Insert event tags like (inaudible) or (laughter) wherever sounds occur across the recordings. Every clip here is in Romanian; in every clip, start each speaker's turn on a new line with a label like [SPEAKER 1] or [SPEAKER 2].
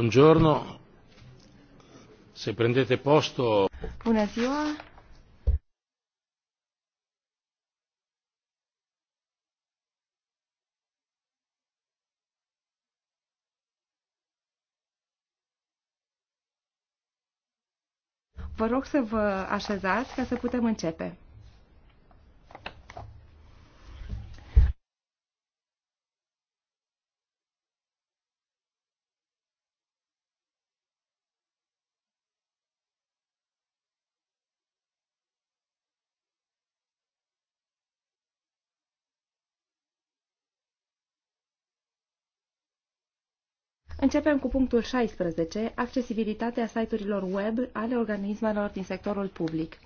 [SPEAKER 1] Buongiorno. Se prendete posto.
[SPEAKER 2] Bună ziua.
[SPEAKER 3] Vă rog să vă așezați ca să putem începe. Începem cu punctul 16, accesibilitatea site-urilor web ale organismelor din sectorul public.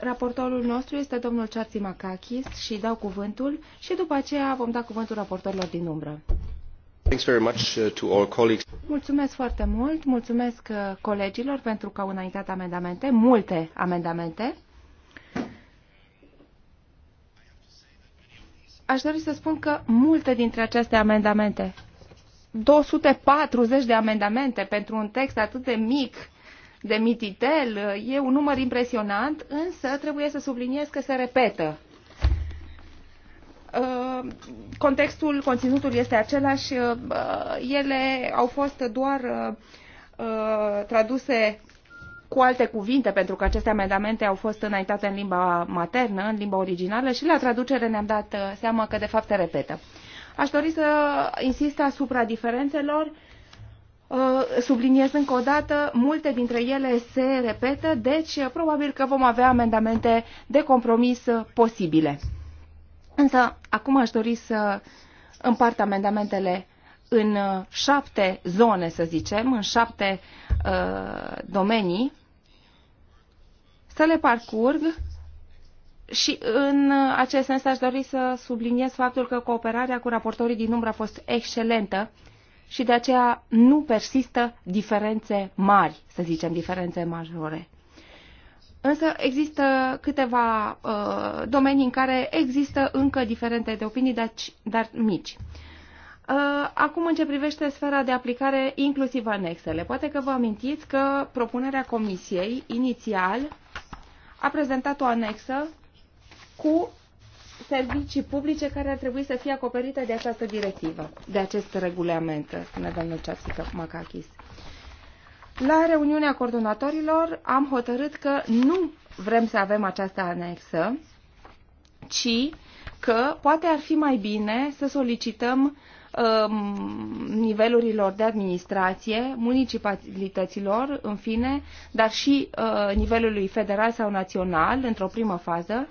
[SPEAKER 3] Raportorul nostru este domnul Charzi Makakis și dau cuvântul și după aceea vom da cuvântul raportorilor din umbră.
[SPEAKER 4] Uh,
[SPEAKER 3] mulțumesc foarte mult, mulțumesc uh, colegilor pentru că au înaintat amendamente, multe amendamente. Aș dori să spun că multe dintre aceste amendamente 240 de amendamente pentru un text atât de mic, de mititel, e un număr impresionant, însă trebuie să subliniez că se repetă. Uh, contextul, conținutul este același, uh, ele au fost doar uh, traduse cu alte cuvinte, pentru că aceste amendamente au fost înaintate în limba maternă, în limba originală și la traducere ne-am dat seama că de fapt se repetă. Aș dori să insist asupra diferențelor. Uh, subliniez încă o dată, multe dintre ele se repetă, deci uh, probabil că vom avea amendamente de compromis uh, posibile. Însă, acum aș dori să împart amendamentele în șapte zone, să zicem, în șapte uh, domenii, să le parcurg și în acest sens aș dori să subliniez faptul că cooperarea cu raportorii din umbră a fost excelentă și de aceea nu persistă diferențe mari, să zicem, diferențe majore. Însă există câteva uh, domenii în care există încă diferente de opinii, dar, dar mici. Uh, acum, în ce privește sfera de aplicare, inclusiv anexele, poate că vă amintiți că propunerea Comisiei inițial a prezentat o anexă cu servicii publice care ar trebui să fie acoperite de această directivă, de acest regulament, spune domnul Ceasică Macachis. La reuniunea coordonatorilor am hotărât că nu vrem să avem această anexă, ci că poate ar fi mai bine să solicităm Um, nivelurilor de administrație, municipalităților, în fine, dar și uh, nivelului federal sau național, într-o primă fază,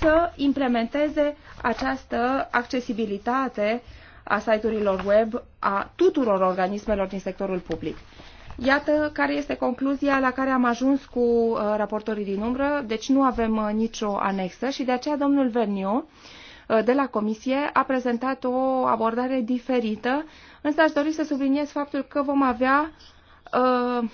[SPEAKER 3] să implementeze această accesibilitate a site-urilor web a tuturor organismelor din sectorul public. Iată care este concluzia la care am ajuns cu uh, raportorii din umbră, deci nu avem uh, nicio anexă și de aceea domnul Verniu Uh, de la Comisie a prezentat o abordare diferită, însă aș dori să subliniez faptul că vom avea uh,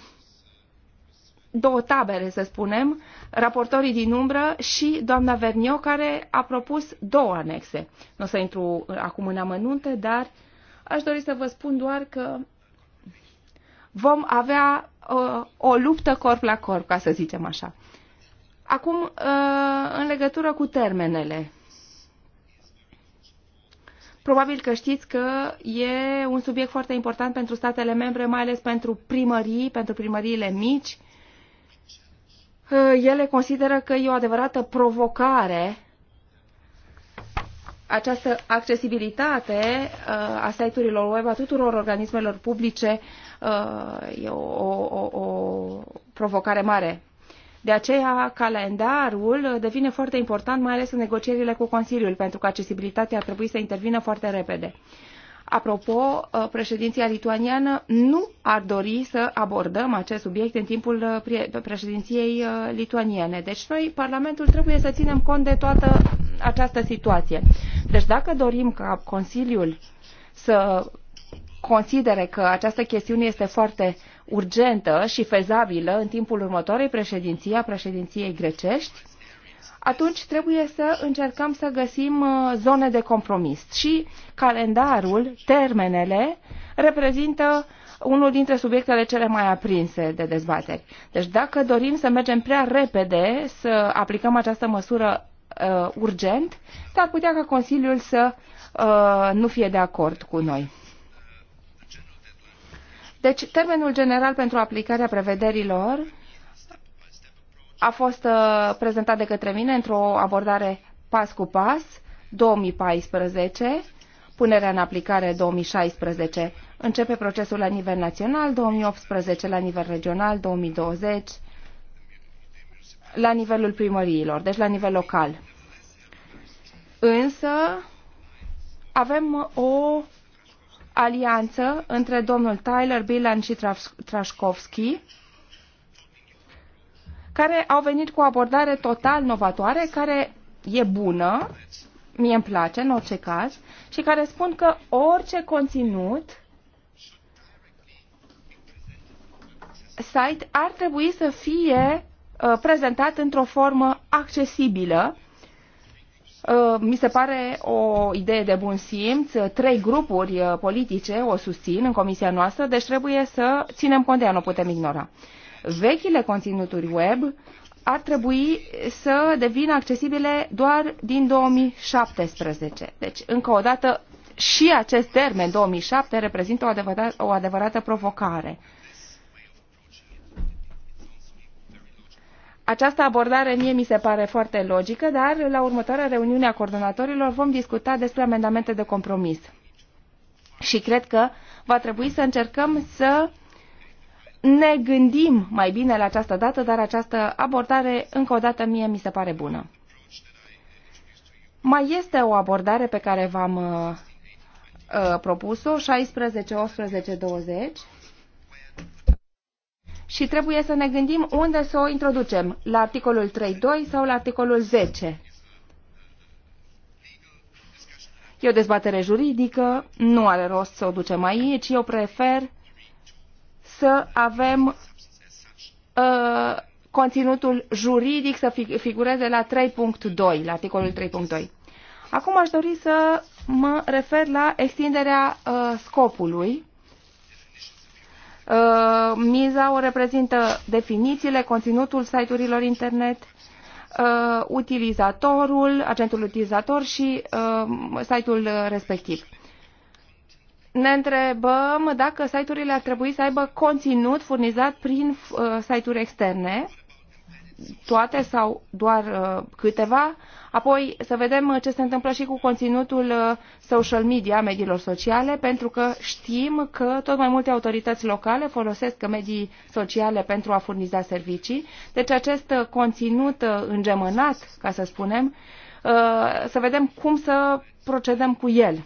[SPEAKER 3] două tabere, să spunem, raportorii din umbră și doamna Vernio, care a propus două anexe. Nu o să intru acum în amănunte, dar aș dori să vă spun doar că vom avea uh, o luptă corp la corp, ca să zicem așa. Acum, uh, în legătură cu termenele. Probabil că știți că e un subiect foarte important pentru statele membre, mai ales pentru primării, pentru primăriile mici. Eh, ele consideră că e o adevărată provocare această accesibilitate eh, a site-urilor web a tuturor organismelor publice eh, e o, o, o provocare mare de aceea, calendarul devine foarte important, mai ales în negocierile cu Consiliul, pentru că accesibilitatea ar trebui să intervină foarte repede. Apropo, uh, președinția lituaniană nu ar dori să abordăm acest subiect în timpul uh, președinției uh, lituaniene. Deci noi, Parlamentul, trebuie să ținem cont de toată această situație. Deci dacă dorim ca Consiliul să considere că această chestiune este foarte urgentă și fezabilă în timpul următoarei președinții, a președinției grecești, atunci trebuie să încercăm să găsim uh, zone de compromis. Și calendarul, termenele, reprezintă unul dintre subiectele cele mai aprinse de dezbateri. Deci dacă dorim să mergem prea repede, să aplicăm această măsură uh, urgent, s-ar putea ca Consiliul să uh, nu fie de acord cu noi. Deci, termenul general pentru aplicarea prevederilor a fost uh, prezentat de către mine într-o abordare pas cu pas, 2014, punerea în aplicare 2016. Începe procesul la nivel național, 2018 la nivel regional, 2020 la nivelul primăriilor, deci la nivel local. Însă avem o alianță între domnul Tyler, Bilan și Trashkovski, care au venit cu o abordare total novatoare, care e bună, mie îmi place în orice caz, și care spun că orice conținut site ar trebui să fie uh, prezentat într-o formă accesibilă Uh, mi se pare o idee de bun simț. Trei grupuri uh, politice o susțin în comisia noastră, deci trebuie să ținem cont de ea, nu putem ignora. Vechile conținuturi web ar trebui să devină accesibile doar din 2017. Deci, încă o dată, și acest termen 2007 reprezintă o adevărată, o adevărată provocare. Această abordare mie mi se pare foarte logică, dar la următoarea reuniune a coordonatorilor vom discuta despre amendamente de compromis. Și cred că va trebui să încercăm să ne gândim mai bine la această dată, dar această abordare, încă o dată, mie mi se pare bună. Mai este o abordare pe care v-am uh, uh propus-o, 16, 18, 20 și trebuie să ne gândim unde să o introducem, la articolul 3.2 sau la articolul 10. E o dezbatere juridică, nu are rost să o ducem aici, eu prefer să avem uh, conținutul juridic să figureze la 3.2, la articolul 3.2. Acum aș dori să mă refer la extinderea uh, scopului Uh, miza o reprezintă definițiile, conținutul site-urilor internet, uh, utilizatorul, agentul utilizator și uh, site-ul respectiv. Ne întrebăm dacă site-urile ar trebui să aibă conținut furnizat prin site-uri externe, toate sau doar câteva, Apoi să vedem uh, ce se întâmplă și cu conținutul uh, social media, mediilor sociale, pentru că știm că tot mai multe autorități locale folosesc medii sociale pentru a furniza servicii. Deci acest uh, conținut îngemânat, ca să spunem, să vedem cum să procedăm cu el.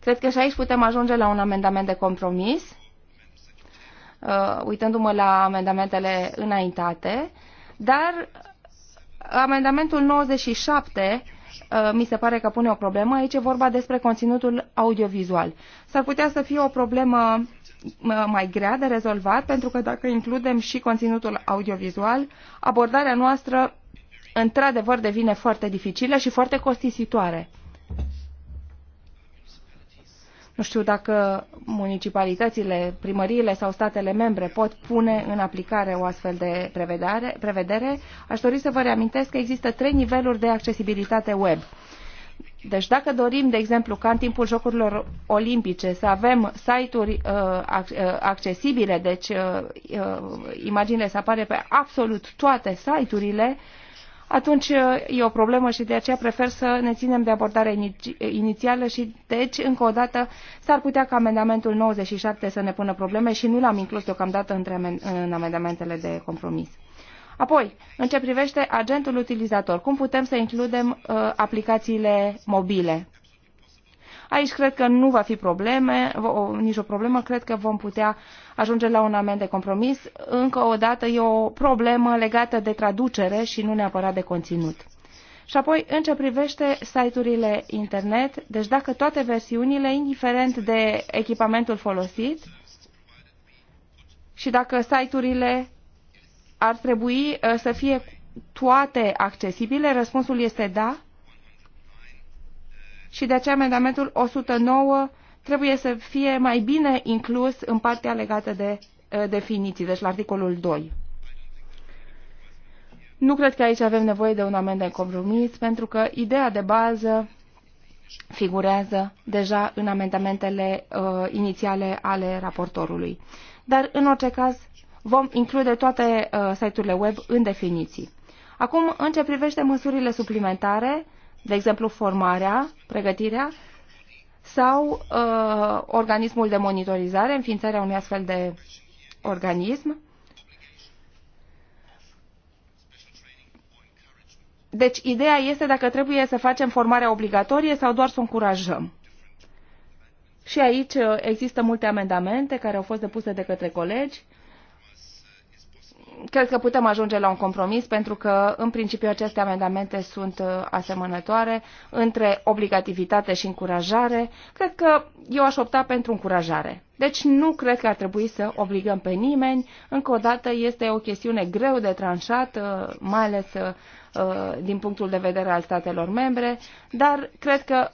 [SPEAKER 3] Cred că și aici putem ajunge la un amendament de compromis, uitându-mă la amendamentele înaintate, dar Amendamentul 97 uh, mi se pare că pune o problemă. Aici e vorba despre conținutul audiovizual. S-ar putea să fie o problemă uh, mai grea de rezolvat, pentru că dacă includem și conținutul audiovizual, abordarea noastră într-adevăr devine foarte dificilă și foarte costisitoare. Nu știu dacă municipalitățile, primăriile sau statele membre pot pune în aplicare o astfel de prevedere. prevedere. Aș dori să vă reamintesc că există trei niveluri de accesibilitate web. Deci dacă dorim, de exemplu, ca în timpul Jocurilor Olimpice să avem site-uri uh, uh accesibile, deci uh, uh imaginele să apare pe absolut toate site-urile, uh, atunci uh, e o problemă și de aceea prefer să ne ținem de abordarea inițială și deci, încă o dată, s-ar putea ca amendamentul 97 să ne pună probleme și nu l-am inclus deocamdată între, în amendamentele de compromis. Apoi, în ce privește agentul utilizator, cum putem să includem uh, aplicațiile mobile? Aici cred că nu va fi probleme, o, nicio problemă, cred că vom putea ajunge la un amend de compromis. Încă o dată e o problemă legată de traducere și nu neapărat de conținut. Și apoi, în ce privește site-urile internet, deci dacă toate versiunile, indiferent de echipamentul folosit, și dacă site-urile ar trebui uh, să fie toate accesibile, răspunsul este da, și de aceea amendamentul 109 trebuie să fie mai bine inclus în partea legată de definiții, deci la articolul 2. Nu cred că aici avem nevoie de un amend de compromis, pentru că ideea de bază figurează deja în amendamentele uh, inițiale ale raportorului. Dar, în orice caz, vom include toate uh, site-urile web în definiții. Acum, în ce privește măsurile suplimentare, uh, de exemplu formarea, pregătirea, sau uh, organismul de monitorizare, înființarea unui astfel de organism. Deci, ideea este dacă trebuie să facem formarea obligatorie sau doar să o încurajăm. Și aici uh, există multe amendamente care au fost depuse de către colegi cred că putem ajunge la un compromis pentru că, în principiu, aceste amendamente sunt uh, asemănătoare între obligativitate și încurajare. Cred că eu aș opta pentru încurajare. Deci nu cred că ar trebui să obligăm pe nimeni. Încă o dată este o chestiune greu de tranșat, uh, mai ales uh, din punctul de vedere al statelor membre, dar cred că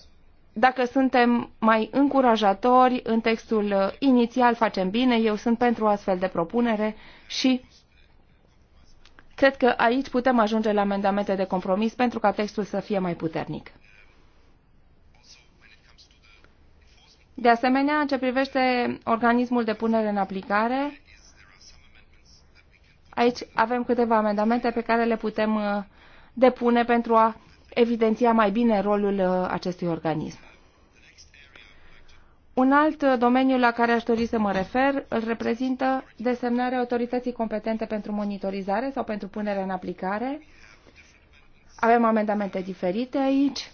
[SPEAKER 3] dacă suntem mai încurajatori în textul inițial, facem bine. Eu sunt pentru o astfel de propunere și Cred că aici putem ajunge la amendamente de compromis pentru ca textul să fie mai puternic. De asemenea, în ce privește organismul de punere în aplicare, aici avem câteva amendamente pe care le putem uh, depune pentru a evidenția mai bine rolul uh, acestui organism. Un alt domeniu la care aș dori să mă refer îl reprezintă desemnarea autorității competente pentru monitorizare sau pentru punerea în aplicare. Avem amendamente diferite aici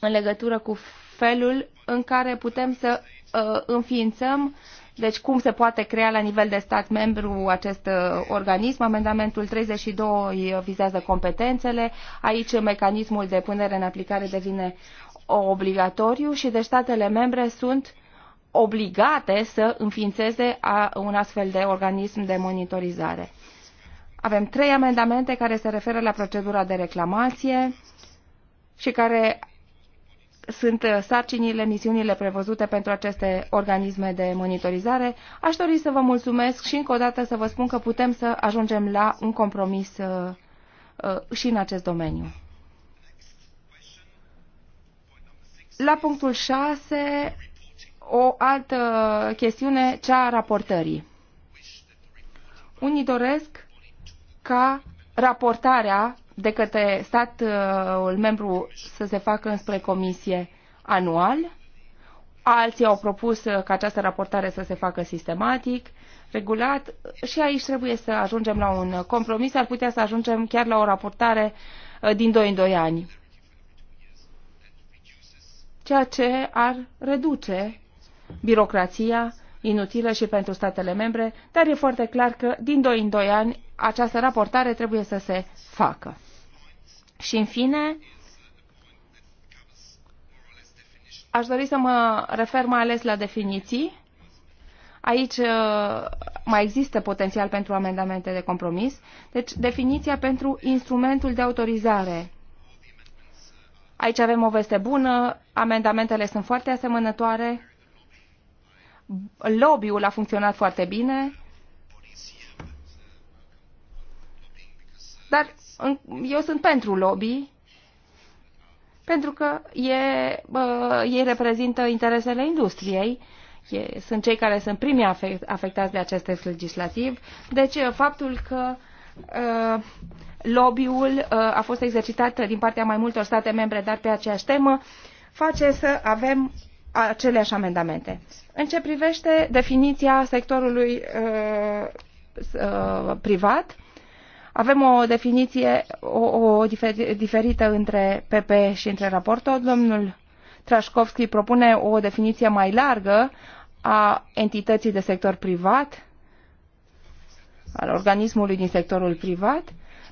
[SPEAKER 3] în legătură cu felul în care putem să uh, înființăm, deci cum se poate crea la nivel de stat membru acest uh, organism. Amendamentul 32 uh, vizează competențele, aici mecanismul de punere în aplicare devine obligatoriu și de statele membre sunt obligate să înființeze a, un astfel de organism de monitorizare. Avem trei amendamente care se referă la procedura de reclamație și care sunt sarcinile, misiunile prevăzute pentru aceste organisme de monitorizare. Aș dori să vă mulțumesc și încă o dată să vă spun că putem să ajungem la un compromis uh, uh, și în acest domeniu. La punctul 6, o altă chestiune, cea a raportării. Unii doresc ca raportarea de către statul membru să se facă înspre comisie anual. Alții au propus ca această raportare să se facă sistematic, regulat și aici trebuie să ajungem la un compromis. Ar putea să ajungem chiar la o raportare uh, din 2 în 2 ani ceea ce ar reduce birocrația inutilă și pentru statele membre, dar e foarte clar că din doi în doi ani această raportare trebuie să se facă. Și în fine, aș dori să mă refer mai ales la definiții. Aici uh, mai există potențial pentru amendamente de compromis. Deci, definiția pentru instrumentul de autorizare Aici avem o veste bună, amendamentele sunt foarte asemănătoare, lobby-ul a funcționat foarte bine, dar eu sunt pentru lobby, pentru că e, bă, ei reprezintă interesele industriei, e, sunt cei care sunt primii afect, afectați de acest text legislativ, deci faptul că uh, lobby-ul uh, a fost exercitat din partea mai multor state membre, dar pe aceeași temă, face să avem aceleași amendamente. În ce privește definiția sectorului uh, uh, privat, avem o definiție o, o diferită între PP și între raportor. Domnul Trașkovski propune o definiție mai largă a entității de sector privat, al organismului din sectorul privat.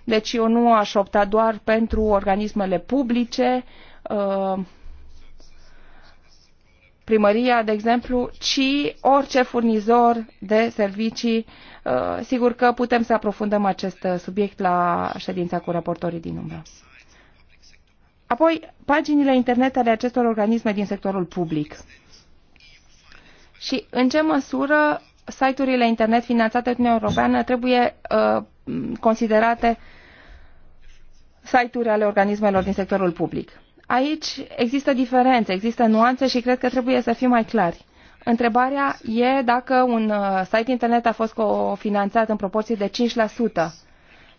[SPEAKER 3] Deci eu nu aș opta doar pentru organismele publice, uh, primăria, de exemplu, ci orice furnizor de servicii. Uh, sigur că putem să aprofundăm acest uh, subiect la ședința cu raportorii din umbră. Apoi, paginile internet ale acestor organisme din sectorul public. Și în ce măsură site-urile internet finanțate de Uniunea Europeană trebuie uh, considerate site-uri ale organismelor din sectorul public. Aici există diferențe, există nuanțe și cred că trebuie să fim mai clari. Întrebarea e dacă un uh, site internet a fost finanțat în proporție de 5%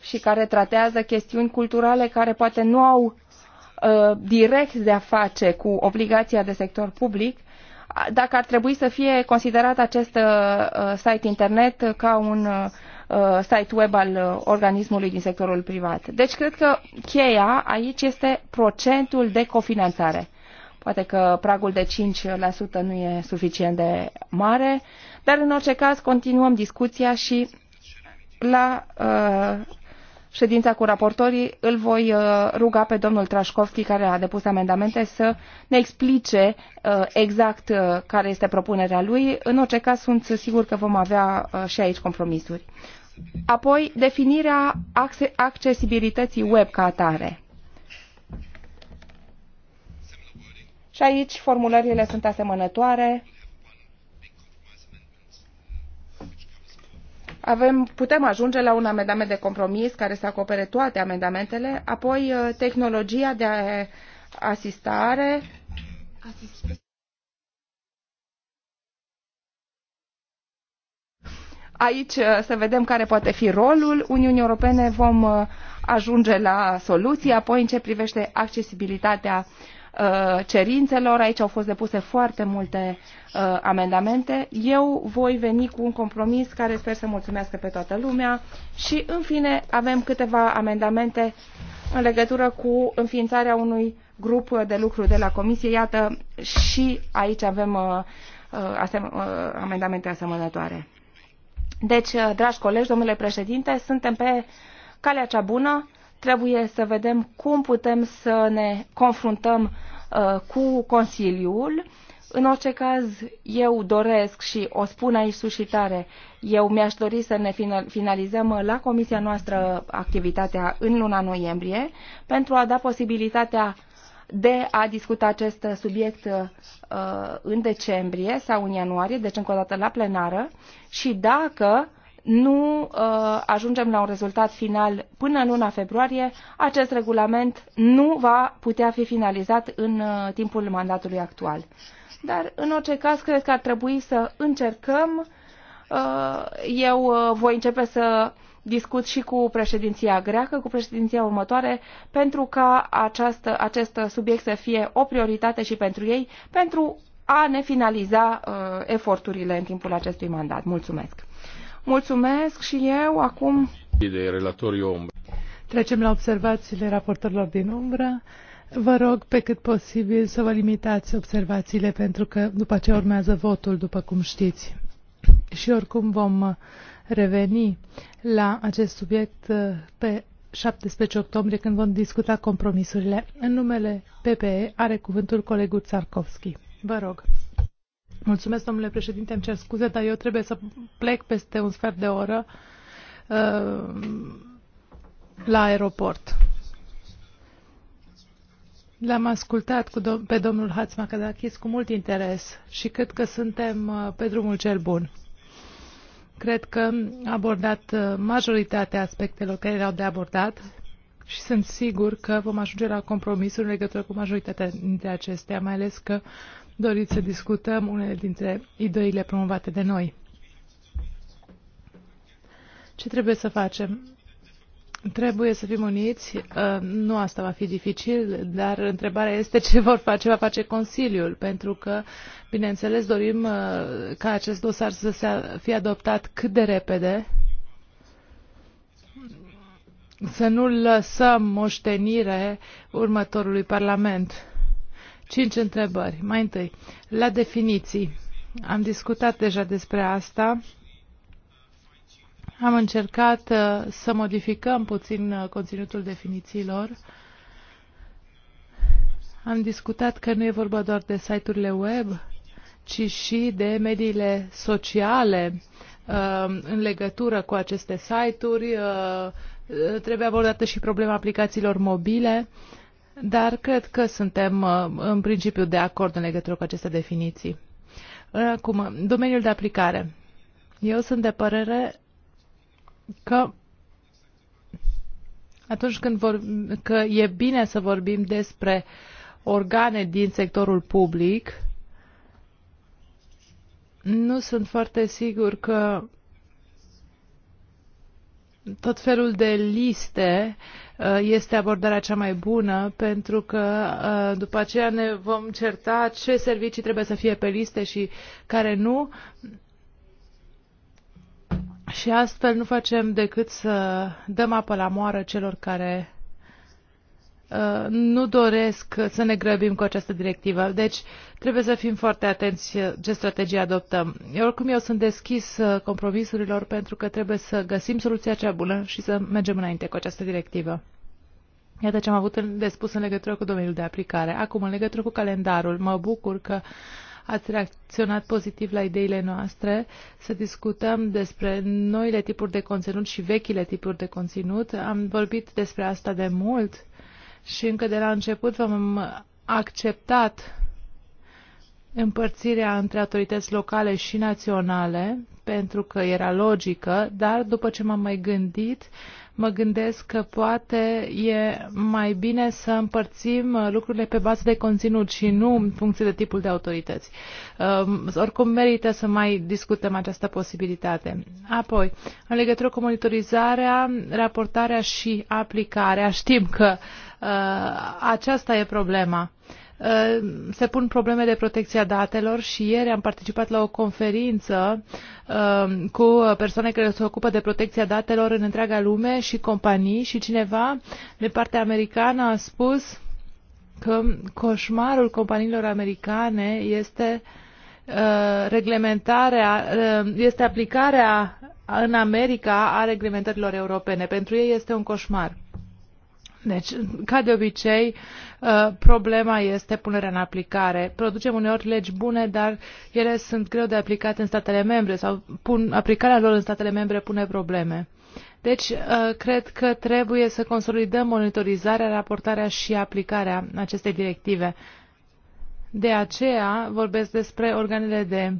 [SPEAKER 3] și care tratează chestiuni culturale care poate nu au uh, direct de a face cu obligația de sector public, dacă ar trebui să fie considerat acest uh, uh, site internet ca un uh, site web al organismului din sectorul privat. Deci cred că cheia aici este procentul de cofinanțare. Poate că pragul de 5% nu e suficient de mare, dar în orice caz continuăm discuția și la uh, ședința cu raportorii, îl voi uh, ruga pe domnul Trașcovski, care a depus amendamente, să ne explice uh, exact uh, care este propunerea lui. În orice caz, sunt sigur că vom avea și aici compromisuri. Apoi, definirea accesibilității web ca atare. Și aici formulările sunt asemănătoare. putem ajunge la un amendament de compromis care să acopere toate amendamentele, apoi uh, tehnologia de uh, asistare. Aici uh, să vedem care poate fi rolul Uniunii Europene, vom ajunge la soluții, apoi în ce privește accesibilitatea Uh, cerințelor. Aici au fost depuse foarte multe uh, amendamente. Eu voi veni cu un compromis care sper să mulțumească pe toată lumea și, în fine, avem câteva amendamente în legătură cu înființarea unui grup de lucru de la Comisie. Iată, și aici avem uh, amendamente asemănătoare. Deci, dragi colegi, domnule președinte, suntem pe calea cea bună. Trebuie să vedem cum putem să ne confruntăm uh, cu Consiliul. În orice caz, eu doresc și o spun aici sus și tare, eu mi-aș dori să ne finalizăm la comisia noastră activitatea în luna noiembrie pentru a da posibilitatea de a discuta acest subiect uh, în decembrie sau în ianuarie, deci încă o dată la plenară și dacă nu uh, ajungem la un rezultat final până în luna februarie, acest regulament nu va putea fi finalizat în uh, timpul mandatului actual. Dar, în orice caz, cred că ar trebui să încercăm. Uh, eu uh, voi începe să discut și cu președinția greacă, cu președinția următoare, pentru ca această, acest subiect să fie o prioritate și pentru ei, pentru a ne finaliza uh,
[SPEAKER 5] eforturile în timpul acestui mandat. Mulțumesc! Mulțumesc și eu acum.
[SPEAKER 3] De
[SPEAKER 1] relatorii ombre.
[SPEAKER 5] Trecem la observațiile raportorilor din umbră. Vă rog pe cât posibil să vă limitați observațiile pentru că după ce urmează votul, după cum știți. Și oricum vom reveni la acest subiect uh, pe 17 octombrie când vom discuta compromisurile. În numele PPE are cuvântul colegul Tsarkovski. Vă rog. Mulțumesc, domnule președinte, îmi cer scuze, dar eu trebuie să plec peste un sfert de oră uh, la aeroport. L-am ascultat cu dom pe domnul Hatzmakadakis cu mult interes și cred că suntem uh, pe drumul cel bun. Cred că a abordat uh, majoritatea aspectelor care erau de abordat și sunt sigur că vom ajunge la compromisuri în legătură cu majoritatea dintre acestea, mai ales că uh, Doriți să discutăm unele dintre ideile promovate de noi. Ce trebuie să facem? Trebuie să fim uniți. Uh, nu asta va fi dificil, dar întrebarea este ce, vor face, ce va face Consiliul, pentru că, bineînțeles, dorim uh, ca acest dosar să fie adoptat cât de repede, să nu lăsăm moștenire următorului Parlament. Cinci întrebări. Mai întâi, la definiții. Am discutat deja despre asta. Am încercat uh, să modificăm puțin uh, conținutul definițiilor. Am discutat că nu e vorba doar de site-urile web, ci și de mediile sociale uh, în legătură cu aceste site-uri. Trebuie abordată și problema aplicațiilor mobile dar cred că suntem uh, în principiu de acord în legătură cu aceste definiții. Acum, domeniul de aplicare. Eu sunt de părere că atunci când vor, că e bine să vorbim despre organe din sectorul public, nu sunt foarte sigur că tot felul de liste uh, este abordarea cea mai bună pentru că uh, după aceea ne vom certa ce servicii trebuie să fie pe liste și care nu și astfel nu facem decât să dăm apă la moară celor care Uh, nu doresc să ne grăbim cu această directivă. Deci trebuie să fim foarte atenți ce strategie adoptăm. Eu, oricum eu sunt deschis uh, compromisurilor pentru că trebuie să găsim soluția cea bună și să mergem înainte cu această directivă. Iată ce am avut de spus în legătură cu domeniul de aplicare. Acum, în legătură cu calendarul, mă bucur că ați reacționat pozitiv la ideile noastre, să discutăm despre noile tipuri de conținut și vechile tipuri de conținut. Am vorbit despre asta de mult și încă de la început vom acceptat împărțirea între autorități locale și naționale, pentru că era logică, dar după ce m-am mai gândit, mă gândesc că poate e mai bine să împărțim uh, lucrurile pe bază de conținut și nu în funcție de tipul de autorități. Um, oricum merită să mai discutăm această posibilitate. Apoi, în legătură cu monitorizarea, raportarea și aplicarea, știm că uh, aceasta e problema. Uh, Uh, se pun probleme de protecția datelor și ieri am participat la o conferință uh, cu persoane care se ocupă de protecția datelor în întreaga lume și companii și cineva de partea americană a spus că coșmarul companiilor americane este uh, reglementarea, este aplicarea în America a reglementărilor europene. Pentru ei este un coșmar. Deci, ca de obicei, uh, problema este punerea în aplicare. Producem uneori legi bune, dar ele sunt greu de aplicat în statele membre sau pun, aplicarea lor în statele membre pune probleme. Deci, uh, cred că trebuie să consolidăm monitorizarea, raportarea și aplicarea acestei directive. De aceea vorbesc despre organele de uh,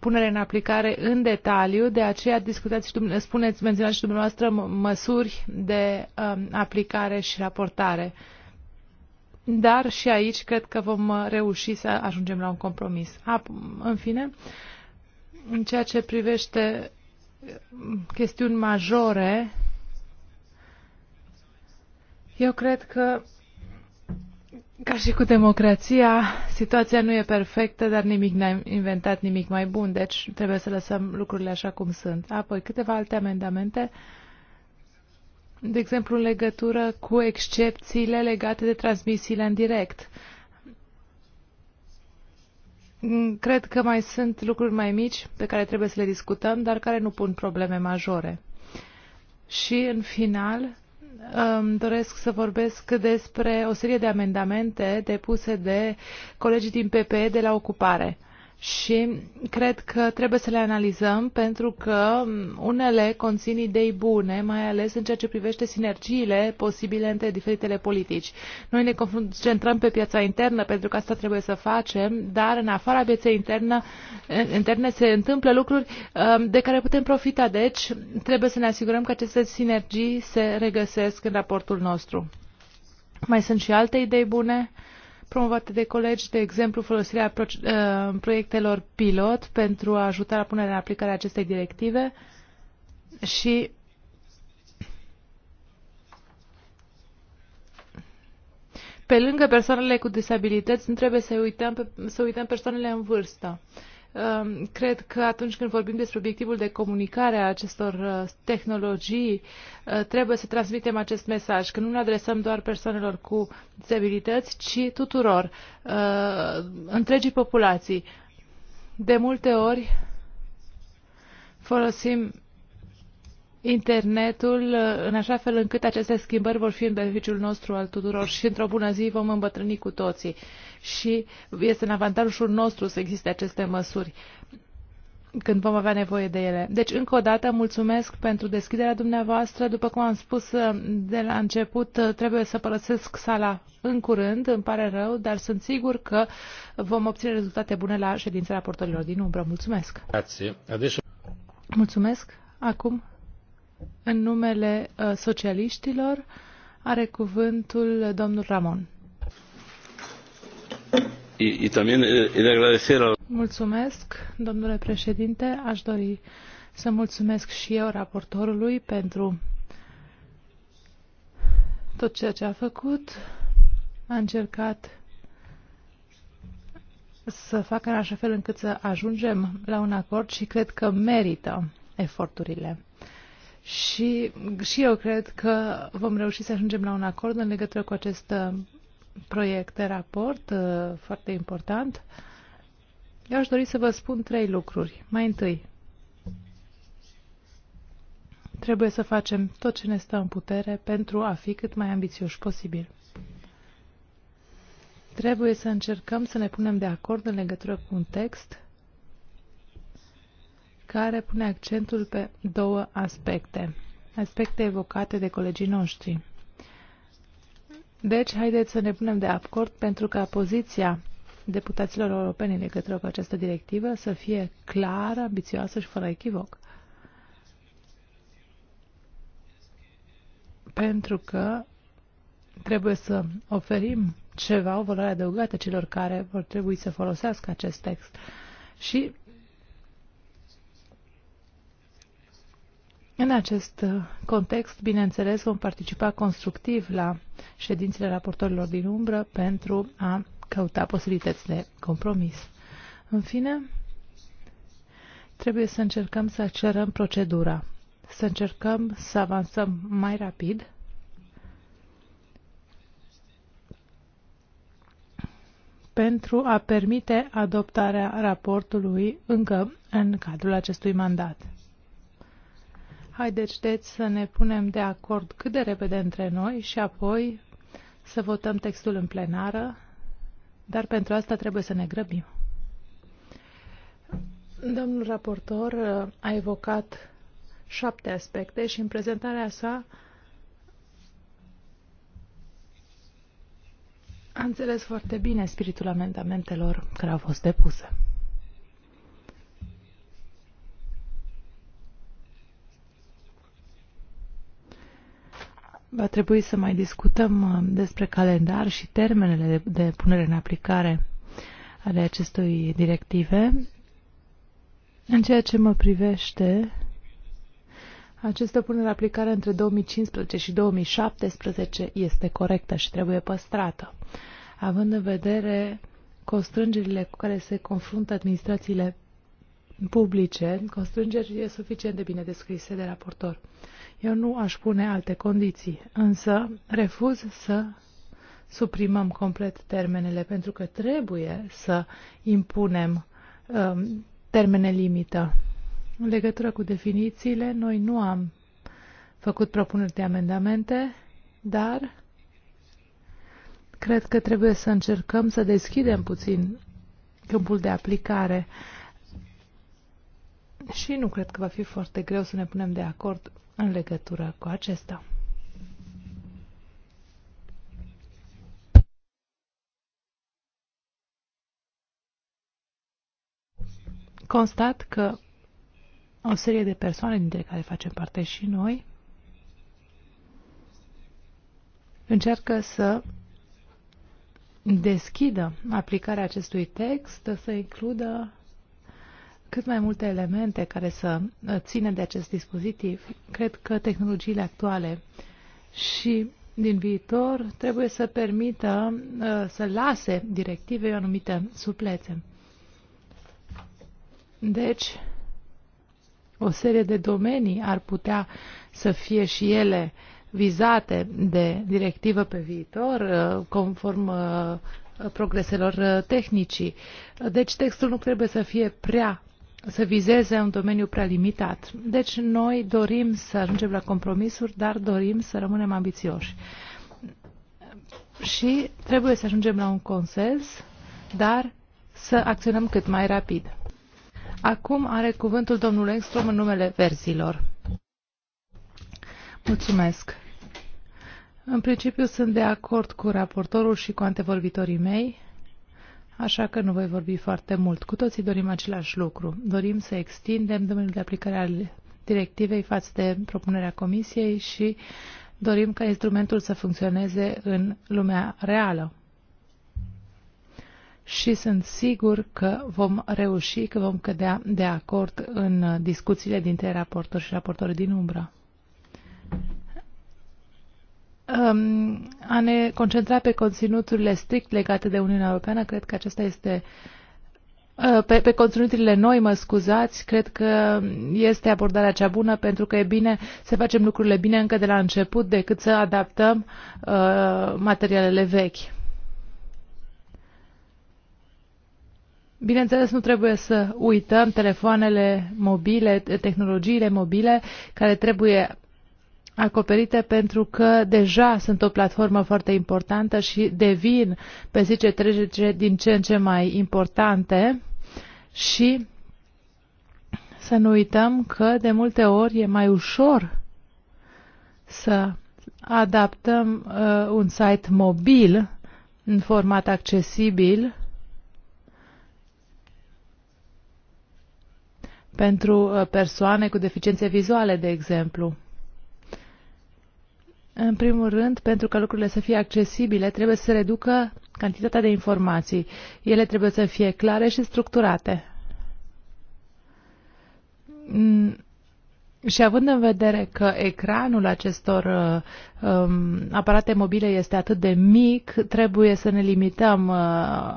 [SPEAKER 5] punere în aplicare în detaliu, de aceea discutați și spuneți, menționați și dumneavoastră măsuri de um, aplicare și raportare. Dar și aici cred că vom uh, reuși să ajungem la un compromis. A, în fine, în ceea ce privește um, chestiuni majore, eu cred că ca și cu democrația, situația nu e perfectă, dar nimic n-a inventat nimic mai bun, deci trebuie să lăsăm lucrurile așa cum sunt. Apoi, câteva alte amendamente, de exemplu, în legătură cu excepțiile legate de transmisiile în direct. Mm, cred că mai sunt lucruri mai mici pe care trebuie să le discutăm, dar care nu pun probleme majore. Și, în final, doresc să vorbesc despre o serie de amendamente depuse de colegii din PPE de la ocupare și cred că trebuie să le analizăm pentru că unele conțin idei bune, mai ales în ceea ce privește sinergiile posibile între diferitele politici. Noi ne concentrăm pe piața internă pentru că asta trebuie să facem, dar în afara pieței interne, interne se întâmplă lucruri um, de care putem profita. Deci trebuie să ne asigurăm că aceste sinergii se regăsesc în raportul nostru. Mai sunt și alte idei bune promovate de colegi, de exemplu folosirea uh, proiectelor pilot pentru a ajuta la punerea în aplicare a acestei directive și pe lângă persoanele cu disabilități, nu trebuie să uităm, să uităm persoanele în vârstă. Uh, Ehm, cred că atunci când vorbim despre obiectivul de comunicare a acestor uh, tehnologii, uh, trebuie să transmitem acest mesaj, că nu ne adresăm doar persoanelor cu dizabilități, ci tuturor, uh, întregii populații. De multe ori folosim internetul în așa fel încât aceste schimbări vor fi în beneficiul nostru al tuturor și într-o bună zi vom îmbătrâni cu toții și este în avantajul nostru să existe aceste măsuri când vom avea nevoie de ele. Deci, încă o dată, mulțumesc pentru deschiderea dumneavoastră. După cum am spus de la început, trebuie să părăsesc sala în curând, îmi pare rău, dar sunt sigur că vom obține rezultate bune la ședința raportorilor din umbră. Mulțumesc! Mulțumesc! Acum în numele uh, socialiștilor are cuvântul domnul Ramon.
[SPEAKER 4] Y, eh, a...
[SPEAKER 5] Mulțumesc, domnule președinte. Aș dori să mulțumesc și eu raportorului pentru tot ceea ce a făcut. A încercat să facă în așa fel încât să ajungem la un acord și cred că merită eforturile și, și eu cred că vom reuși să ajungem la un acord în legătură cu acest uh, proiect de raport uh, foarte important. Eu aș dori să vă spun trei lucruri. Mai întâi, trebuie să facem tot ce ne stă în putere pentru a fi cât mai ambițioși posibil. Trebuie să încercăm să ne punem de acord în legătură cu un text care pune accentul pe două aspecte, aspecte evocate de colegii noștri. Deci, haideți să ne punem de acord pentru ca poziția deputaților europeni în legătură cu această directivă să fie clară, ambițioasă și fără echivoc. Pentru că trebuie să oferim ceva, o valoare adăugată celor care vor trebui să folosească acest text. Și În acest uh, context, bineînțeles, vom participa constructiv la ședințele raportorilor din umbră pentru a căuta posibilități de compromis. În fine, trebuie să încercăm să accelerăm procedura, să încercăm să avansăm mai rapid pentru a permite adoptarea raportului încă în cadrul acestui mandat. Haideți, deci, să ne punem de acord cât de repede între noi și apoi să votăm textul în plenară, dar pentru asta trebuie să ne grăbim. Domnul raportor a evocat șapte aspecte și în prezentarea sa a înțeles foarte bine spiritul amendamentelor care au fost depuse. va trebui să mai discutăm uh, despre calendar și termenele de, de punere în aplicare ale acestui directive. În ceea ce mă privește, această punere în aplicare între 2015 și 2017 este corectă și trebuie păstrată, având în vedere constrângerile cu care se confruntă administrațiile publice, constrângeri e suficient de bine descrise de raportor. Eu nu aș pune alte condiții, însă refuz să suprimăm complet termenele, pentru că trebuie să impunem um, termene limită. În legătură cu definițiile, noi nu am făcut propuneri de amendamente, dar cred că trebuie să încercăm să deschidem puțin câmpul de aplicare și nu cred că va fi foarte greu să ne punem de acord în legătură cu acesta. Constat că o serie de persoane dintre care facem parte și noi încearcă să deschidă aplicarea acestui text, să includă cât mai multe elemente care să uh, ține de acest dispozitiv, cred că tehnologiile actuale și din viitor trebuie să permită uh, să lase o anumite suplețe. Deci, o serie de domenii ar putea să fie și ele vizate de directivă pe viitor, uh, conform progreselor tehnicii. Deci textul nu trebuie să fie prea să vizeze un domeniu prea limitat. Deci noi dorim să ajungem la compromisuri, dar dorim să rămânem ambițioși. Și trebuie să ajungem la un consens, dar să acționăm cât mai rapid. Acum are cuvântul domnul Engstrom în numele verzilor. Mulțumesc. În principiu sunt de acord cu raportorul și cu antevorbitorii mei așa că nu voi vorbi foarte mult. Cu toții dorim același lucru. Dorim să extindem domeniul de aplicare al directivei față de propunerea Comisiei și dorim ca instrumentul să funcționeze în lumea reală. Și sunt sigur că vom reuși, că vom cădea de acord în discuțiile dintre raportori și raportori din umbră um, a ne concentra pe conținuturile strict legate de Uniunea Europeană, cred că acesta este ă, pe, pe conținuturile noi, mă scuzați, cred că este abordarea cea bună pentru că e bine să facem lucrurile bine încă de la început decât să adaptăm uh, materialele vechi. Bineînțeles, nu trebuie să uităm telefoanele mobile, tehnologiile mobile care trebuie acoperite pentru că deja sunt o platformă foarte importantă și devin pe zi ce trece din ce în ce mai importante și să nu uităm că de multe ori e mai ușor să adaptăm uh, un site mobil în format accesibil pentru uh, persoane cu deficiențe vizuale, de exemplu. În primul rând, pentru că lucrurile să fie accesibile, trebuie să se reducă cantitatea de informații. Ele trebuie să fie clare și structurate. Mm, și având în vedere că ecranul acestor uh, um, aparate mobile este atât de mic, trebuie să ne limităm uh,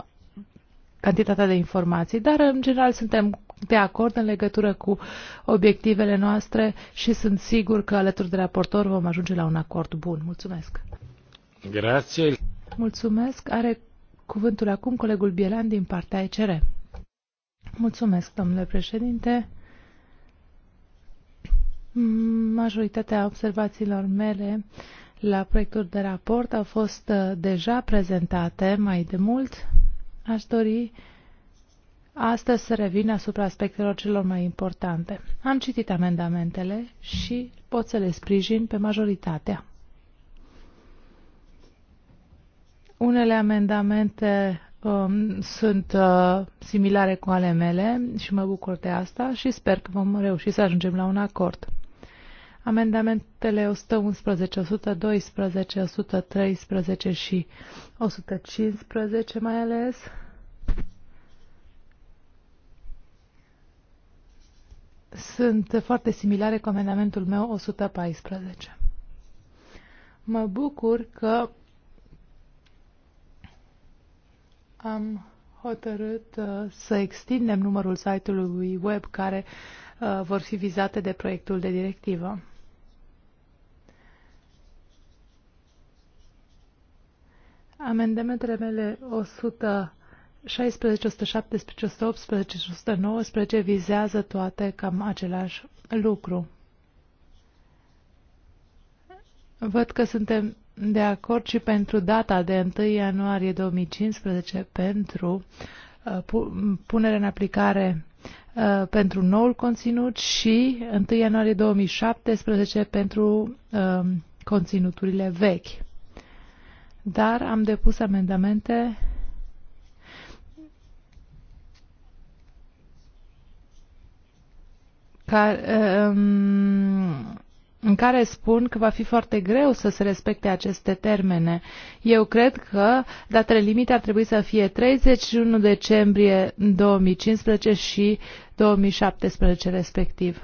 [SPEAKER 5] cantitatea de informații, dar în general suntem de acord în legătură cu obiectivele noastre și sunt sigur că alături de raportor vom ajunge la un acord bun. Mulțumesc!
[SPEAKER 1] Grazie.
[SPEAKER 5] Mulțumesc! Are cuvântul acum colegul Bielan din partea ECR. Mulțumesc, domnule președinte! Majoritatea observațiilor mele la proiectul de raport au fost uh, deja prezentate mai de mult. Aș dori uh, Astăzi să revin asupra aspectelor celor mai importante. Am citit amendamentele și pot să le sprijin pe majoritatea. Unele amendamente um, sunt uh, similare cu ale mele și mă bucur de asta și sper că vom reuși să ajungem la un acord. Amendamentele 111, 112, 113 și 115 mai ales sunt foarte similare cu amendamentul meu 114. Mă bucur că am hotărât uh, să extindem numărul site-ului web care uh, vor fi vizate de proiectul de directivă. Amendamentele mele 100 16, 117, 118 și 119 vizează toate cam același lucru. Văd că suntem de acord și pentru data de 1 ianuarie 2015 pentru uh, punere în aplicare uh, pentru noul conținut și 1 ianuarie 2017 pentru uh, conținuturile vechi. Dar am depus amendamente Ehm, în care spun că va fi foarte greu să se respecte aceste termene. Eu cred că datele limite ar trebui să fie 31 decembrie 2015 și 2017 respectiv.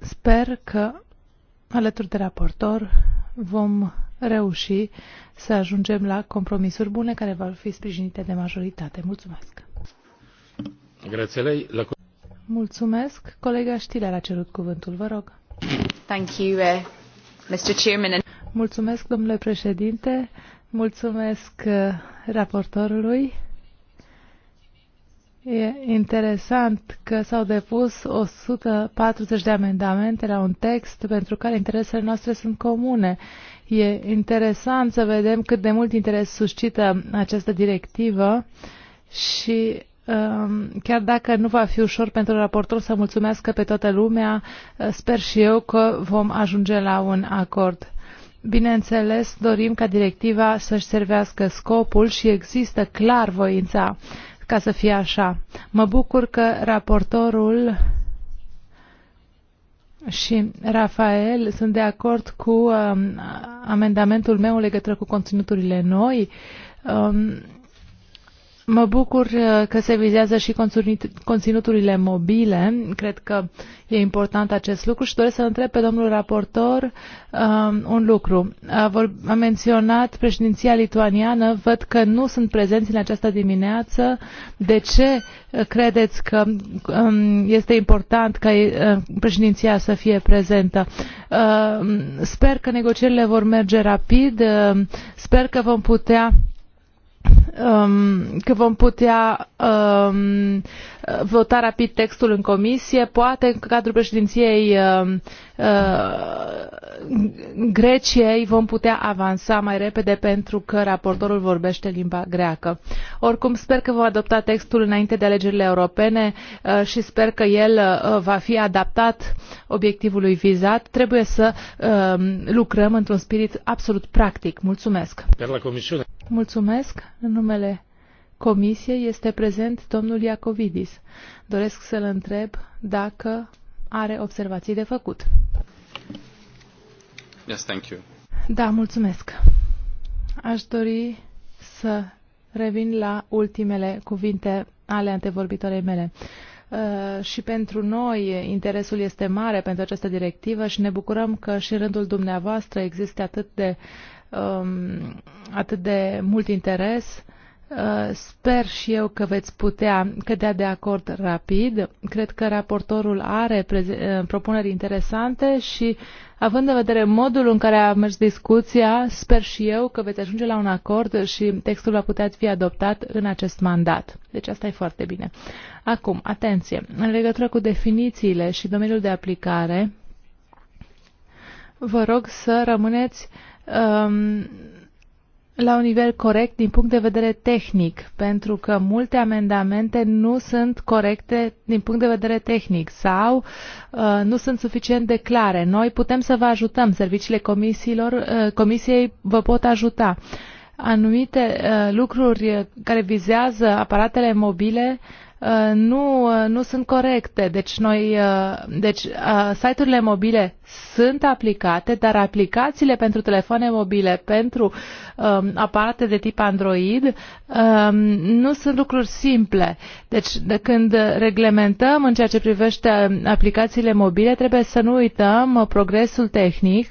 [SPEAKER 5] Sper că, alături de raportor, vom reuși să ajungem la compromisuri bune care vor fi sprijinite de majoritate. Mulțumesc! Mulțumesc. Colega Știrea a cerut cuvântul. Vă rog. Thank you, uh, Mr. Chairman. Mulțumesc, domnule președinte. Mulțumesc uh, raportorului. E interesant că s-au depus 140 de amendamente la un text pentru care interesele noastre sunt comune. E interesant să vedem cât de mult interes suscită această directivă și um, chiar dacă nu va fi ușor pentru raportor să mulțumească pe toată lumea, uh, sper și eu că vom ajunge la un acord. Bineînțeles, dorim ca directiva să-și servească scopul și există clar voința ca să fie așa. Mă bucur că raportorul și Rafael sunt de acord cu um, amendamentul meu legătură cu conținuturile noi. Um, Mă bucur uh, că se vizează și conținuturile mobile. Cred că e important acest lucru și doresc să întreb pe domnul raportor um, un lucru. A, vor, a menționat președinția lituaniană. Văd că nu sunt prezenți în această dimineață. De ce uh, credeți că um, este important ca uh, președinția să fie prezentă? Uh, sper că negocierile vor merge rapid. Uh, sper că vom putea um, că vom putea um, vota rapid textul în comisie, poate în cadrul președinției uh, uh, Greciei vom putea avansa mai repede pentru că raportorul vorbește limba greacă. Oricum, sper că vom adopta textul înainte de alegerile europene uh, și sper că el va fi adaptat obiectivului vizat. Trebuie să lucrăm într-un spirit absolut practic. Mulțumesc! Mulțumesc în numele comisie este prezent domnul Iacovidis. Doresc să-l întreb dacă are observații de făcut. Yes, thank you. Da, mulțumesc. Aș dori să revin la ultimele cuvinte ale antevorbitorei mele. Uh, și pentru noi interesul este mare pentru această directivă și ne bucurăm că și în rândul dumneavoastră există atât de, um, atât de mult interes uh, Uh, sper și eu că veți putea cădea de acord rapid. Cred că raportorul are uh, propuneri interesante și, având în vedere modul în care a mers discuția, sper și eu că veți ajunge la un acord și textul va putea fi adoptat în acest mandat. Deci asta e foarte bine. Acum, atenție, în legătură cu definițiile și domeniul de aplicare, vă rog să rămâneți um, la un nivel corect din punct de vedere tehnic, pentru că multe amendamente nu sunt corecte din punct de vedere tehnic sau uh, nu sunt suficient de clare. Noi putem să vă ajutăm, serviciile comisiilor, uh, comisiei vă pot ajuta. Anumite uh, lucruri care vizează aparatele mobile uh, Uh, nu, uh, nu sunt corecte. Deci, noi, uh, deci site-urile mobile sunt aplicate, dar aplicațiile pentru telefoane mobile, pentru um, aparate de tip Android, um, nu sunt lucruri simple. Deci de când reglementăm în ceea ce privește aplicațiile mobile, trebuie să nu uităm progresul tehnic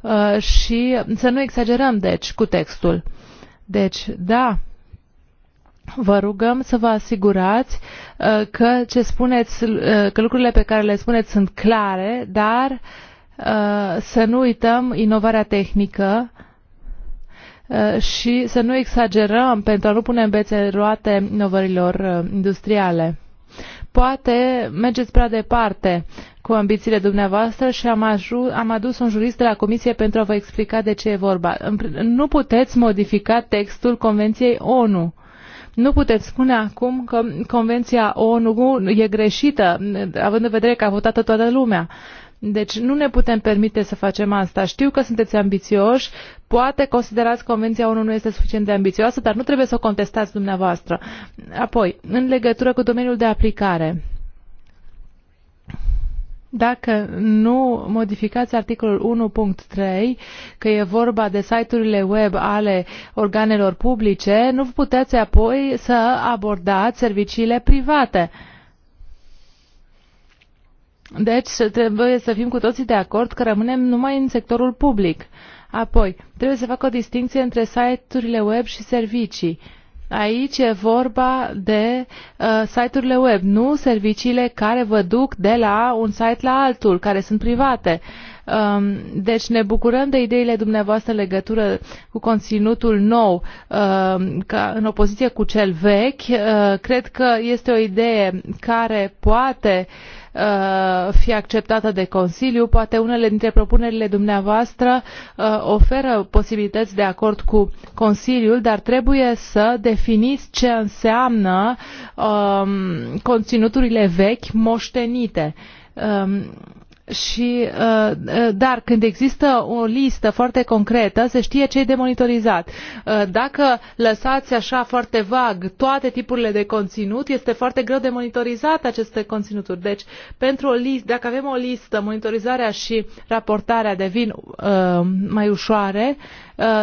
[SPEAKER 5] uh, și să nu exagerăm, deci, cu textul. Deci, da, vă rugăm să vă asigurați uh, că ce spuneți, uh, că lucrurile pe care le spuneți sunt clare, dar uh, să nu uităm inovarea tehnică și să nu exagerăm pentru a nu pune în bețe roate inovărilor industriale. Poate mergeți prea departe cu ambițiile dumneavoastră și am, aju- am adus un jurist de la Comisie pentru a vă explica de ce e vorba. Nu puteți modifica textul Convenției ONU nu puteți spune acum că Convenția ONU e greșită, având în vedere că a votat toată lumea. Deci nu ne putem permite să facem asta. Știu că sunteți ambițioși, poate considerați că Convenția ONU nu este suficient de ambițioasă, dar nu trebuie să o contestați dumneavoastră. Apoi, în legătură cu domeniul de aplicare, dacă nu modificați articolul 1.3, că e vorba de site-urile web ale organelor publice, nu puteți apoi să abordați serviciile private. Deci trebuie să fim cu toții de acord că rămânem numai în sectorul public. Apoi, trebuie să fac o distinție între site-urile web și servicii. Uh, Aici e vorba de uh, site-urile web, nu serviciile care vă duc de la un site la altul, care sunt private. Um, deci ne bucurăm de ideile dumneavoastră în legătură cu conținutul nou uh, ca în opoziție cu cel vechi. Uh, cred că este o idee care poate uh, Uh, fie fi acceptată de Consiliu. Poate unele dintre propunerile dumneavoastră uh, oferă posibilități de acord cu Consiliul, dar trebuie să definiți ce înseamnă um, conținuturile vechi moștenite. Um, și, uh, uh, dar când există o listă foarte concretă, se știe ce e de monitorizat. Uh, dacă lăsați așa foarte vag toate tipurile de conținut, este foarte greu de monitorizat aceste conținuturi. Deci, pentru o listă, dacă avem o listă, monitorizarea și raportarea devin uh, mai ușoare,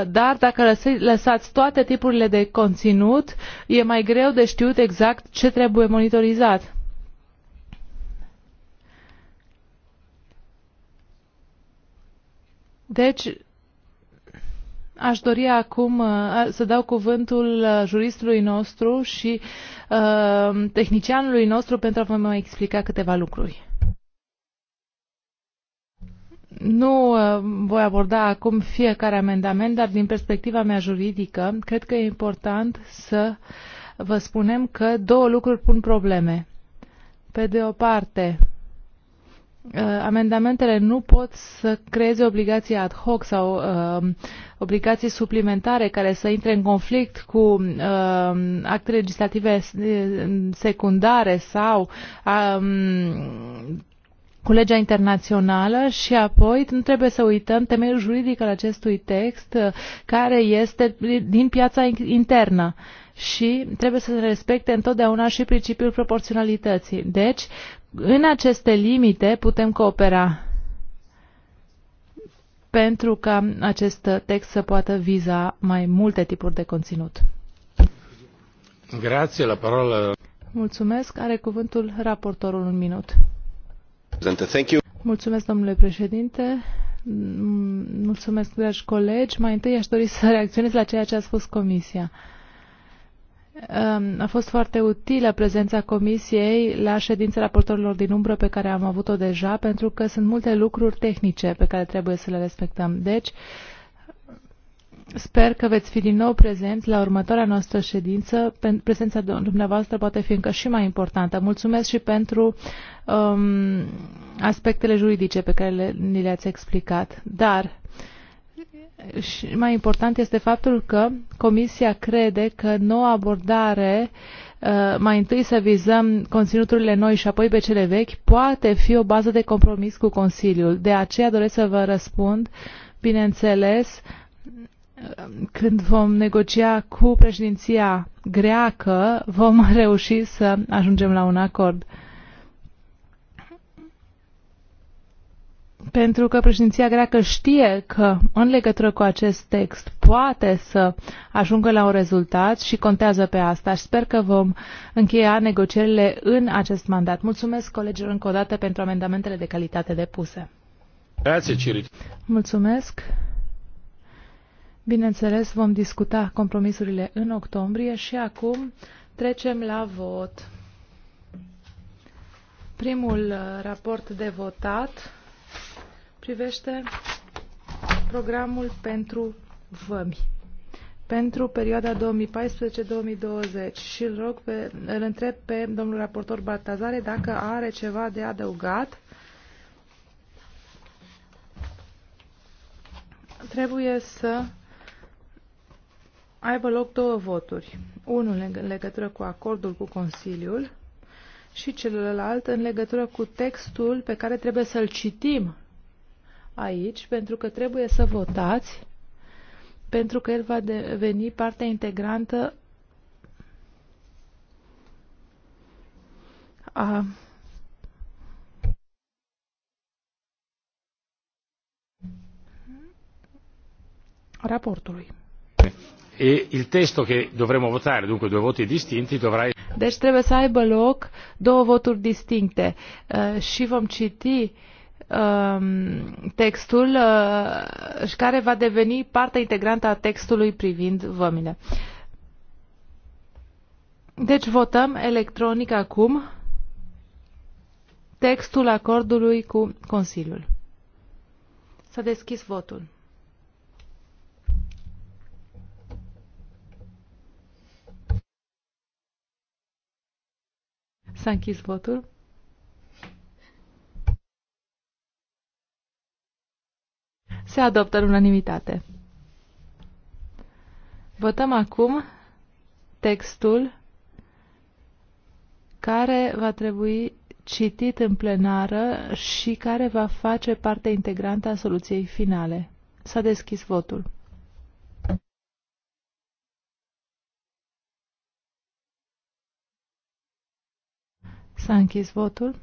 [SPEAKER 5] dar dacă lăsați toate tipurile de conținut, e mai greu de știut exact ce trebuie monitorizat. Deci, Aș dori acum uh, să dau cuvântul uh, juristului nostru și uh, tehnicianului nostru pentru a vă mai explica câteva lucruri. Nu uh, voi aborda acum fiecare amendament, dar din perspectiva mea juridică, cred că e important să vă spunem că două lucruri pun probleme. Pe de o parte, Uh, amendamentele nu pot să creeze obligații ad hoc sau uh, obligații suplimentare care să intre în conflict cu uh, acte legislative uh, secundare sau um, cu legea internațională și apoi nu trebuie să uităm temeiul juridic al acestui text uh, care este din piața internă și trebuie să se respecte întotdeauna și principiul proporționalității. Deci, în aceste limite putem coopera pentru ca acest text să poată viza mai multe tipuri de conținut.
[SPEAKER 1] Grație, la parola.
[SPEAKER 5] Mulțumesc. Are cuvântul raportorul un minut.
[SPEAKER 4] Thank you.
[SPEAKER 5] Mulțumesc, domnule președinte. Mulțumesc, dragi colegi. Mai întâi aș dori să reacționez la ceea ce a spus Comisia. Uh, Um, a fost foarte utilă prezența Comisiei la ședința raportorilor din umbră pe care am avut-o deja, pentru că sunt multe lucruri tehnice pe care trebuie să le respectăm. Deci, sper că veți fi din nou prezenți la următoarea noastră ședință. Prezența dumneavoastră poate fi încă și mai importantă. Mulțumesc și pentru um, aspectele juridice pe care le, ni le-ați explicat. Dar, și mai important este faptul că Comisia crede că noua abordare uh, mai întâi să vizăm conținuturile noi și apoi pe cele vechi, poate fi o bază de compromis cu Consiliul. De aceea doresc să vă răspund, bineînțeles, când vom negocia cu președinția greacă, vom (laughs) reuși să ajungem la un acord. pentru că președinția greacă știe că în legătură cu acest text poate să ajungă la un rezultat și contează pe asta și sper că vom încheia negocierile în acest mandat. Mulțumesc colegilor încă o dată pentru amendamentele de calitate depuse. Ciri. Mulțumesc. Bineînțeles, vom discuta compromisurile în octombrie și acum trecem la vot. Primul raport de votat privește programul pentru vămi pentru perioada 2014-2020 și îl, rog pe, îl întreb pe domnul raportor Baltazare dacă are ceva de adăugat. Trebuie să aibă loc două voturi. Unul în legătură cu acordul cu Consiliul și celălalt în legătură cu textul pe care trebuie să-l citim aici, pentru că trebuie să votați, pentru că el va deveni parte integrantă a raportului.
[SPEAKER 1] E il testo che dovremo votare, dunque due voti distinti, dovrà
[SPEAKER 5] Deci trebuie să aibă loc două voturi distincte uh, și vom citi uh, Um, textul uh, și care va deveni parte integrantă a textului privind vămile. Deci votăm electronic acum textul acordului cu Consiliul. S-a deschis votul. S-a închis votul. Se adoptă în unanimitate. Votăm acum textul care va trebui citit în plenară și care va face parte integrantă a soluției finale. S-a deschis votul. S-a închis votul.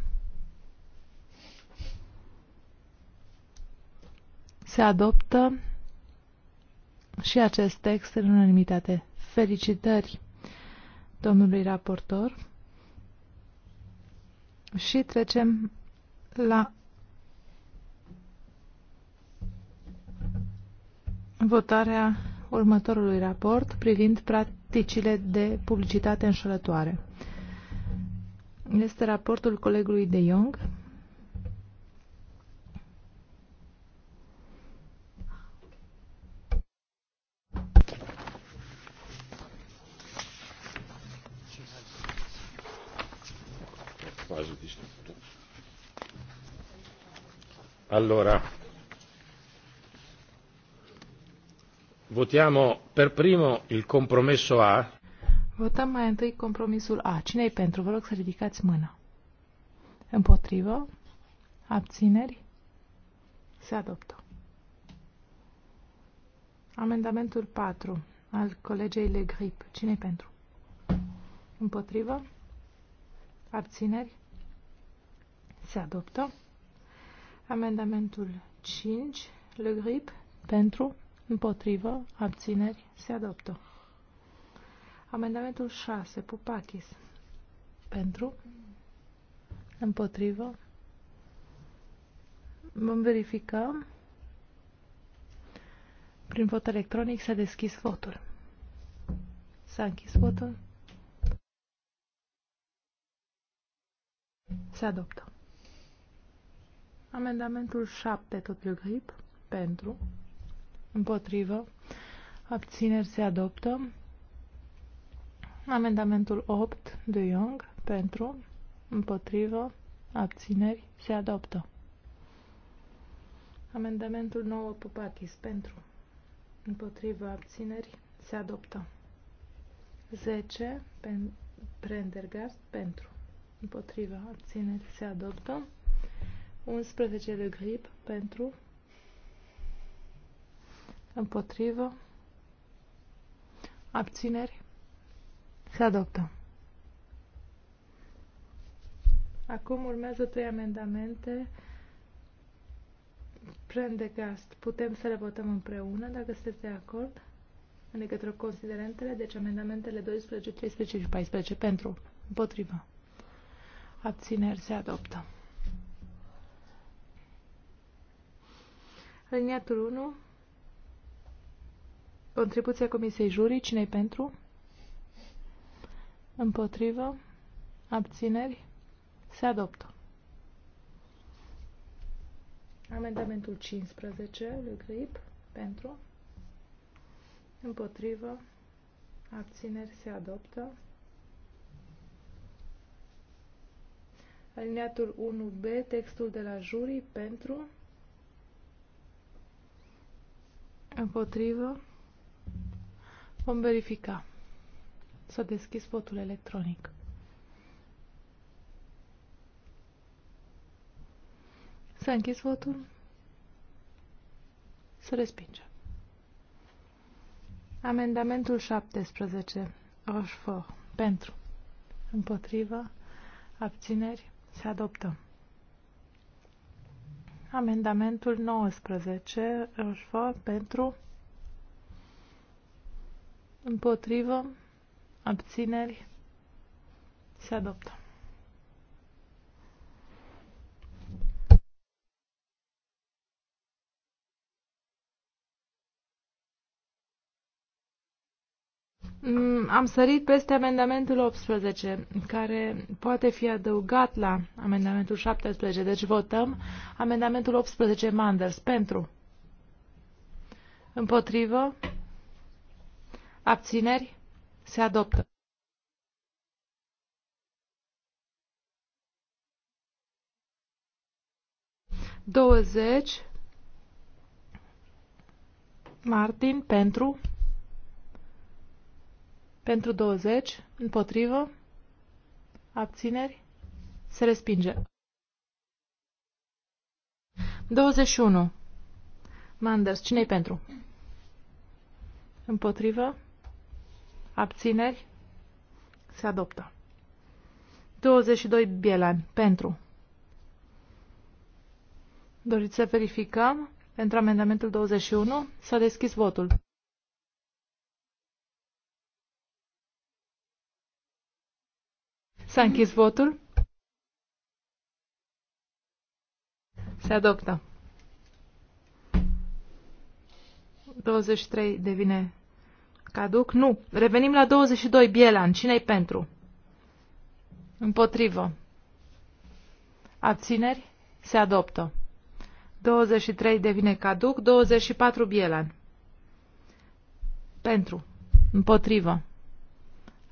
[SPEAKER 5] Se adoptă și acest text în unanimitate. Felicitări domnului raportor. Și trecem la votarea următorului raport privind practicile de publicitate înșelătoare. Este raportul colegului De Jong.
[SPEAKER 1] allora votiamo per primo il compromesso A
[SPEAKER 5] Votăm mai întâi compromisul A. Cine e pentru? Vă rog să ridicați mâna. Împotrivă? Abțineri? Se adoptă. Amendamentul 4 al colegei Le Grip. cine pentru? Împotrivă? Abțineri? Se adoptă. Amendamentul 5, Le Grip, pentru, împotrivă, abțineri, se adoptă. Amendamentul 6, Pupachis, pentru, împotrivă, vom verifica. Prin vot electronic s-a deschis votul. S-a închis votul. Se adoptă. Amendamentul 7, tot lui Grip, pentru, împotrivă, abțineri se adoptă. Amendamentul 8, de Young, pentru, împotrivă, abțineri se adoptă. Amendamentul 9, Pupakis, pentru, împotrivă, abțineri se adoptă. 10, pen, Prendergast, pentru, împotrivă, abțineri se adoptă. 11 de grip pentru împotrivă abțineri se adoptă. Acum urmează trei amendamente Prendegast. Putem să le votăm împreună, dacă sunteți de acord, în legătură cu considerentele, deci amendamentele 12, 13 și 14 pentru, împotrivă. Abțineri se adoptă. Aliniatul 1. Contribuția Comisiei Jurii. cine pentru? Împotrivă. Abțineri. Se adoptă. Amendamentul 15, lui Grip, pentru, împotrivă, abțineri se adoptă. Alineatul 1B, textul de la jurii, pentru, Împotrivă. Vom verifica. S-a deschis votul electronic. S-a închis votul. Se respinge. Amendamentul 17. Rochefort. Pentru. Împotrivă. Abțineri. Se adoptă. Amendamentul 19, Roșfort, pentru, împotrivă, abțineri, se adoptă. Mm, am sărit peste amendamentul 18, care poate fi adăugat la amendamentul 17. Deci votăm amendamentul 18 Manders pentru. Împotrivă. Abțineri. Se adoptă. Douăzeci. Martin pentru. Pentru 20, împotrivă, abțineri, se respinge. 21. Manders, cine-i pentru? Împotrivă, abțineri, se adoptă. 22 Bielan, pentru. Doriți să verificăm? Pentru amendamentul 21 s-a deschis votul. S-a închis votul. Se adoptă. 23 devine caduc. Nu. Revenim la 22. Bielan. Cine-i pentru? Împotrivă. Abțineri? Se adoptă. 23 devine caduc. 24. Bielan. Pentru. Împotrivă.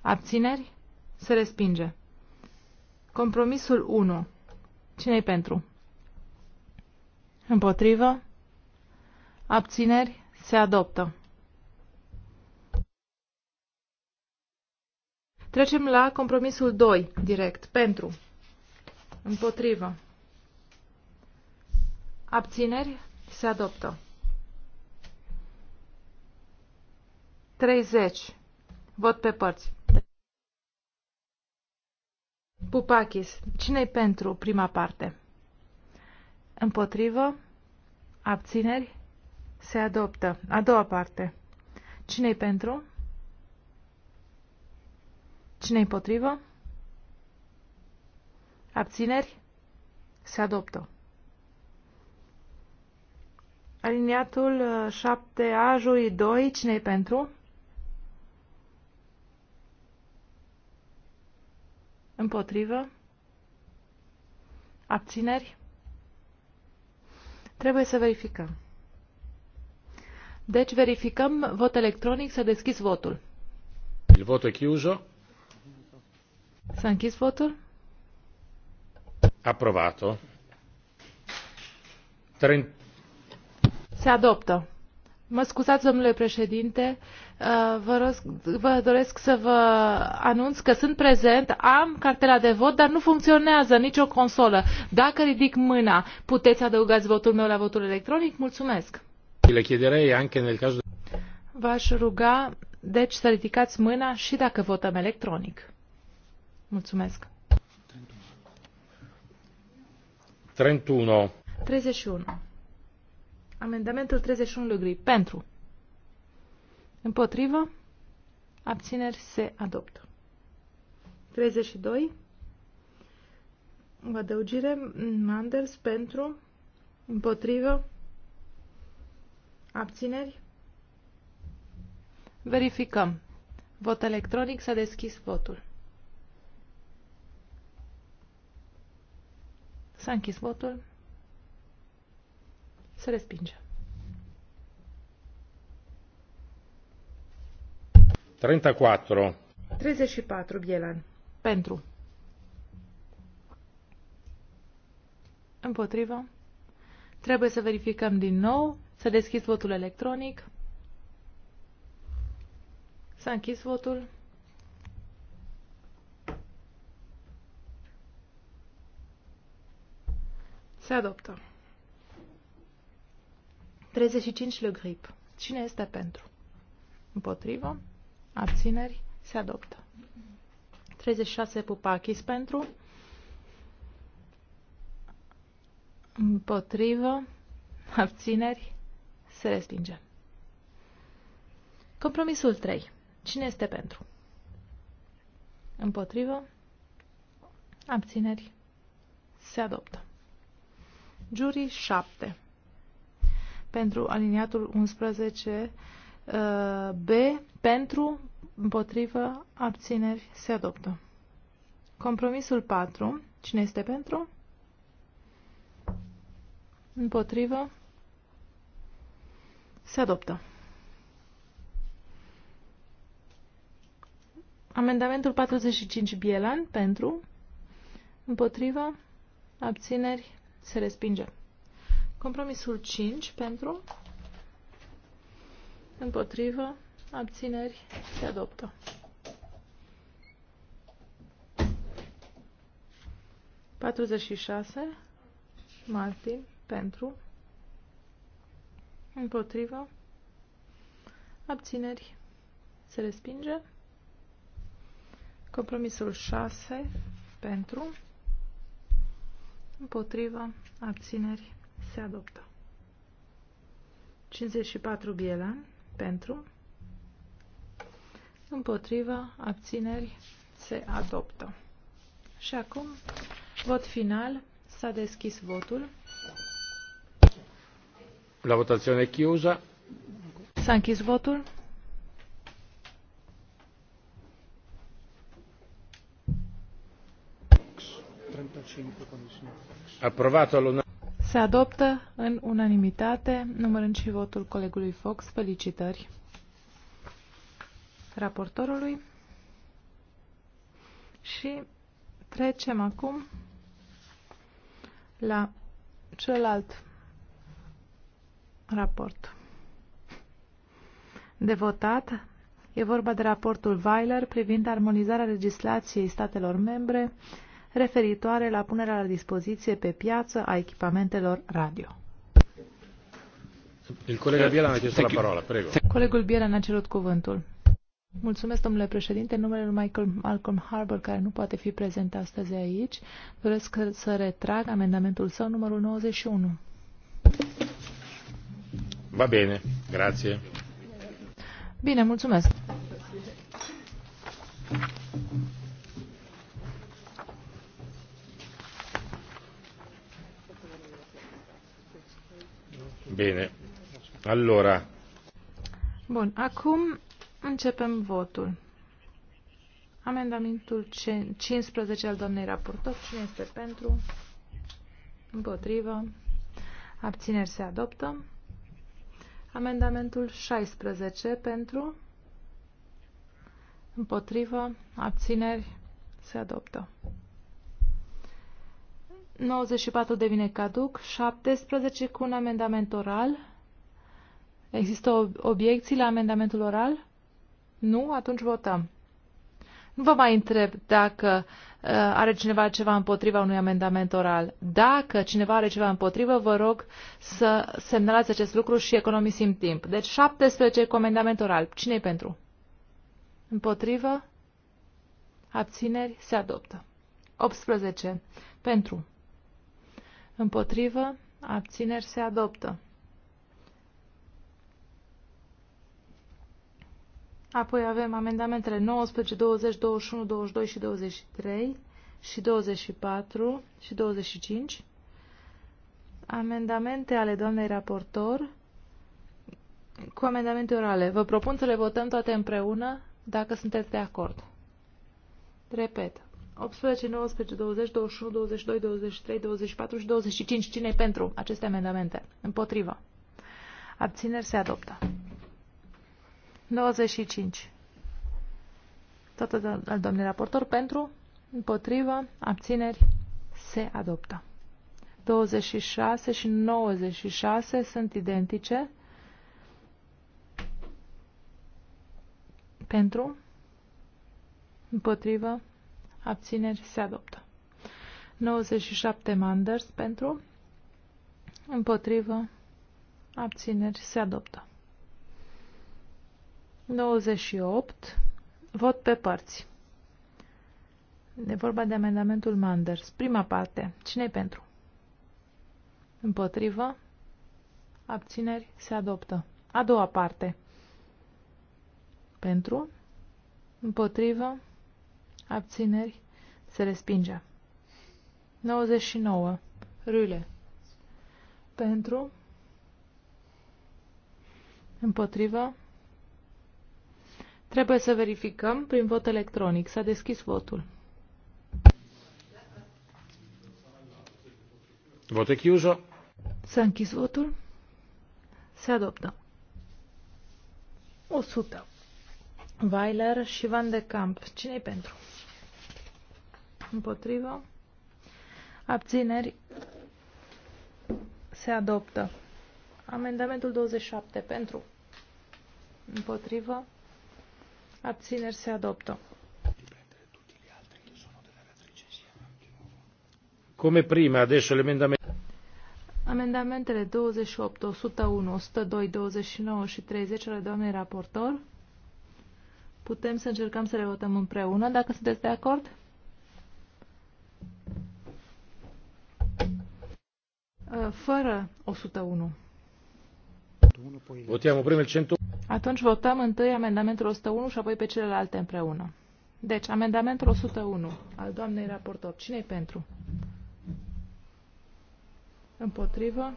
[SPEAKER 5] Abțineri? Se respinge. Compromisul 1. cine e pentru? Împotrivă? Abțineri? Se adoptă. Trecem la compromisul 2, direct. Pentru. Împotrivă. Abțineri? Se adoptă. 30. Vot pe părți. Pupakis. Cine-i pentru prima parte? Împotrivă? Abțineri? Se adoptă. A doua parte. Cine-i pentru? Cine-i împotrivă? Abțineri? Se adoptă. Aliniatul 7A, uh, joi 2, cine-i pentru? Împotrivă? Abțineri? Trebuie să verificăm. Deci verificăm vot electronic, să deschis votul. Il voto è chiuso. S-a închis votul?
[SPEAKER 1] Approvato. 30...
[SPEAKER 5] Se adoptă. Mă scuzați, domnule președinte, Uh, vă, rog, vă doresc să vă anunț că sunt prezent, am cartela de vot, dar nu funcționează nicio consolă. Dacă ridic mâna, puteți adăugați votul meu la votul electronic? Mulțumesc!
[SPEAKER 1] Le chiederei anche nel caso...
[SPEAKER 5] V-aș ruga, deci, să ridicați mâna și dacă votăm electronic. Mulțumesc!
[SPEAKER 1] 31.
[SPEAKER 5] 31. Amendamentul 31 lui Gri. Pentru. Împotrivă. Abțineri se adoptă. 32. O adăugire. Manders pentru. Împotrivă. Abțineri. Verificăm. Vot electronic. S-a deschis votul. S-a închis votul. Se respinge.
[SPEAKER 1] 34.
[SPEAKER 5] 34, Bielan. Pentru. Împotrivă. Trebuie să verificăm din nou. Să deschis votul electronic. S-a închis votul. Se adoptă. 35 le grip. Cine este pentru? Împotrivă. Abțineri? Se adoptă. 36 pupachis pentru. Împotrivă. Abțineri? Se respinge. Compromisul 3. Cine este pentru? Împotrivă. Abțineri. Se adoptă. Jurii 7. Pentru aliniatul 11 Uh, B pentru, împotrivă, abțineri, se adoptă. Compromisul 4. Cine este pentru? Împotrivă. Se adoptă. Amendamentul 45 Bielan pentru, împotrivă, abțineri, se respinge. Compromisul 5 pentru, Împotrivă. Abțineri. Se adoptă. Patruzeci și șase. Martin. Pentru. Împotrivă. Abțineri. Se respinge. Compromisul 6 pentru, Împotrivă, abțineri, se adoptă. 54 Bielan pentru, împotriva, abțineri, se adoptă. Și acum, vot final, s-a deschis votul.
[SPEAKER 1] La votazione chiusa.
[SPEAKER 5] S-a închis votul.
[SPEAKER 1] Approvato all'unanimità.
[SPEAKER 5] Se adoptă în unanimitate, numărând și votul colegului Fox. Felicitări raportorului. Și trecem acum la celălalt raport de votat. E vorba de raportul Weiler privind armonizarea legislației statelor membre referitoare la punerea la dispoziție pe piață a echipamentelor radio.
[SPEAKER 1] Il colega Bielan a la parola, prego.
[SPEAKER 5] Colegul Bielan a cerut cuvântul. Mulțumesc, domnule președinte. În numele lui Michael Malcolm Harbour, care nu poate fi prezent astăzi aici, doresc să retrag amendamentul său numărul 91.
[SPEAKER 1] Va bine, grație.
[SPEAKER 5] Bine, mulțumesc.
[SPEAKER 1] Bine. Allora.
[SPEAKER 5] Bun, acum începem votul. Amendamentul 15 al doamnei raportor. Cine este pentru? Împotrivă. Abțineri se adoptă. Amendamentul 16 pentru. Împotrivă. Abțineri se adoptă. 94 devine caduc, 17 cu un amendament oral. Există obiecții la amendamentul oral? Nu? Atunci votăm. Nu vă mai întreb dacă uh, are cineva ceva împotriva unui amendament oral. Dacă cineva are ceva împotrivă, vă rog să semnalați acest lucru și economisim timp. Deci 17 cu amendament oral. cine e pentru? Împotrivă? Abțineri? Se adoptă. 18. Pentru. Împotrivă. Abțineri se adoptă. Apoi avem amendamentele 19, 20, 21, 22 și 23 și 24 și 25. Amendamente ale doamnei raportor cu amendamente orale. Vă propun să le votăm toate împreună dacă sunteți de acord. Repet. 18, 19, 20, 21, 22, 23, 24 și 25. Cine pentru aceste amendamente? Împotrivă. Abțineri se adoptă. 95. Tot al domnului raportor pentru, împotrivă, abțineri se adoptă. 26 și 96 sunt identice. Pentru, împotrivă, abțineri, se adoptă. 97 Manders pentru, împotrivă, abțineri, se adoptă. 98 Vot pe părți. E vorba de amendamentul Manders. Prima parte. cine pentru? Împotrivă. Abțineri. Se adoptă. A doua parte. Pentru. Împotrivă abțineri, se respinge. 99. Râle. Pentru, împotriva, trebuie să verificăm prin vot electronic. S-a deschis votul.
[SPEAKER 1] Vote echiuză.
[SPEAKER 5] S-a închis votul. Se adoptă. 100. Weiler și Van de Camp. Cine-i pentru? împotrivă, abțineri, se adoptă. Amendamentul 27 pentru, împotrivă, abțineri, se adoptă.
[SPEAKER 1] Come prima, adesso l'emendamento.
[SPEAKER 5] Amendamentele 28, 101, 102, 29 și 30 ale doamnei raportor. Putem să încercăm să le votăm împreună, dacă sunteți de acord? Uh, fără 101.
[SPEAKER 4] Votăm
[SPEAKER 1] prima 100.
[SPEAKER 5] Atunci votăm întâi amendamentul 101 și apoi pe celelalte împreună. Deci, amendamentul 101 al doamnei raportor. Cine-i pentru? Împotrivă?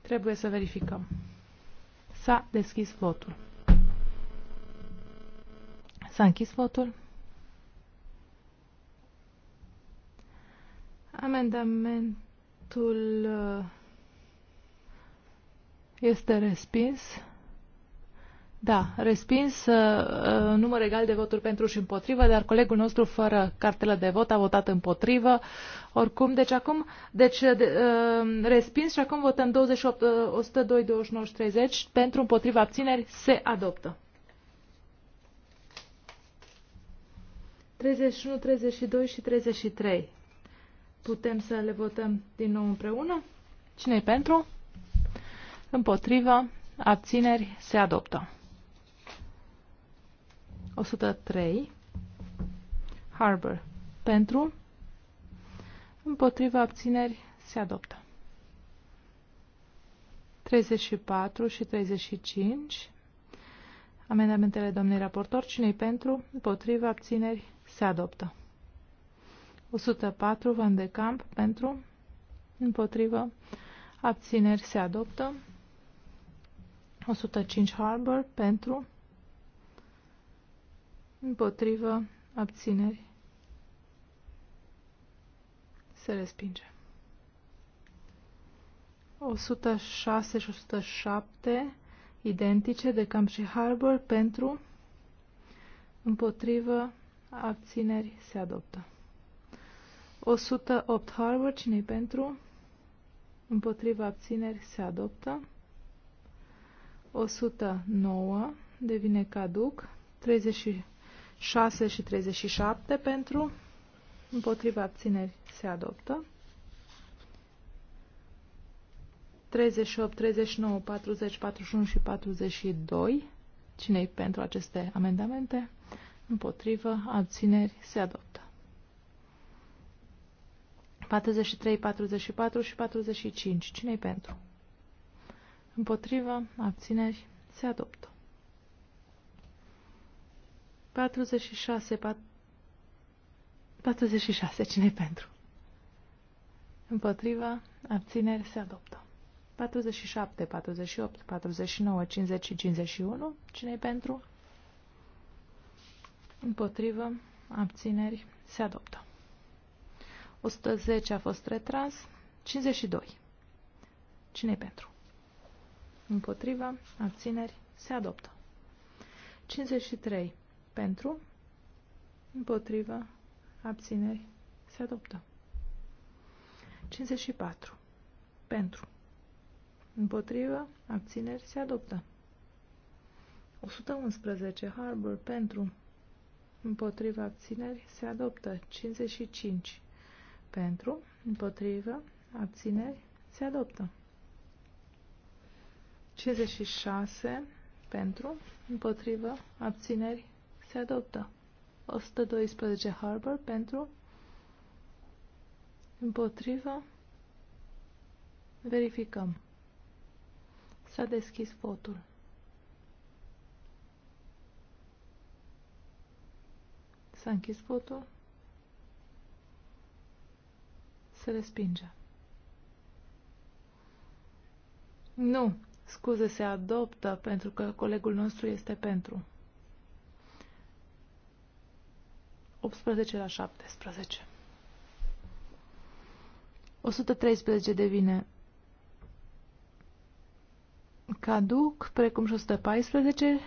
[SPEAKER 5] Trebuie să verificăm. S-a deschis votul. S-a închis votul. Amendamentul uh, este respins. Da, respins uh, uh, număr egal de voturi pentru și împotrivă, dar colegul nostru fără cartelă de vot a votat împotrivă. Oricum, deci acum, deci de, uh, respins și acum votăm 28, 102, 29 30. Pentru împotriva abțineri se adoptă. 31, 32 și 33. Putem să le votăm din nou împreună? Cine-i pentru? Împotrivă. Abțineri. Se adoptă. 103. Harbor. Pentru. Împotrivă. Abțineri. Se adoptă. 34 și 35. Amendamentele domnului raportor. Cine-i pentru? Împotrivă. Abțineri. Se adoptă. 104 Van de Camp pentru, împotrivă, abțineri se adoptă. 105 Harbor pentru, împotrivă, abțineri se respinge. 106 și 107 identice de Camp și Harbor pentru, împotrivă, abțineri se adoptă. 108 Harvard, cine pentru? Împotriva abțineri se adoptă. 109 devine caduc. 36 și 37 pentru. Împotriva abțineri se adoptă. 38, 39, 40, 41 și 42. Cine-i pentru aceste amendamente? Împotrivă, abțineri se adoptă. 43, 44 și 45. Cine-i pentru? Împotrivă, abțineri, se adoptă. 46, 46. Cine-i pentru? Împotriva, abțineri, se adoptă. 47, 48, 49, 50 și 51. Cine-i pentru? Împotrivă, abțineri, se adoptă. 110 a fost retras. 52. cine pentru? Împotriva, abțineri, se adoptă. 53. Pentru, împotriva, abțineri, se adoptă. 54. Pentru, împotriva, abțineri, se adoptă. 111. Harbour. pentru, împotriva, abțineri, se adoptă. 55 pentru, împotrivă, abțineri, se adoptă. 56 pentru, împotrivă, abțineri, se adoptă. 112 Harbor pentru, împotrivă, verificăm. S-a deschis votul. S-a închis votul. Se respinge. Nu. Scuze, se adoptă pentru că colegul nostru este pentru. 18 la 17. 113 devine caduc, precum și 114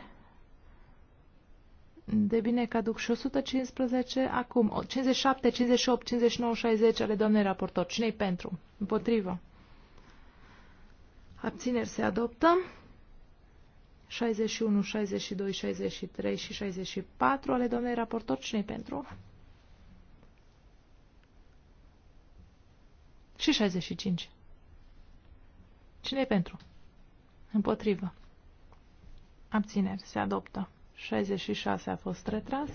[SPEAKER 5] de bine că aduc și 115, acum 57, 58, 59, 60 ale doamnei raportor. Cine-i pentru? Împotrivă. Abțineri se adoptă. 61, 62, 63 și 64 ale doamnei raportor. Cine-i pentru? Și 65. Cine-i pentru? Împotrivă. Abțineri se adoptă. 66 a fost retras.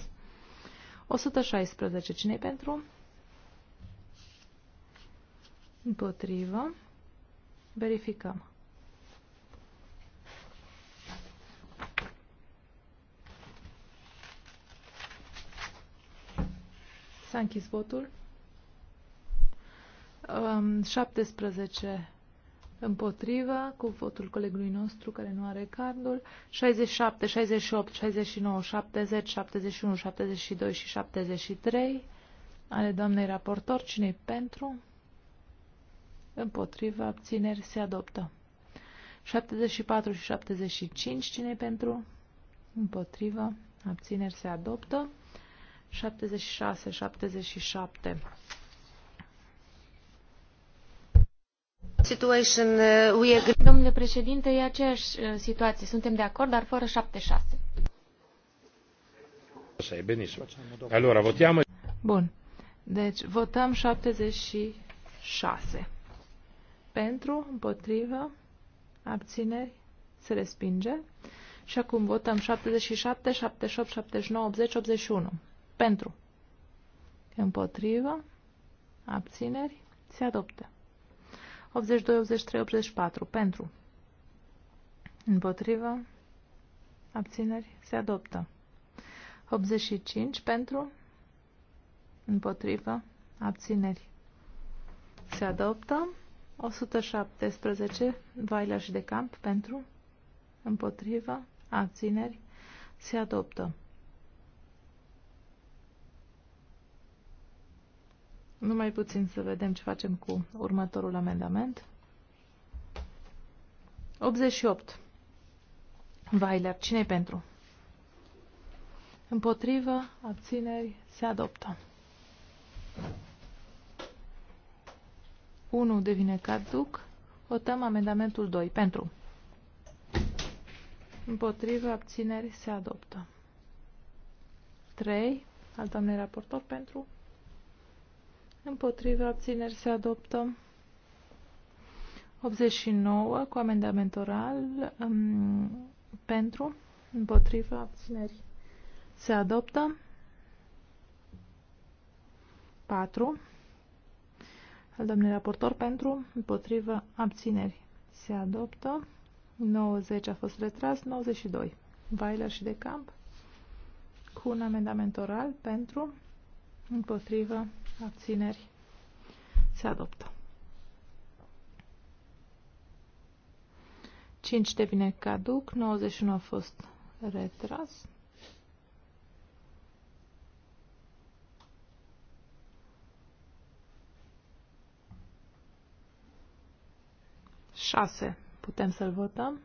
[SPEAKER 5] 116. cine pentru? Împotrivă. Verificăm. S-a închis votul. 17 um, împotriva, cu votul colegului nostru care nu are cardul, 67, 68, 69, 70, 71, 72 și 73 ale doamnei raportor. cine pentru? Împotriva, abțineri, se adoptă. 74 și 75, cine pentru? Împotriva, abțineri, se adoptă. 76, 77
[SPEAKER 2] Uh, Domnule președinte, e aceeași uh, situație. Suntem de acord, dar fără șapte șase.
[SPEAKER 1] Benissimo. Allora, votiamo.
[SPEAKER 5] Bun.
[SPEAKER 2] Deci, votăm
[SPEAKER 5] 76. Pentru, împotrivă, abțineri, se respinge. Și acum votăm 77, 78, 79, 80, 81. Pentru. Împotrivă. Abțineri. Se adoptă. 82, 83, 84. Pentru. Împotrivă. Abțineri. Se adoptă. 85. Pentru. Împotrivă. Abțineri. Se adoptă. 117. Vaila și de camp. Pentru. Împotrivă. Abțineri. Se adoptă. Numai puțin să vedem ce facem cu următorul amendament. 88. Vailer. cine pentru? Împotrivă, abțineri, se adoptă. 1 devine caduc. Votăm amendamentul 2. Pentru. Împotrivă, abțineri, se adoptă. 3. Al doamnei raportor pentru. Împotriva abțineri se adoptă. 89 cu amendament oral um, pentru, împotriva abțineri se adoptă. 4 al domnului raportor pentru, împotriva abțineri se adoptă. 90 a fost retras, 92 Weiler și de camp cu un amendament oral pentru, împotrivă abțineri abțineri, se adoptă. 5 devine caduc, 91 a fost retras. Șase. Putem să-l votăm.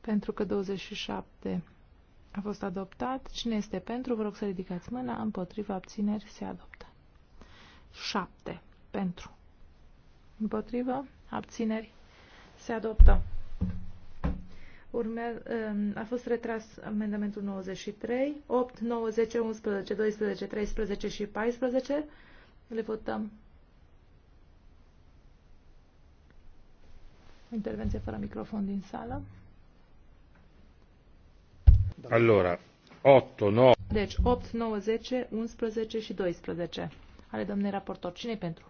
[SPEAKER 5] Pentru că 27 a fost adoptat. Cine este pentru? Vă rog să ridicați mâna. Împotriva abțineri se adoptă. 7. Pentru. Împotriva abțineri se adoptă. Urme, um, a fost retras amendamentul 93, 8, 9, 10, 11, 12, 13 și 14. Le votăm. Intervenție fără microfon din sală.
[SPEAKER 1] Allora, 8, 9...
[SPEAKER 5] Deci 8, 9, 10, 11 și 12. Ale domnului raportor. cine pentru?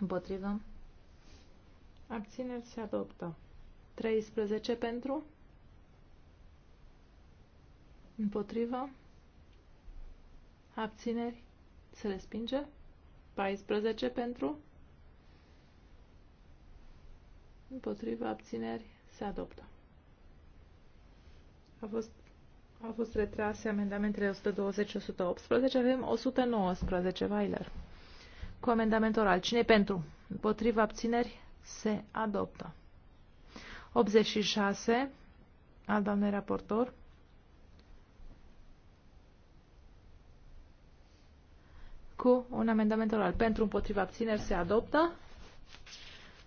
[SPEAKER 5] Împotrivă. Abțineri se adoptă. 13 pentru? Împotrivă. Abțineri se respinge. 14 pentru? Împotrivă abțineri se adoptă a fost, au fost retrase amendamentele 120-118. Avem 119, Weiler. Cu amendament oral. cine pentru? Împotriva abțineri? Se adoptă. 86, al doamnei raportor. Cu un amendament oral. Pentru împotriva abțineri se adoptă.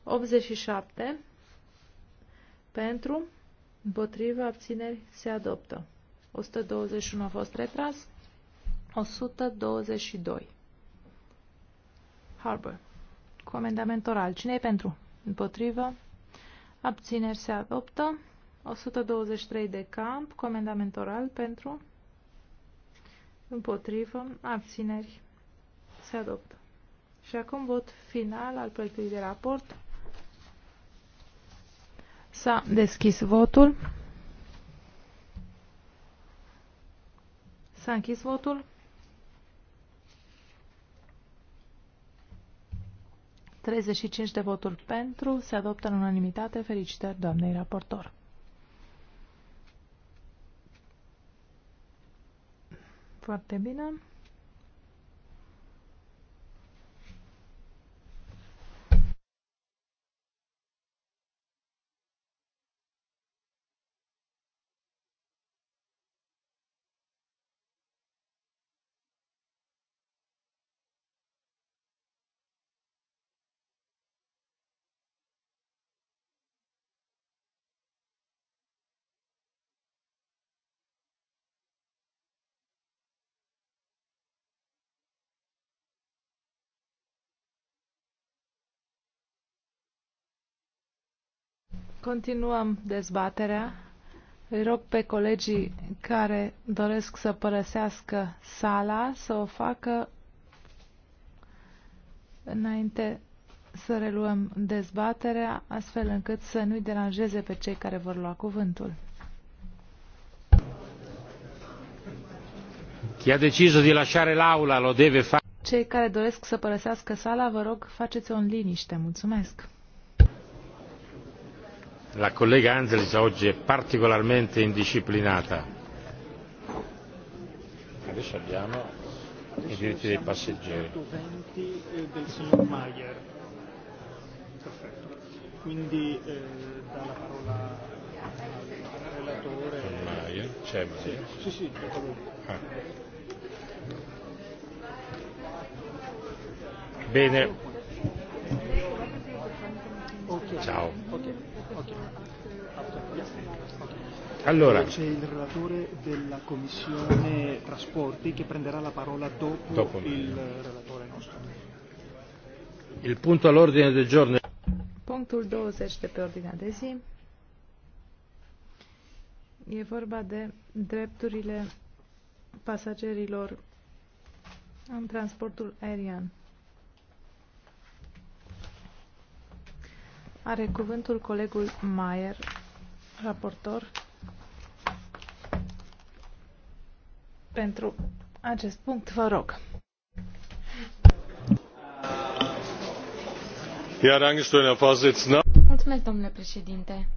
[SPEAKER 5] 87. Pentru Împotriva abțineri, se adoptă. 121 a fost retras. 122. Harbour. Cu amendament oral. cine e pentru? Împotrivă. Abțineri se adoptă. 123 de camp. Cu amendament oral pentru. Împotrivă. Abțineri se adoptă. Și acum vot final al proiectului de raport. S-a deschis votul. S-a închis votul. Treizeci și cinci de voturi pentru. Se adoptă în unanimitate. Felicitări doamnei raportor. Foarte bine. Continuăm dezbaterea. Îi rog pe colegii care doresc să părăsească sala să o facă înainte să reluăm dezbaterea, astfel încât să nu-i deranjeze pe cei care vor lua cuvântul.
[SPEAKER 1] Chi ha deciso di lasciare l'aula lo deve fare.
[SPEAKER 5] Cei care doresc să părăsească sala, vă rog, faceți-o în liniște. Mulțumesc
[SPEAKER 1] la collega Angelis oggi è particolarmente indisciplinata. Adesso abbiamo i diritti dei passeggeri. Eh, del signor Maier. Quindi eh, dà la parola
[SPEAKER 3] al
[SPEAKER 1] relatore. Maier. C'è Maier? Sì, sì, ah. Bene. Okay. Ciao. Okay. Okay. Allora. C'è il relatore della Commissione Trasporti che prenderà la parola dopo, dopo il relatore nostro. Il punto all'ordine del giorno.
[SPEAKER 5] Punctul 20 de pe ordinea de zi. E vorba de drepturile pasagerilor în transportul aerian. Are cuvântul colegul Maier, raportor, pentru acest punct. Vă rog.
[SPEAKER 2] Mulțumesc, domnule președinte.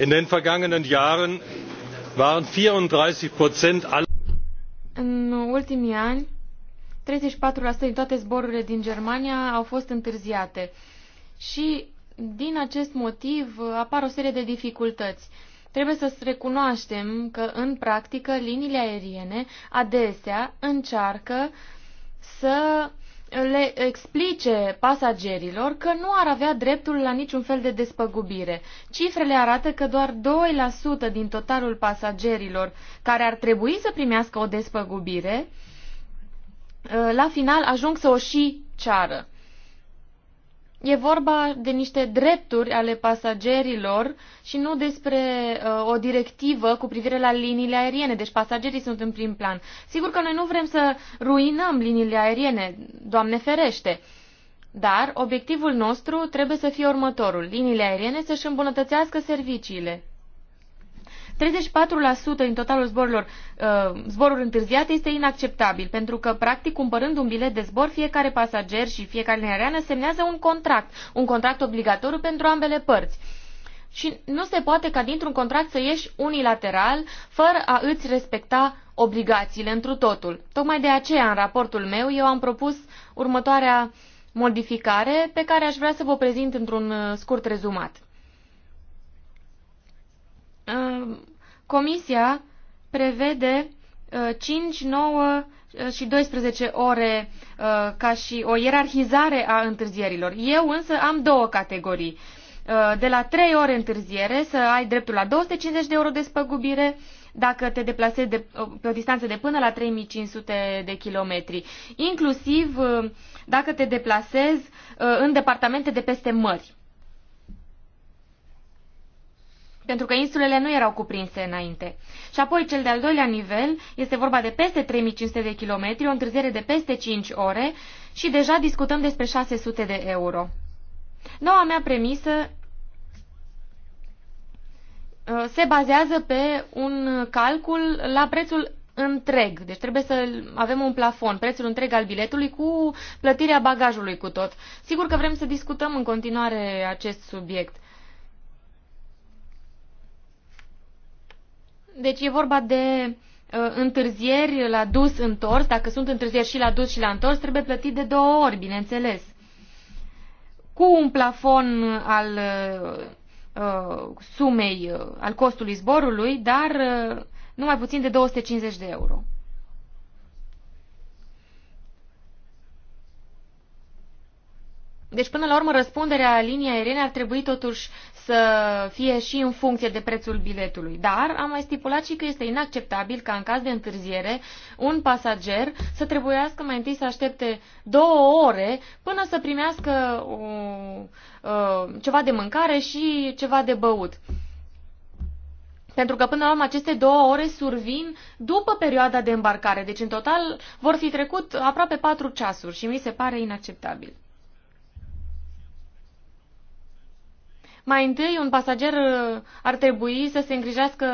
[SPEAKER 1] In den vergangenen Jahren waren 34 Prozent aller
[SPEAKER 2] în ultimii ani, 34% din toate zborurile din Germania au fost întârziate. Și din acest motiv apar o serie de dificultăți. Trebuie să recunoaștem că, în practică, liniile aeriene adesea încearcă să le explice pasagerilor că nu ar avea dreptul la niciun fel de despăgubire. Cifrele arată că doar 2% din totalul pasagerilor care ar trebui să primească o despăgubire, uh, la final ajung să o și ceară. E vorba de niște drepturi ale pasagerilor și nu despre uh, o directivă cu privire la liniile aeriene. Deci pasagerii sunt în prim plan. Sigur că noi nu vrem să ruinăm liniile aeriene, Doamne ferește. Dar obiectivul nostru trebuie să fie următorul. Liniile aeriene să-și îmbunătățească serviciile. 34% din totalul zborurilor, uh, zboruri întârziate este inacceptabil, pentru că, practic, cumpărând un bilet de zbor, fiecare pasager și fiecare aeriană semnează un contract, un contract obligatoriu pentru ambele părți. Și nu se poate ca dintr-un contract să ieși unilateral, fără a îți respecta obligațiile întru totul. Tocmai de aceea, în raportul meu, eu am propus următoarea modificare pe care aș vrea să vă prezint într-un uh, scurt rezumat. Uh, Comisia prevede 5, uh, 9 uh, și 12 ore uh, ca și o ierarhizare a întârzierilor. Eu însă am două categorii. De la 3 ore întârziere să ai dreptul la 250 de euro de spăgubire, dacă te deplasezi de, pe o distanță de până la 3500 de kilometri, inclusiv dacă te deplasezi în departamente de peste mări. pentru că insulele nu erau cuprinse înainte. Și apoi cel de-al doilea nivel este vorba de peste 3500 de kilometri, o întârziere de peste 5 ore și deja discutăm despre 600 de euro. Noua mea premisă uh, se bazează pe un calcul la prețul întreg. Deci trebuie să avem un plafon, prețul întreg al biletului cu plătirea bagajului cu tot. Sigur că vrem să discutăm în continuare acest subiect. Deci e vorba de uh, întârzieri la dus întors. Dacă sunt întârzieri și la dus și la întors, trebuie plătit de două ori, bineînțeles. Cu un plafon al uh, uh sumei, uh, al costului zborului, dar uh, nu mai puțin de 250 de euro. Deci, până la urmă, răspunderea liniei aeriene ar trebui totuși să fie și în funcție de prețul biletului. Dar am mai stipulat și că este inacceptabil ca în caz de întârziere un pasager să trebuiască mai întâi să aștepte două ore până să primească o, o, ă, ceva de mâncare și ceva de băut. Pentru că până la urmă aceste două ore survin după perioada de îmbarcare. Deci în total vor fi trecut aproape patru ceasuri și mi se pare inacceptabil. Mai întâi, un pasager uh, ar trebui să se îngrijească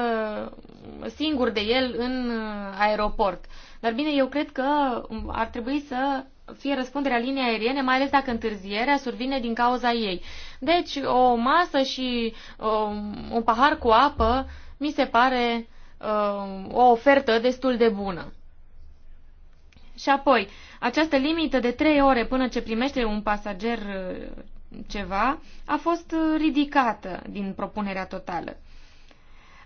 [SPEAKER 2] singur de el în uh, aeroport. Dar bine, eu cred că um, ar trebui să fie răspunderea liniei aeriene, mai ales dacă întârzierea survine din cauza ei. Deci, o masă și um, un pahar cu apă mi se pare um, o ofertă destul de bună. Și apoi, această limită de 3 ore până ce primește un pasager uh, ceva a fost uh, ridicată din propunerea totală.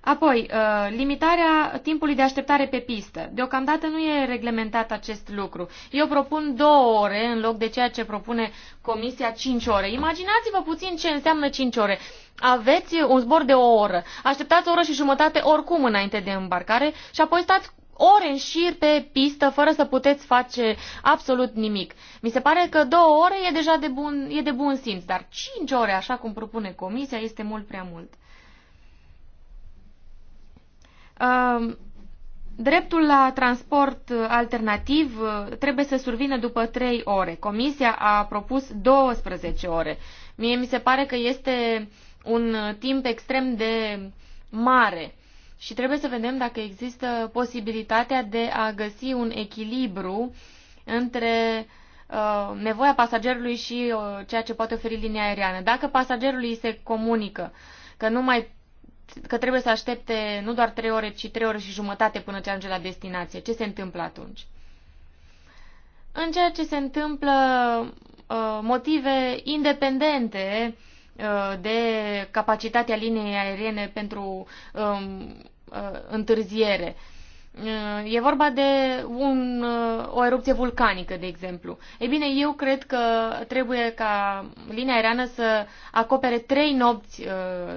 [SPEAKER 2] Apoi, uh, limitarea timpului de așteptare pe pistă. Deocamdată nu e reglementat acest lucru. Eu propun două ore în loc de ceea ce propune Comisia 5 ore. Imaginați-vă puțin ce înseamnă 5 ore. Aveți un zbor de o oră, așteptați o oră și jumătate oricum înainte de îmbarcare și apoi stați ore în șir pe pistă fără să puteți face absolut nimic. Mi se pare că două ore e deja de bun, e de bun simț, dar cinci ore, așa cum propune comisia, este mult prea mult. Uh, Dreptul la transport alternativ uh, trebuie să survină după 3 ore. Comisia a propus 12 ore. Mie mi se pare că este un timp extrem de mare și trebuie să vedem dacă există posibilitatea de a găsi un echilibru între uh, nevoia pasagerului și uh, ceea ce poate oferi linia aeriană. Dacă pasagerului se comunică că nu mai că trebuie să aștepte nu doar 3 ore, ci 3 ore și jumătate până ce ajunge la destinație. Ce se întâmplă atunci? În ceea ce se întâmplă uh, motive independente Uh, de capacitatea liniei aeriene pentru um, uh, întârziere. Uh, e vorba de un, o erupție vulcanică, de exemplu. Ei bine, eu cred că trebuie ca linia aeriană să acopere trei nopți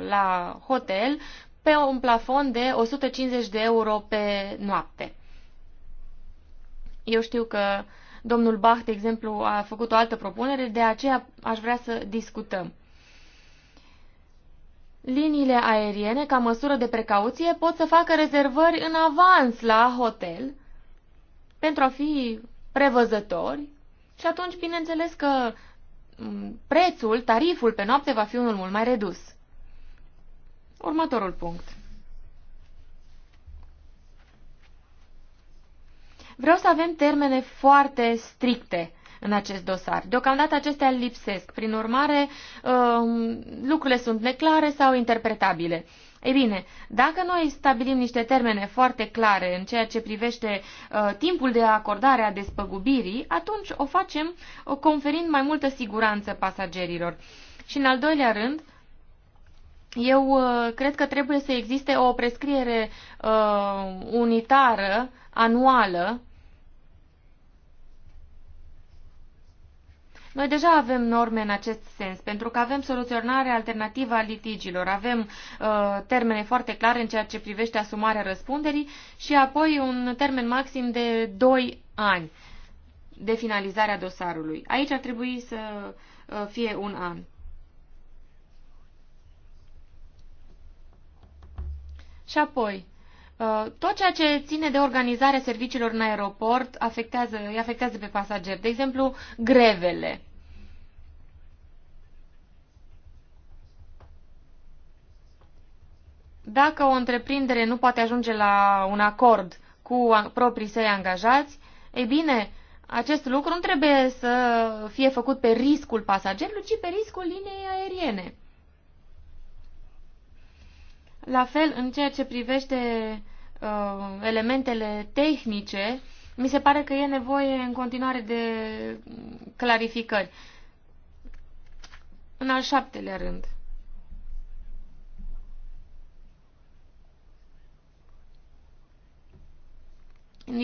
[SPEAKER 2] la hotel pe un plafon de 150 de euro pe noapte. Eu știu că domnul Bach, de exemplu, a făcut o altă propunere, de aceea aș vrea să discutăm liniile aeriene, ca măsură de precauție, pot să facă rezervări în avans la hotel pentru a fi prevăzători și atunci, bineînțeles că mm, prețul, tariful pe noapte va fi unul mult mai redus. Următorul punct. Vreau să avem termene foarte stricte în acest dosar. Deocamdată acestea lipsesc. Prin urmare, um, lucrurile sunt neclare sau interpretabile. Ei bine, dacă noi stabilim niște termene foarte clare în ceea ce privește uh, timpul de acordare a despăgubirii, atunci o facem uh, conferind mai multă siguranță pasagerilor. Și în al doilea rând, eu uh, cred că trebuie să existe o prescriere uh, unitară, anuală, Noi deja avem norme în acest sens, pentru că avem soluționare alternativă a litigilor, avem uh, termene foarte clare în ceea ce privește asumarea răspunderii și apoi un termen maxim de 2 ani de finalizarea dosarului. Aici ar trebui să uh, fie un an. Și apoi, Uh, tot ceea ce ține de organizarea serviciilor în aeroport afectează, îi afectează pe pasageri. De exemplu, grevele. Dacă o întreprindere nu poate ajunge la un acord cu proprii săi angajați, ei bine, acest lucru nu trebuie să fie făcut pe riscul pasagerului, ci pe riscul liniei aeriene. La fel, în ceea ce privește uh, elementele tehnice, mi se pare că e nevoie în continuare de clarificări. În al șaptelea rând.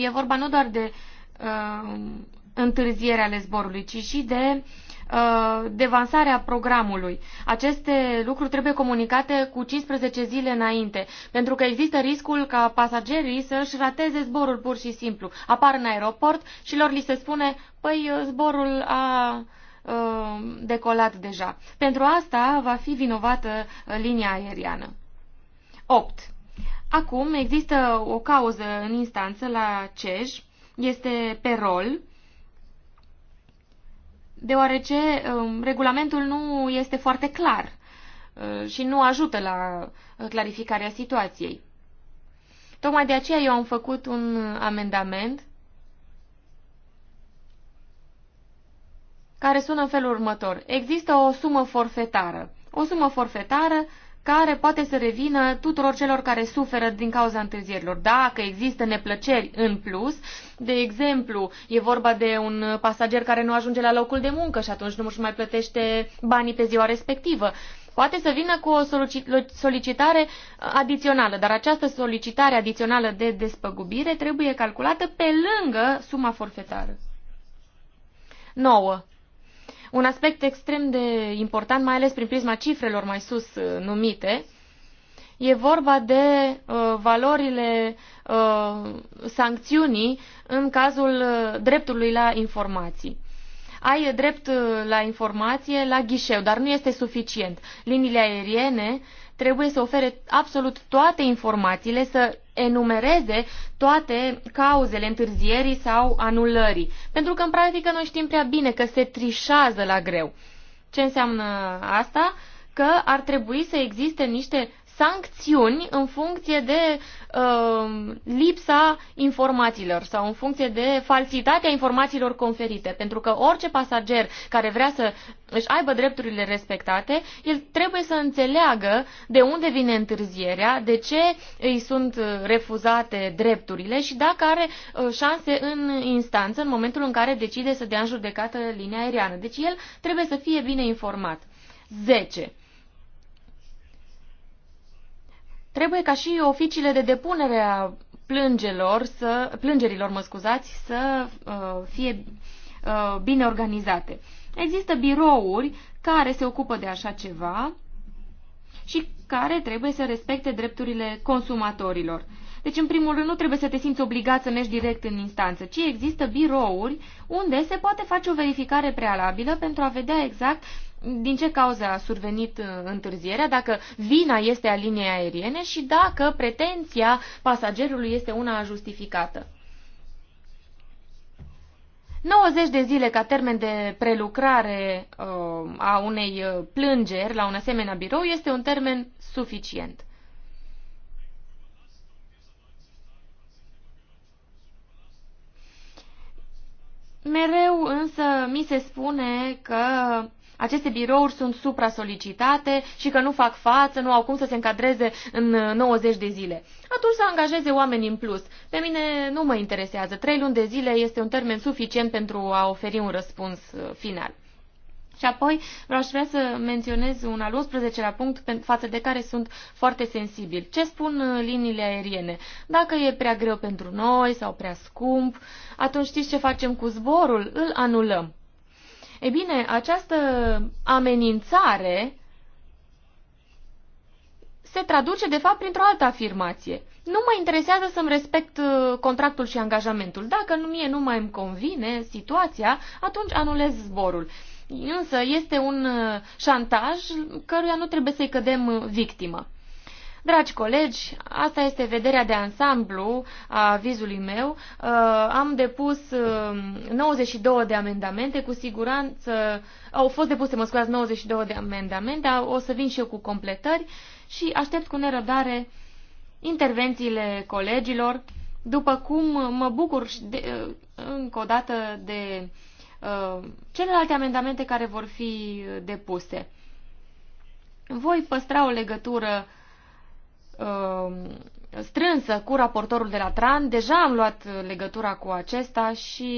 [SPEAKER 2] E vorba nu doar de uh, întârzierea ale zborului, ci și de Uh, devansarea programului. Aceste lucruri trebuie comunicate cu 15 zile înainte, pentru că există riscul ca pasagerii să-și rateze zborul pur și simplu. Apar în aeroport și lor li se spune, păi uh, zborul a uh, decolat deja. Pentru asta va fi vinovată linia aeriană. 8. Acum există o cauză în instanță la CEJ, este pe rol deoarece um, regulamentul nu este foarte clar uh, și nu ajută la uh, clarificarea situației. Tocmai de aceea eu am făcut un amendament care sună în felul următor. Există o sumă forfetară. O sumă forfetară care poate să revină tuturor celor care suferă din cauza întârzierilor. Dacă există neplăceri în plus, de exemplu, e vorba de un pasager care nu ajunge la locul de muncă și atunci nu își mai plătește banii pe ziua respectivă, poate să vină cu o solicitare adițională, dar această solicitare adițională de despăgubire trebuie calculată pe lângă suma forfetară. 9. Un aspect extrem de important, mai ales prin prisma cifrelor mai sus uh, numite, e vorba de uh, valorile uh, sancțiunii în cazul uh, dreptului la informații. Ai drept uh, la informație la ghișeu, dar nu este suficient. Liniile aeriene trebuie să ofere absolut toate informațiile, să enumereze toate cauzele întârzierii sau anulării. Pentru că, în practică, noi știm prea bine că se trișează la greu. Ce înseamnă asta? Că ar trebui să existe niște sancțiuni în funcție de uh, lipsa informațiilor sau în funcție de falsitatea informațiilor conferite. Pentru că orice pasager care vrea să își aibă drepturile respectate, el trebuie să înțeleagă de unde vine întârzierea, de ce îi sunt refuzate drepturile și dacă are uh, șanse în instanță în momentul în care decide să dea în judecată linia aeriană. Deci el trebuie să fie bine informat. 10. Trebuie ca și oficiile de depunere a plângelor să, plângerilor mă scuzați, să uh, fie uh, bine organizate. Există birouri care se ocupă de așa ceva și care trebuie să respecte drepturile consumatorilor. Deci, în primul rând, nu trebuie să te simți obligat să mergi direct în instanță, ci există birouri unde se poate face o verificare prealabilă pentru a vedea exact din ce cauza a survenit uh, întârzierea, dacă vina este a liniei aeriene și dacă pretenția pasagerului este una justificată. 90 de zile ca termen de prelucrare uh, a unei uh, plângeri la un asemenea birou este un termen suficient. Mereu însă mi se spune că aceste birouri sunt supra-solicitate și că nu fac față, nu au cum să se încadreze în 90 uh, de zile. Atunci să angajeze oameni în plus. Pe mine nu mă interesează. Trei luni de zile este un termen suficient pentru a oferi un răspuns uh, final. Și apoi aș vrea să menționez un al 11-lea punct față de care sunt foarte sensibil. Ce spun uh, liniile aeriene? Dacă e prea greu pentru noi sau prea scump, atunci știți ce facem cu zborul? Îl anulăm. E bine, această amenințare se traduce, de fapt, printr-o altă afirmație. Nu mă interesează să-mi respect uh, contractul și angajamentul. Dacă mie nu mai îmi convine situația, atunci anulez zborul. Însă este un uh, șantaj căruia nu trebuie să-i cădem uh, victimă. Dragi colegi, asta este vederea de ansamblu a vizului meu. Uh, am depus 92 uh, de amendamente, cu siguranță au fost depuse, mă scuzați, 92 de amendamente, o să vin și eu cu completări și aștept cu nerăbdare intervențiile colegilor. După cum mă bucur și de, uh, încă o dată de uh, celelalte amendamente care vor fi depuse. Voi păstra o legătură uh, Um, strânsă cu raportorul de la TRAN. Deja am luat legătura cu acesta și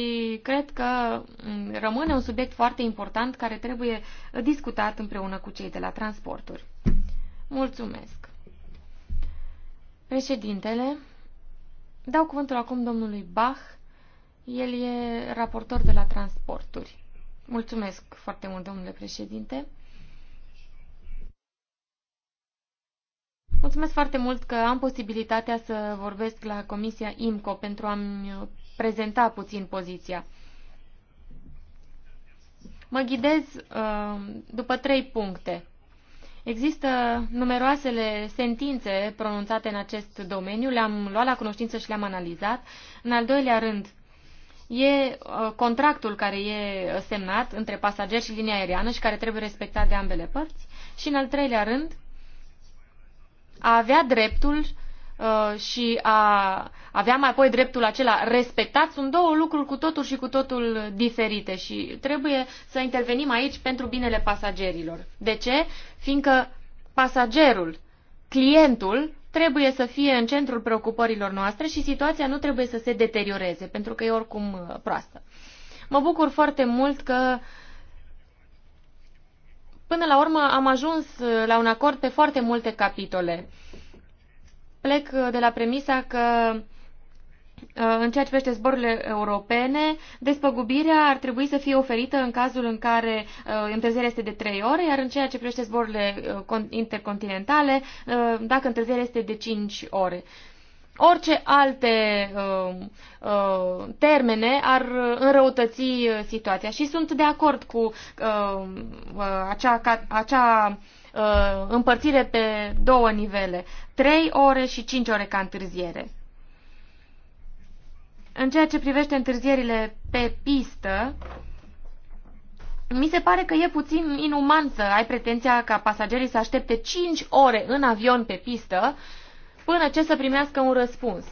[SPEAKER 2] cred că um, rămâne un subiect foarte important care trebuie discutat împreună cu cei de la transporturi. Mulțumesc. Președintele, dau cuvântul acum domnului Bach. El e raportor de la transporturi. Mulțumesc foarte mult, domnule președinte. Mulțumesc foarte mult că am posibilitatea să vorbesc la Comisia IMCO pentru a-mi prezenta puțin poziția. Mă ghidez uh, după trei puncte. Există numeroasele sentințe pronunțate în acest domeniu, le-am luat la cunoștință și le-am analizat. În al doilea rând, e uh, contractul care e semnat între pasager și linia aeriană și care trebuie respectat de ambele părți. Și în al treilea rând, a avea dreptul uh, și a avea mai apoi dreptul acela respectat sunt două lucruri cu totul și cu totul diferite și trebuie să intervenim aici pentru binele pasagerilor. De ce? Fiindcă pasagerul, clientul, trebuie să fie în centrul preocupărilor noastre și situația nu trebuie să se deterioreze, pentru că e oricum uh, proastă. Mă bucur foarte mult că uh, Până la urmă am ajuns uh, la un acord pe foarte multe capitole. Plec uh, de la premisa că uh, în ceea ce privește zborurile europene, despăgubirea ar trebui să fie oferită în cazul în care întârzierea este de 3 ore, iar în ceea ce privește zborurile intercontinentale, dacă întârzierea este de 5 ore orice alte uh, uh, termene ar uh, înrăutăți uh, situația. Și sunt de acord cu uh, uh, acea, ca, acea uh, împărțire pe două nivele, 3 ore și 5 ore ca întârziere. În ceea ce privește întârzierile pe pistă, mi se pare că e puțin inuman să ai pretenția ca pasagerii să aștepte 5 ore în avion pe pistă uh, până ce să primească un răspuns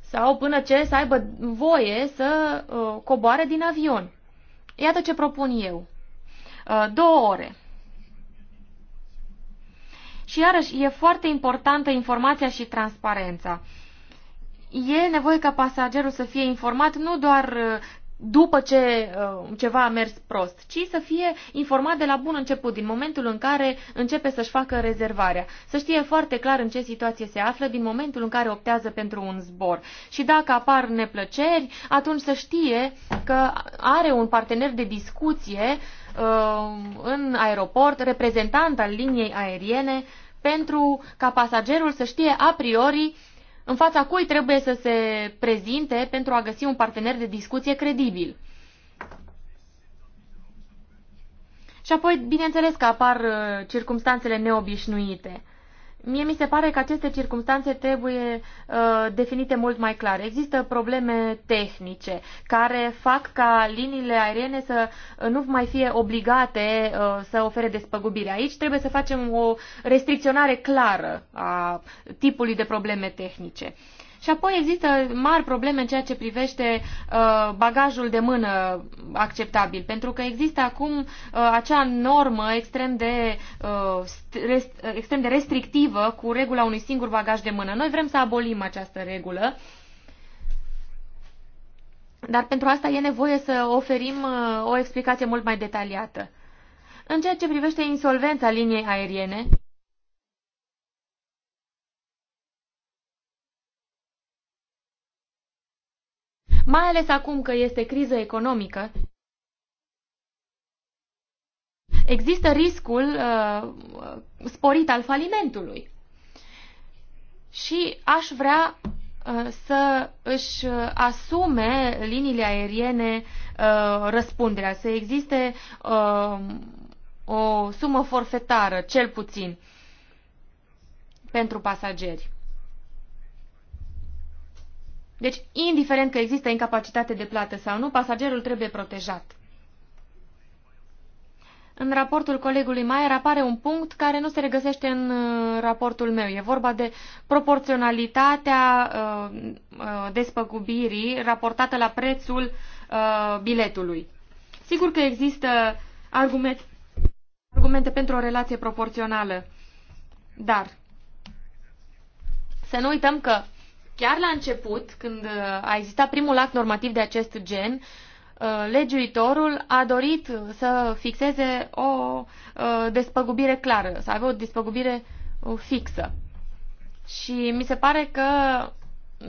[SPEAKER 2] sau până ce să aibă voie să uh, coboare din avion. Iată ce propun eu. Uh, două ore. Și iarăși e foarte importantă informația și transparența. E nevoie ca pasagerul să fie informat nu doar uh, după ce uh, ceva a mers prost, ci să fie informat de la bun început, din momentul în care începe să-și facă rezervarea. Să știe foarte clar în ce situație se află din momentul în care optează pentru un zbor. Și dacă apar neplăceri, atunci să știe că are un partener de discuție uh, în aeroport, reprezentant al liniei aeriene, pentru ca pasagerul să știe a priori în fața cui trebuie să se prezinte pentru a găsi un partener de discuție credibil. Și apoi, bineînțeles că apar uh, circumstanțele neobișnuite. Mie mi se pare că aceste circunstanțe trebuie uh, definite mult mai clar. Există probleme tehnice care fac ca liniile aeriene să uh, nu mai fie obligate uh, să ofere despăgubire. Aici trebuie să facem o restricționare clară a tipului de probleme tehnice. Uh, și apoi există mari probleme în ceea ce privește uh, bagajul de mână acceptabil, pentru că există acum uh, acea normă extrem de, uh, rest, uh, extrem de restrictivă cu regula unui singur bagaj de mână. Noi vrem să abolim această regulă. Dar pentru asta e nevoie să oferim uh, o explicație mult mai detaliată. În ceea ce privește insolvența liniei aeriene, mai ales acum că este criză economică, există riscul uh, uh sporit al falimentului. Și aș vrea uh, să își uh, asume liniile aeriene uh, răspunderea, să existe uh, o sumă forfetară, cel puțin, pentru pasageri. Deci, indiferent că există incapacitate de plată sau nu, pasagerul trebuie protejat. În raportul colegului Maier apare un punct care nu se regăsește în uh, raportul meu. E vorba de proporționalitatea uh, uh, despăgubirii raportată la prețul biletului. Sigur că există argumente, argumente pentru o relație proporțională, dar să nu uităm că Chiar la început, când uh, a existat primul act normativ de acest gen, uh, legiuitorul a dorit să fixeze o uh, despăgubire clară, să aibă o despăgubire fixă. Și mi se pare că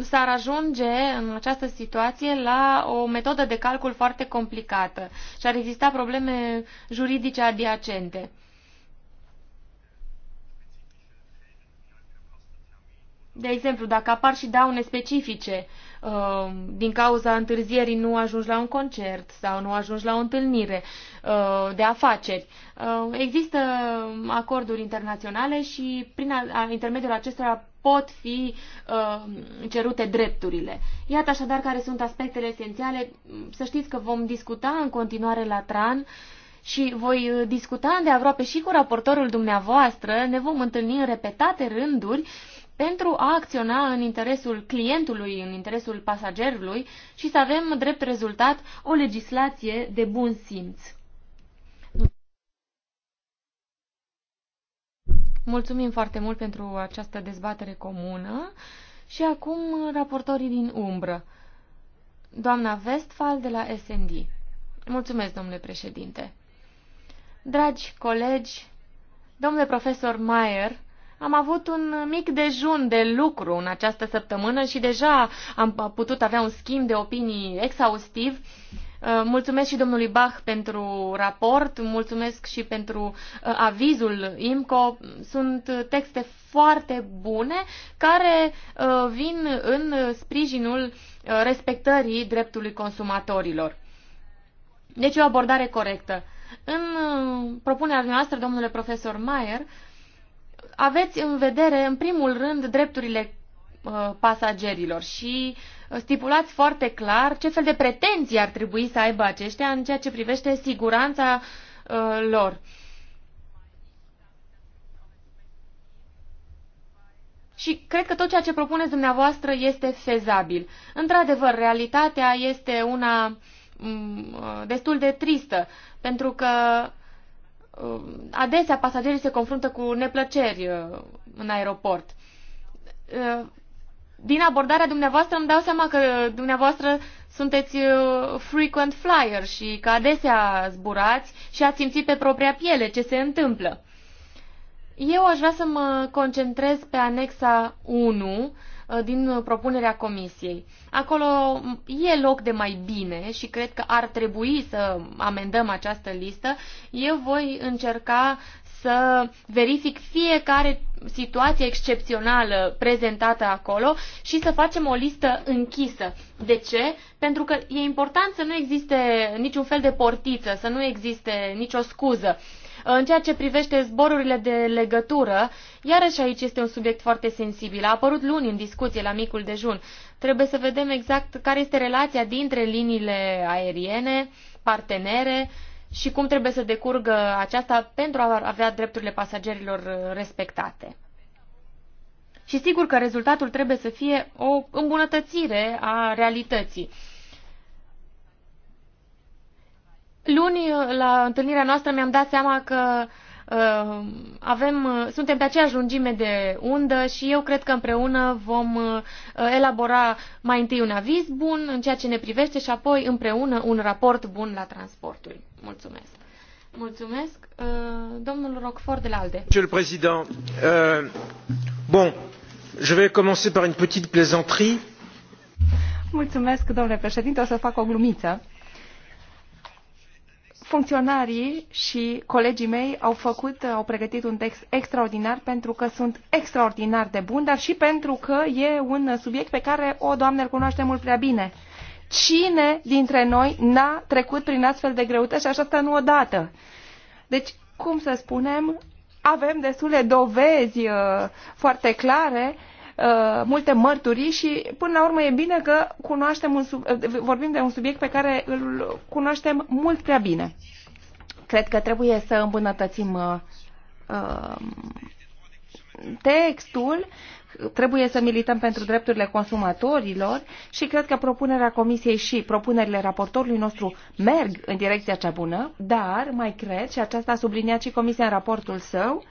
[SPEAKER 2] s-ar ajunge în această situație la o metodă de calcul foarte complicată și ar exista probleme juridice adiacente. De exemplu, dacă apar și daune specifice uh, din cauza întârzierii nu ajungi la un concert sau nu ajungi la o întâlnire uh, de afaceri. Uh, există acorduri internaționale și prin intermediul acestora pot fi cerute drepturile. Iată așadar care sunt aspectele esențiale. Să știți că vom discuta în continuare la TRAN și voi discuta de aproape și cu raportorul dumneavoastră, ne vom întâlni în repetate rânduri pentru a acționa în interesul clientului, în interesul pasagerului și să avem drept rezultat o legislație de bun simț. Mulțumim foarte mult pentru această dezbatere comună și acum raportorii din umbră. Doamna Westphal de la SND. Mulțumesc, domnule președinte. Dragi colegi, domnule profesor Mayer, am avut un mic dejun de lucru în această săptămână și deja am putut avea un schimb de opinii exhaustiv. Uh, mulțumesc și domnului Bach pentru raport, mulțumesc și pentru uh, avizul IMCO. Sunt texte foarte bune care uh, vin în sprijinul respectării dreptului consumatorilor. Deci o abordare corectă. În propunerea noastră, domnule profesor Mayer, aveți în vedere, în primul rând, drepturile uh, pasagerilor și uh, stipulați foarte clar ce fel de pretenții ar trebui să aibă aceștia în ceea ce privește siguranța uh, lor. Și cred că tot ceea ce propuneți dumneavoastră este fezabil. Într-adevăr, realitatea este una mm, destul de tristă, pentru că Uh, adesea pasagerii se confruntă cu neplăceri uh, în aeroport. Uh, din abordarea dumneavoastră îmi dau seama că dumneavoastră sunteți frequent flyer și că adesea zburați și ați simțit pe propria piele ce se întâmplă. Eu aș vrea să mă concentrez pe anexa 1 Uh, din uh, propunerea comisiei. Acolo e loc de mai bine și cred că ar trebui să amendăm această listă. Eu voi încerca să verific fiecare situație excepțională prezentată acolo și să facem o listă închisă. De ce? Pentru că e important să nu existe niciun fel de portiță, să nu existe nicio scuză. În ceea ce privește zborurile de legătură, iarăși aici este un subiect foarte sensibil. A apărut luni în discuție la micul dejun. Trebuie să vedem exact care este relația dintre liniile aeriene, partenere și cum trebuie să decurgă aceasta pentru a avea drepturile pasagerilor uh, respectate. Și sigur că rezultatul trebuie să fie o îmbunătățire a realității. Luni, la întâlnirea noastră, mi-am dat seama că uh, avem, uh, suntem pe aceeași lungime de undă și eu cred că împreună vom uh, elabora mai întâi un aviz bun în ceea ce ne privește și apoi împreună un raport bun la transporturi. Mulțumesc! Mulțumesc. Uh, domnul Rockford de la ALDE. Monsieur le Président,
[SPEAKER 1] euh, bon, je vais commencer par une petite plaisanterie.
[SPEAKER 3] Mulțumesc, domnule președinte, o să fac o glumiță funcționarii și colegii mei au făcut, au pregătit un text extraordinar pentru că sunt extraordinar de bun, dar și pentru că e un subiect pe care o doamnă îl cunoaște mult prea bine. Cine dintre noi n-a trecut prin astfel de greutăți și așa nu odată? Deci, cum să spunem, avem destule dovezi uh, foarte clare uh, Uh, multe mărturii și până la urmă e bine că cunoaștem un sub, uh, vorbim de un subiect pe care îl cunoaștem mult prea bine. Cred că trebuie să îmbunătățim uh, uh, textul, trebuie să milităm pentru drepturile consumatorilor și cred că propunerea Comisiei și propunerile raportorului nostru merg în direcția cea bună, dar mai cred, și aceasta a subliniat și Comisia în raportul său, uh,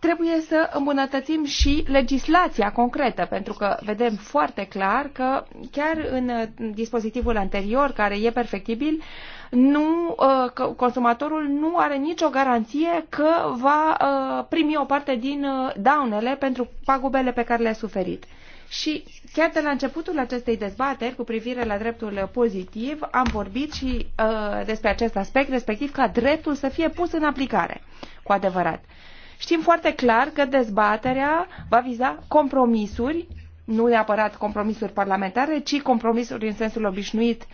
[SPEAKER 3] trebuie să îmbunătățim și legislația concretă, pentru că vedem foarte clar că chiar în uh, dispozitivul anterior, care e perfectibil, nu, uh, consumatorul nu are nicio garanție că va uh, primi o parte din daunele pentru pagubele pe care le-a suferit. Și chiar de la începutul acestei dezbateri cu privire la dreptul pozitiv am vorbit și uh, despre acest aspect, respectiv ca dreptul să fie pus în aplicare cu adevărat. Uh, Știm foarte clar că dezbaterea va viza compromisuri, nu neapărat compromisuri parlamentare, ci compromisuri în sensul obișnuit uh,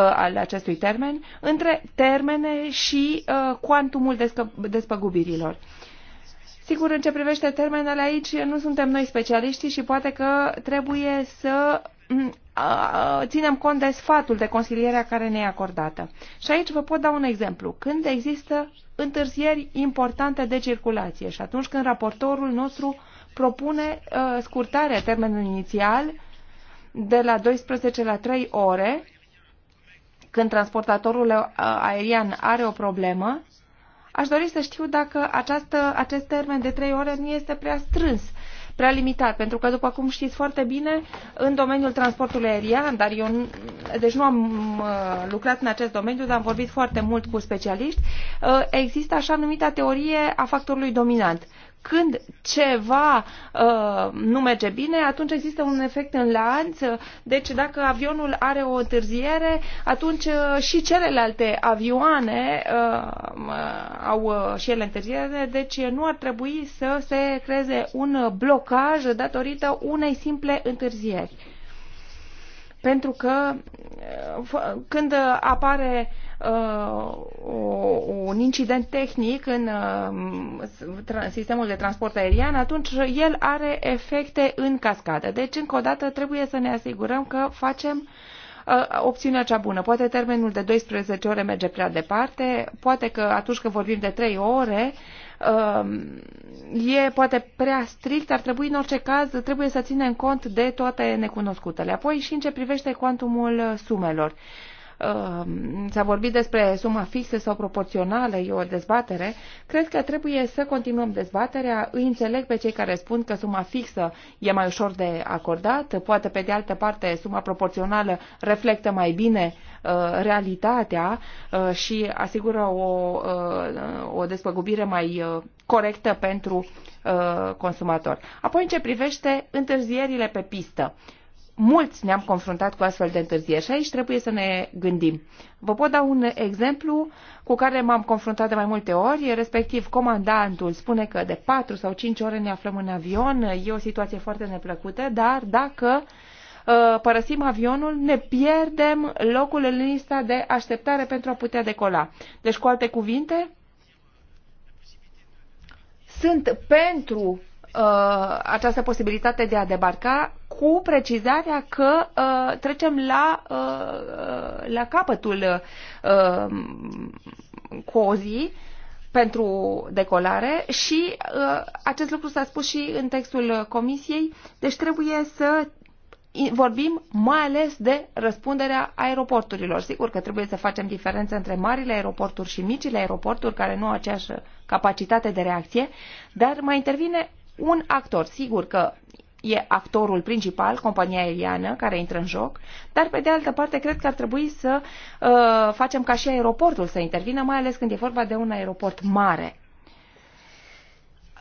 [SPEAKER 3] al acestui termen, între termene și uh, cuantumul despăgubirilor. Sigur, în ce privește termenele aici, nu suntem noi specialiștii și poate că trebuie să ținem cont de sfatul, de consilierea care ne-e acordată. Și aici vă pot da un exemplu. Când există întârzieri importante de circulație și atunci când raportorul nostru propune uh, scurtarea termenului inițial de la 12 la 3 ore, când transportatorul uh, aerian are o problemă, aș dori să știu dacă această, acest termen de 3 ore nu este prea strâns prea limitat, pentru că, după cum știți foarte bine, în domeniul transportului aerian, dar eu deci nu am uh, lucrat în acest domeniu, dar am vorbit foarte mult cu specialiști, uh, există așa numita teorie a factorului dominant, când ceva uh, nu merge bine, atunci există un efect în lanț. Deci dacă avionul are o întârziere, atunci uh, și celelalte avioane uh, uh au uh, și ele întârziere, deci nu ar trebui să se creeze un blocaj datorită unei simple întârzieri pentru că uh, când apare uh, un incident tehnic în uh, sistemul de transport aerian, atunci el are efecte în cascadă. Deci, încă o dată, trebuie să ne asigurăm că facem uh, opțiunea cea bună. Poate termenul de 12 ore merge prea departe, poate că atunci când vorbim de 3 ore, uh, Um, e poate prea strict, ar trebui în orice caz, trebuie să ținem cont de toate necunoscutele. Apoi și în ce privește cuantumul sumelor. Um, s-a vorbit despre suma fixă sau proporțională, e o dezbatere. Cred că trebuie să continuăm dezbaterea. Îi înțeleg pe cei care spun că suma fixă e mai ușor de acordat, poate pe de altă parte suma proporțională reflectă mai bine Uh, realitatea uh, și asigură o, uh, o despăgubire mai corectă pentru consumator. Apoi, în ce privește întârzierile pe pistă, mulți ne-am confruntat cu astfel de întârzieri și aici trebuie să ne gândim. Vă pot da un exemplu cu care m-am confruntat de mai multe ori, respectiv comandantul spune că de 4 sau 5 ore ne aflăm în avion, e o situație foarte neplăcută, dar dacă uh, Uh, părăsim avionul, ne pierdem locul în lista de așteptare pentru a putea decola. Deci, cu alte cuvinte, sunt pentru uh, această posibilitate de a debarca cu precizarea că uh, trecem la, uh, uh la capătul uh, cozii pentru decolare și uh, acest lucru s-a spus și în textul comisiei, deci trebuie să vorbim mai ales de răspunderea aeroporturilor. Sigur că trebuie să facem diferență între marile aeroporturi și micile aeroporturi care nu au aceeași capacitate de reacție, dar mai intervine un actor. Sigur că e actorul principal, compania aeriană, care intră în joc, dar pe de altă parte cred că ar trebui să uh, facem ca și aeroportul să intervină, mai ales când e vorba de un aeroport mare.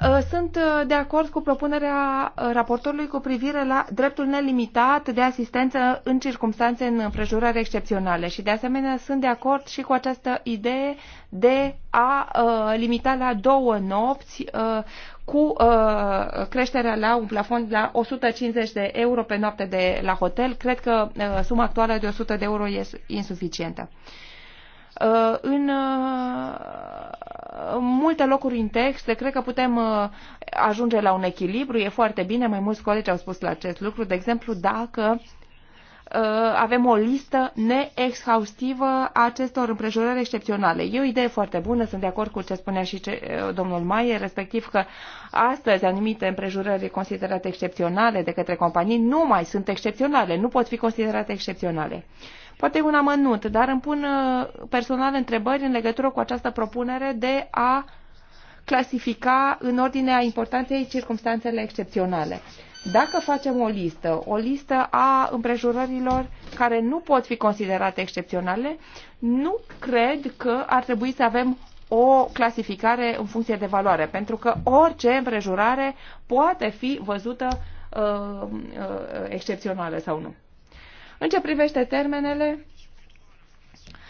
[SPEAKER 3] Uh, sunt uh, de acord cu propunerea uh, raportorului cu privire la dreptul nelimitat de asistență în circunstanțe în împrejurări excepționale și de asemenea sunt de acord și cu această idee de a limita la două nopți cu creșterea la un plafon la 150 de euro pe noapte de la hotel. Cred că suma actuală de 100 de euro este insuficientă. Uh, uh, în multe locuri în text, cred că putem uh, ajunge la un echilibru, e foarte bine, mai mulți colegi au spus la acest lucru, de exemplu, dacă avem o listă neexhaustivă a acestor împrejurări excepționale. E o idee foarte bună, sunt de acord cu ce spunea și ce, domnul Maie, respectiv că astăzi anumite împrejurări considerate excepționale de către companii nu mai sunt excepționale, nu pot fi considerate excepționale. Poate un amănunt, dar îmi pun uh, personal întrebări în legătură cu această propunere de a clasifica în ordinea importanței circumstanțele excepționale. Dacă facem o listă, o listă a împrejurărilor care nu pot fi considerate excepționale, nu cred că ar trebui să avem o clasificare în funcție de valoare, pentru că orice împrejurare poate fi văzută uh, uh, excepțională sau nu. În ce privește termenele,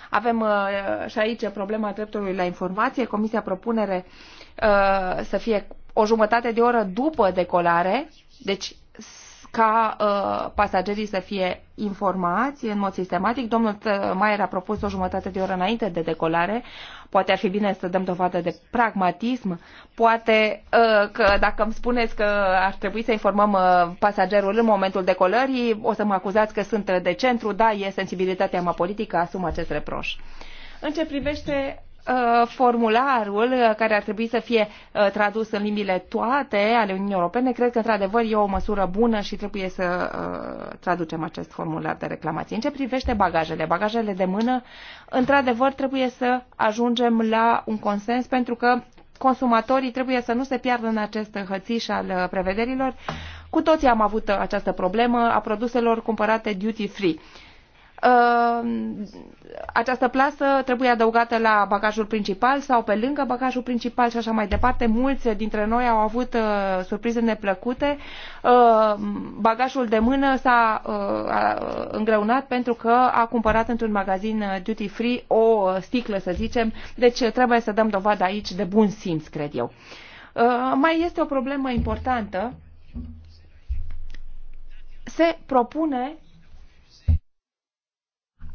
[SPEAKER 3] avem uh, și aici problema dreptului la informație. Comisia propunere uh, să fie o jumătate de oră după decolare, deci ca uh, pasagerii să fie informați în mod sistematic. Domnul Maier a propus o jumătate de oră înainte de decolare. Poate ar fi bine să dăm dovadă de pragmatism. Poate uh, că dacă îmi spuneți că ar trebui să informăm uh, pasagerul în momentul decolării, o să mă acuzați că sunt de centru. Da, e sensibilitatea mea politică, asum acest reproș. În ce privește Uh, formularul uh, care ar trebui să fie uh, tradus în limbile toate ale Uniunii Europene, cred că într-adevăr e o măsură bună și trebuie să traducem acest formular de reclamație. În ce privește bagajele, bagajele de mână, într-adevăr trebuie să ajungem la un consens pentru că consumatorii trebuie să nu se piardă în acest hățiș al prevederilor. Cu toții am avut această problemă a produselor cumpărate duty free. Uh, Ehm, această plasă trebuie adăugată la bagajul principal sau pe lângă bagajul principal și așa mai departe. Mulți dintre noi au avut uh, surprize neplăcute. Ehm, bagajul de mână s-a uh, uh, îngreunat pentru că a cumpărat într-un magazin duty free o sticlă, să zicem. Deci trebuie să dăm dovadă aici de bun simț, cred eu. Ehm, mai este o problemă importantă. Se propune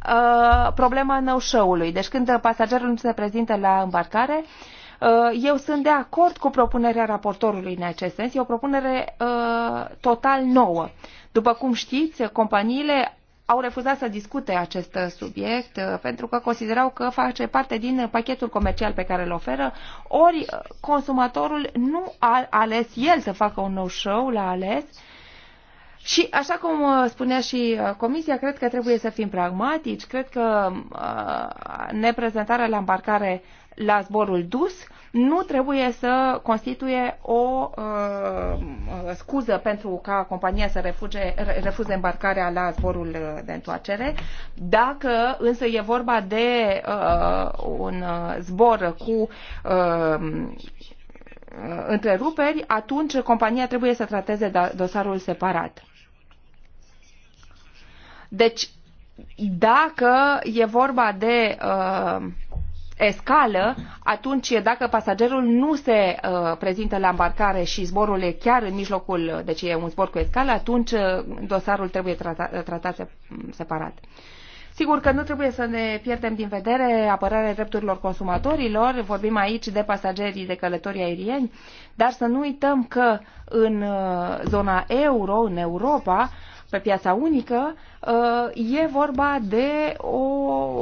[SPEAKER 3] Uh, problema no-show-ului. Deci când pasagerul nu se prezintă la îmbarcare, uh, eu sunt de acord cu propunerea raportorului în acest sens. E o propunere uh, total nouă. După cum știți, companiile au refuzat să discute acest subiect uh, pentru că considerau că face parte din pachetul comercial pe care îl oferă, ori consumatorul nu a ales el să facă un nou show, l-a ales, uh, și așa cum uh, spunea și uh, Comisia, cred că trebuie să fim pragmatici, cred că uh, neprezentarea la îmbarcare la zborul dus nu trebuie să constituie o uh, scuză pentru ca compania să refuge, refuze îmbarcarea la zborul de întoarcere. Dacă însă e vorba de uh, un zbor cu uh, întreruperi, atunci compania trebuie să trateze da, dosarul separat. Deci, dacă e vorba de uh, escală, atunci dacă pasagerul nu se uh, prezintă la îmbarcare și zborul e chiar în mijlocul, deci e un zbor cu escală, atunci uh, dosarul trebuie trata, uh, tratat separat. Sigur că nu trebuie să ne pierdem din vedere apărarea drepturilor consumatorilor, vorbim aici de pasagerii de călători aerieni, dar să nu uităm că în uh, zona euro, în Europa, pe piața unică, uh, e vorba de o,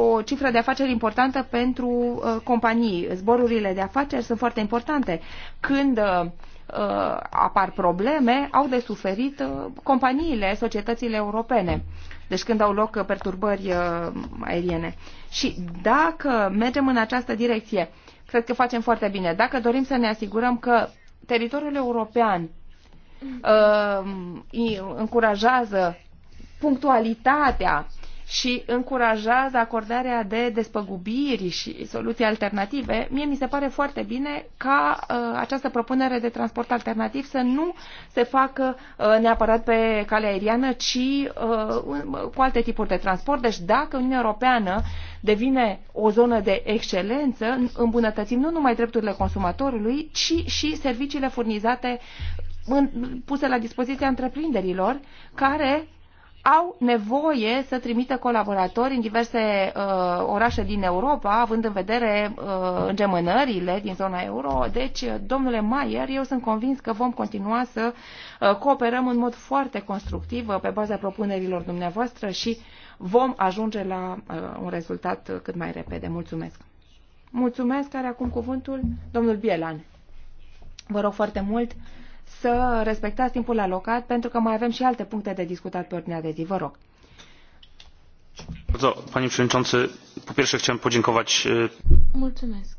[SPEAKER 3] o cifră de afaceri importantă pentru uh, companii. Zborurile de afaceri sunt foarte importante. Când uh, apar probleme, au de suferit companiile, societățile europene. Deci când au loc perturbări aeriene. Și dacă mergem în această direcție, cred că facem foarte bine. Dacă dorim să ne asigurăm că teritoriul european uh, încurajează punctualitatea și încurajează acordarea de despăgubiri și soluții alternative, mie mi se pare foarte bine ca uh, această propunere de transport alternativ să nu se facă uh, neapărat pe calea aeriană, ci uh, cu alte tipuri de transport. Deci dacă Uniunea Europeană devine o zonă de excelență, îmbunătățim nu numai drepturile consumatorului, ci și serviciile furnizate în, puse la dispoziția întreprinderilor care au nevoie să trimită colaboratori în diverse uh, orașe din Europa, având în vedere uh, îngemânările din zona euro. Deci, domnule Maier, eu sunt convins că vom continua să uh, cooperăm în mod foarte constructiv uh, pe baza propunerilor dumneavoastră și vom ajunge la uh, un rezultat cât mai repede. Mulțumesc! Mulțumesc, care acum cuvântul domnul Bielan. Vă rog foarte mult să respectați timpul alocat, pentru că mai avem și alte puncte de discutat pe ordinea de zi. Vă rog.
[SPEAKER 1] Panie Przewodniczący, po pierwsze chciałem podziękować...
[SPEAKER 2] Mulțumesc.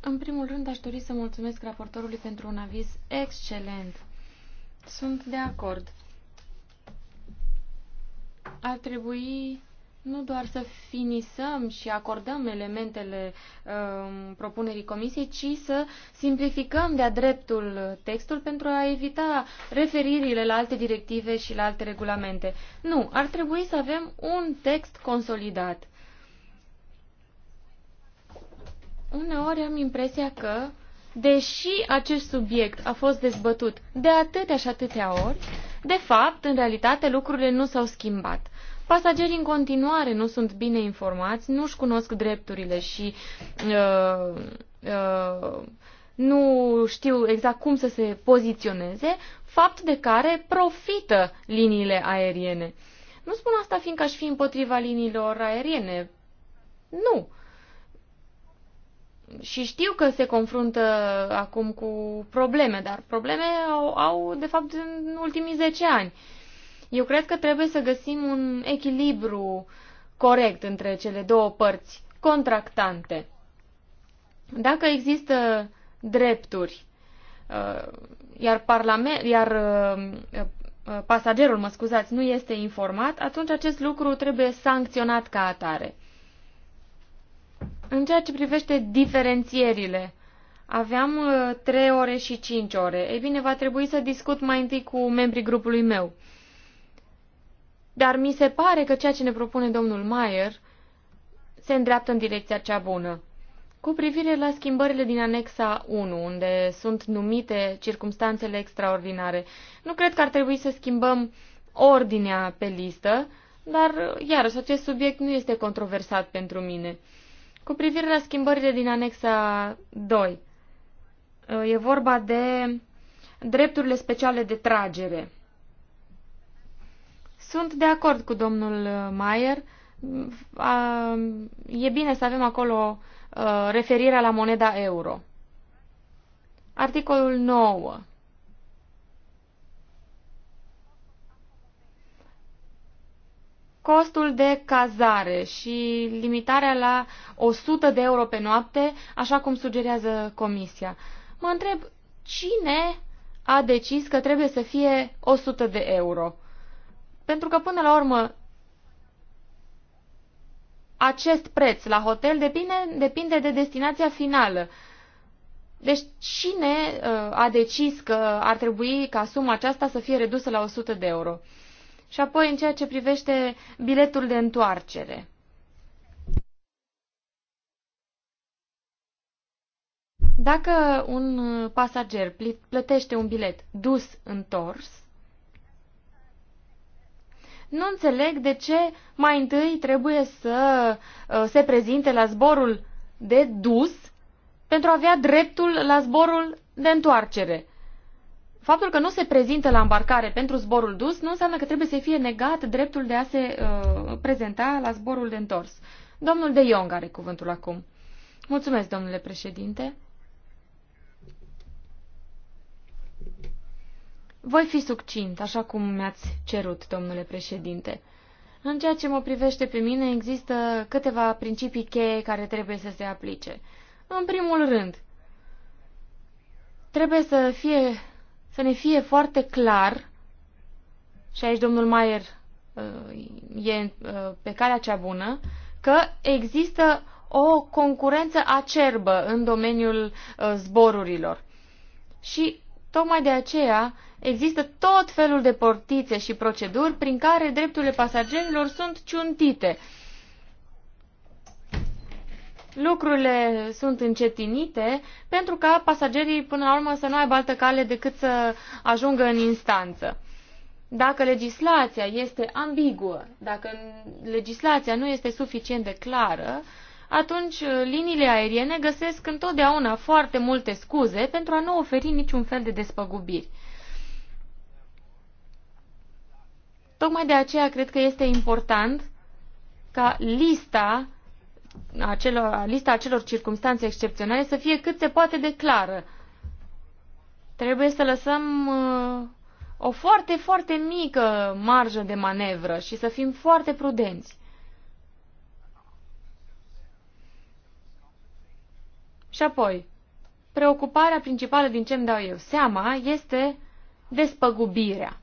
[SPEAKER 2] În primul rând aș dori să mulțumesc raportorului pentru un aviz excelent. Sunt de acord. Ar trebui nu doar să finisăm și acordăm elementele um, propunerii comisiei, ci să simplificăm de-a dreptul textul pentru a evita referirile la alte directive și la alte regulamente. Nu, ar trebui să avem un text consolidat. Uneori am impresia că, deși acest subiect a fost dezbătut de atâtea și atâtea ori, de fapt, în realitate, lucrurile nu s-au schimbat. Pasagerii în continuare nu sunt bine informați, nu-și cunosc drepturile și uh, uh, nu știu exact cum să se poziționeze, fapt de care profită liniile aeriene. Nu spun asta fiindcă aș fi împotriva liniilor aeriene. Nu. Și știu că se confruntă acum cu probleme, dar probleme au, au de fapt, în ultimii 10 ani. Uh, eu cred că trebuie să găsim un echilibru corect între cele două părți contractante. Dacă există drepturi, uh, iar, parlament, iar uh, uh, pasagerul, mă scuzați, nu este informat, atunci acest lucru trebuie sancționat ca atare. În ceea ce privește diferențierile, aveam 3 ore și 5 ore. Ei bine, va trebui să discut mai întâi cu membrii grupului meu. Dar mi se pare că ceea ce ne propune domnul Mayer se îndreaptă în direcția cea bună. Cu privire la schimbările din anexa 1, unde sunt numite circumstanțele extraordinare, nu cred că ar trebui să schimbăm ordinea pe listă, dar, iarăși, acest subiect nu este controversat pentru mine. Cu privire la schimbările din anexa 2, e vorba de drepturile speciale de tragere. Sunt de acord cu domnul uh, Mayer. E bine să avem acolo uh, referirea la moneda euro. Articolul 9. costul de cazare și limitarea la 100 de euro pe noapte, așa cum sugerează comisia. Mă întreb cine a decis că trebuie să fie 100 de euro. Pentru că, până la urmă, acest preț la hotel depinde, depinde de destinația finală. Deci cine uh, a decis că ar trebui ca suma aceasta să fie redusă la 100 de euro? Și apoi în ceea ce privește biletul de întoarcere. Dacă un pasager plătește un bilet dus întors, nu înțeleg de ce mai întâi trebuie să uh, se prezinte la zborul de dus pentru a avea dreptul la zborul de întoarcere. Faptul că nu se prezintă la îmbarcare pentru zborul dus nu înseamnă că trebuie să fie negat dreptul de a se uh, prezenta la zborul de întors. Domnul De Jong are cuvântul acum. Mulțumesc, domnule președinte. Voi fi succint, așa cum mi-ați cerut, domnule președinte. În ceea ce mă privește pe mine, există câteva principii cheie care trebuie să se aplice. În primul rând, trebuie să, fie, să ne fie foarte clar, și aici domnul Maier uh, e uh, pe calea cea bună, că există o concurență acerbă în domeniul uh, zborurilor. Și tocmai de aceea există tot felul de portițe și proceduri prin care drepturile pasagerilor sunt ciuntite. Lucrurile sunt încetinite pentru ca pasagerii până la urmă să nu aibă altă cale decât să ajungă în instanță. Dacă legislația este ambiguă, dacă legislația nu este suficient de clară, atunci liniile aeriene găsesc întotdeauna foarte multe scuze pentru a nu oferi niciun fel de despăgubiri. Tocmai de aceea cred că este important ca lista acelor, lista acelor circunstanțe excepționale să fie cât se poate de clară. Trebuie să lăsăm uh, o foarte, foarte mică marjă de manevră și să fim foarte prudenți. Și apoi, preocuparea principală din ce îmi dau eu seama este despăgubirea.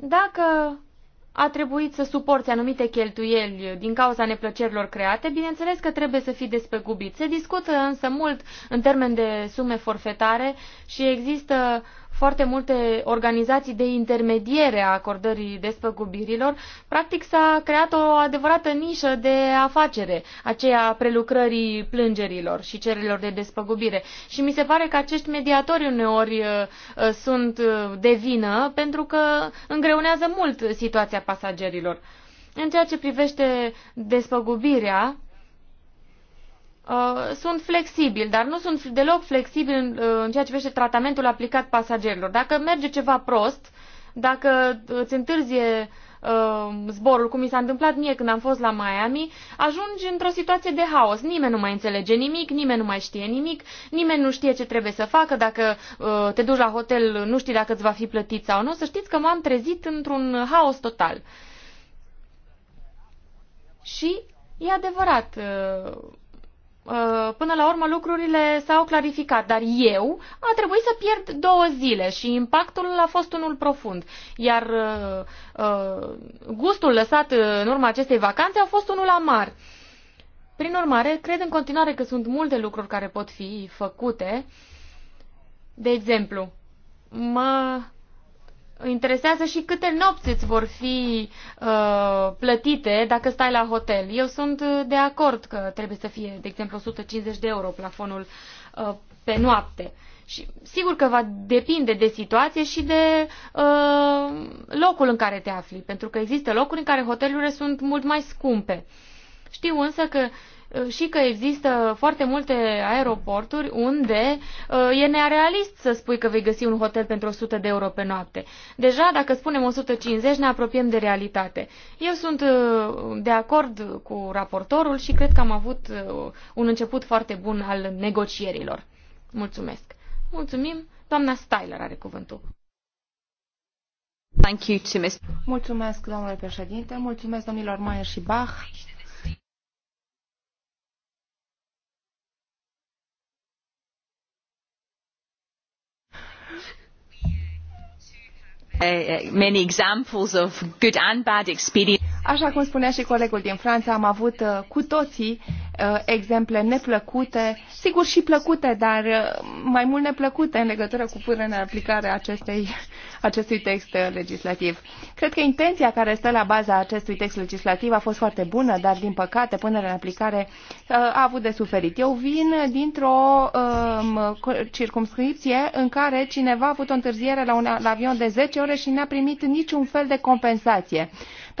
[SPEAKER 2] Dacă a trebuit să suporți anumite cheltuieli din cauza neplăcerilor create, bineînțeles că trebuie să fii despăgubit. Se discută însă mult în termen de sume forfetare și există foarte multe organizații de intermediere a acordării despăgubirilor, practic s-a creat o adevărată nișă de afacere, aceea prelucrării plângerilor și cererilor de despăgubire. Și mi se pare că acești mediatori uneori uh, uh, sunt uh, de vină pentru că îngreunează mult situația pasagerilor. În ceea ce privește despăgubirea, Uh, sunt flexibili, dar nu sunt deloc flexibili în, uh, în ceea ce privește tratamentul aplicat pasagerilor. Dacă merge ceva prost, dacă îți întârzie uh, zborul, cum mi s-a întâmplat mie când am fost la Miami, ajungi într-o situație de haos. Nimeni nu mai înțelege nimic, nimeni nu mai știe nimic, nimeni nu știe ce trebuie să facă, dacă uh, te duci la hotel nu știi dacă îți va fi plătit sau nu. Să știți că m-am trezit într-un haos total. Și e adevărat, uh, Uh, până la urmă lucrurile s-au clarificat, dar eu a trebuit să pierd două zile și impactul a fost unul profund. Iar uh, uh gustul lăsat uh, în urma acestei vacanțe a fost unul amar. Prin urmare, cred în continuare că sunt multe lucruri care pot fi făcute. De exemplu, mă interesează și câte nopți îți vor fi uh, plătite dacă stai la hotel. Eu sunt uh, de acord că trebuie să fie, de exemplu, 150 de euro plafonul uh, pe noapte. Și sigur că va depinde de situație și de uh, locul în care te afli, pentru că există locuri în care hotelurile sunt mult mai scumpe. Știu însă că Eh, și că există foarte multe aeroporturi unde eh, e nerealist să spui că vei găsi un hotel pentru 100 de euro pe noapte. Deja, dacă spunem 150, ne apropiem de realitate. Eu sunt eh, de acord cu raportorul și cred că am avut un început foarte bun al negocierilor. Mulțumesc. Mulțumim. Doamna Styler are cuvântul.
[SPEAKER 3] Mulțumesc, domnule președinte. Mulțumesc, domnilor Maier și Bach Eh, eh, many examples of good and bad experience. Așa cum spunea și colegul din Franța, am avut uh, cu toții uh, exemple neplăcute, sigur și plăcute, dar uh, mai mult neplăcute în legătură cu punerea în aplicare acestei, (laughs) acestui text legislativ. Cred că intenția care stă la baza acestui text legislativ a fost foarte bună, dar din păcate punerea în aplicare a avut de suferit. Eu vin dintr-o uh, circumscripție în care cineva a avut o întârziere la un la avion de 10 ore și n-a primit niciun fel de compensație.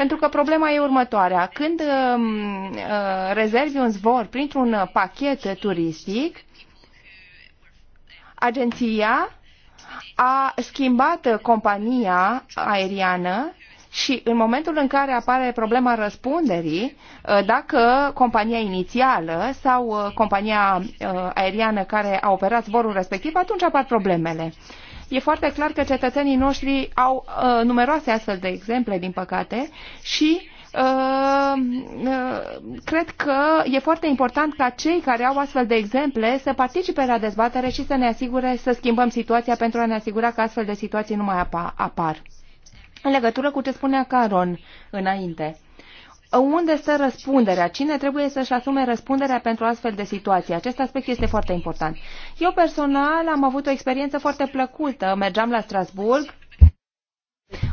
[SPEAKER 3] Pentru că problema e următoarea. Când um, uh, rezervi un zbor printr-un pachet turistic, agenția a schimbat compania aeriană și în momentul în care apare problema răspunderii, uh, dacă compania inițială sau uh, compania aeriană care a operat zborul respectiv, atunci apar problemele e foarte clar că cetățenii noștri au uh, numeroase astfel de exemple, din păcate, și uh, uh, cred că e foarte important ca cei care au astfel de exemple să participe la dezbatere și să ne asigure să schimbăm situația pentru a ne asigura că astfel de situații nu mai apar. În legătură cu ce spunea Caron înainte, unde stă răspunderea? Cine trebuie să-și asume răspunderea pentru astfel de situații? Acest aspect este foarte important. Eu personal am avut o experiență foarte plăcută. Mergeam la Strasburg,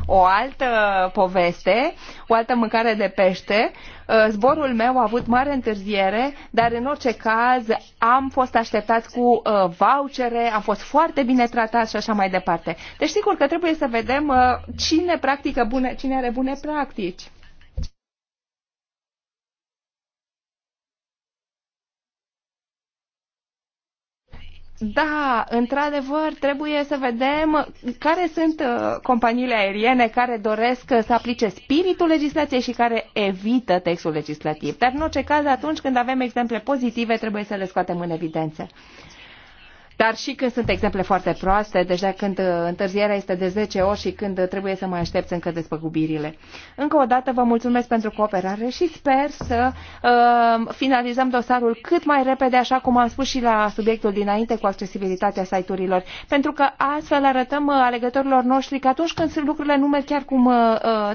[SPEAKER 3] o altă poveste, o altă mâncare de pește. Uh, zborul meu a avut mare întârziere, dar în orice caz am fost așteptați cu uh, vouchere, am fost foarte bine tratați și așa mai departe. Deci sigur că trebuie să vedem uh, cine practică bune, cine are bune practici. Da, într-adevăr, trebuie să vedem care sunt uh, companiile aeriene care doresc uh, să aplice spiritul legislației și care evită textul legislativ. Dar, în orice caz, atunci când avem exemple pozitive, trebuie să le scoatem în evidență dar și când sunt exemple foarte proaste, deja deci când uh, întârzierea este de 10 ori și când uh, trebuie să mai aștepți încă despăgubirile. Încă o dată vă mulțumesc pentru cooperare și sper să uh, finalizăm dosarul cât mai repede, așa cum am spus și la subiectul dinainte cu accesibilitatea site-urilor, pentru că astfel arătăm uh, alegătorilor noștri că atunci când lucrurile nu merg chiar cum uh,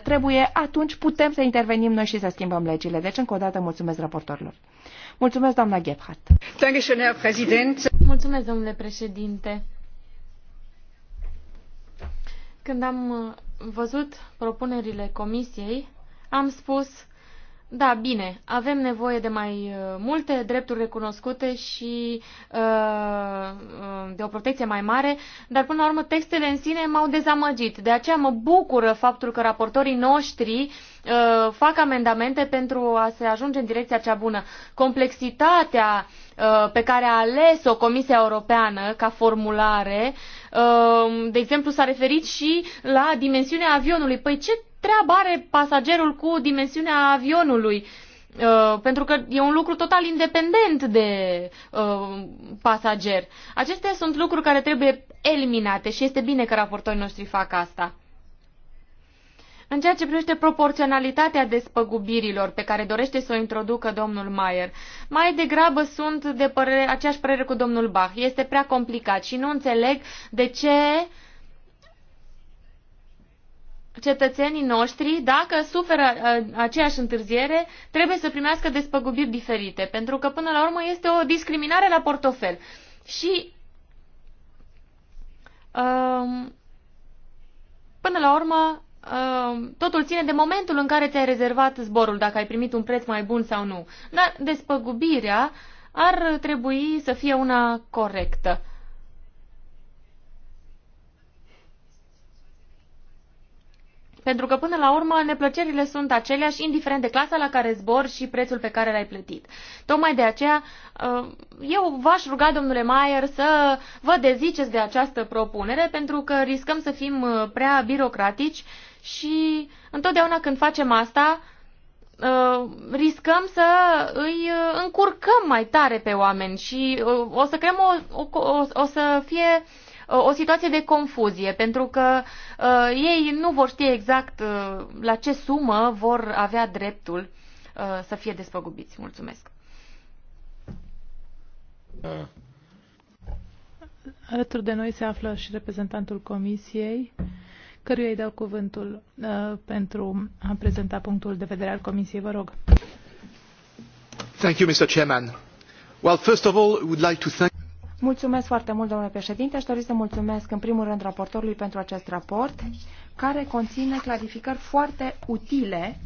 [SPEAKER 3] trebuie, atunci putem să intervenim noi și să schimbăm legile. Deci, încă o dată, mulțumesc raportorilor. Mulțumesc, doamna Gebhardt.
[SPEAKER 2] Mulțumesc, domnule președinte. Când am uh, văzut propunerile comisiei, am spus da, bine, avem nevoie de mai uh, multe drepturi recunoscute și uh, uh, de o protecție mai mare, dar până la urmă textele în sine m-au dezamăgit. De aceea mă bucură faptul că raportorii noștri uh, fac amendamente pentru a se ajunge în direcția cea bună. Complexitatea uh, pe care a ales-o Comisia Europeană ca formulare uh, Ehm, de exemplu, s-a referit și la dimensiunea avionului. Păi ce treabă are pasagerul cu dimensiunea avionului? Ehm, pentru că e un lucru total independent de uh, pasager. Acestea sunt lucruri care trebuie eliminate și este bine că raportorii noștri fac asta. În ceea ce privește proporționalitatea despăgubirilor pe care dorește să o introducă domnul Mayer, mai degrabă sunt de părere, aceeași părere cu domnul Bach. Este prea complicat și nu înțeleg de ce cetățenii noștri, dacă suferă uh, aceeași întârziere, trebuie să primească despăgubiri diferite, pentru că până la urmă este o discriminare la portofel. Și um, până la urmă totul ține de momentul în care ți-ai rezervat zborul, dacă ai primit un preț mai bun sau nu. Dar despăgubirea ar trebui să fie una corectă. Pentru că, până la urmă, neplăcerile sunt aceleași, indiferent de clasa la care zbor și prețul pe care l-ai plătit. Tocmai de aceea, uh, eu v-aș ruga, domnule Maier, să vă deziceți de această propunere, pentru că riscăm să fim uh, prea birocratici și întotdeauna când facem asta, uh, riscăm să îi uh, încurcăm mai tare pe oameni și uh, o să creăm o, o, o să fie o situație de confuzie, pentru că uh, ei nu vor ști exact uh, la ce sumă vor avea dreptul uh, să fie despăgubiți. Mulțumesc. Alături de noi
[SPEAKER 5] se află și reprezentantul Comisiei căruia îi dau cuvântul uh, pentru a prezenta punctul de vedere al Comisiei. Vă rog. Thank you, Mr. Chairman. Well, first of all, would like to thank Mulțumesc foarte mult, domnule președinte. Aș dori
[SPEAKER 3] să mulțumesc în primul rând raportorului pentru acest raport, care conține clarificări foarte utile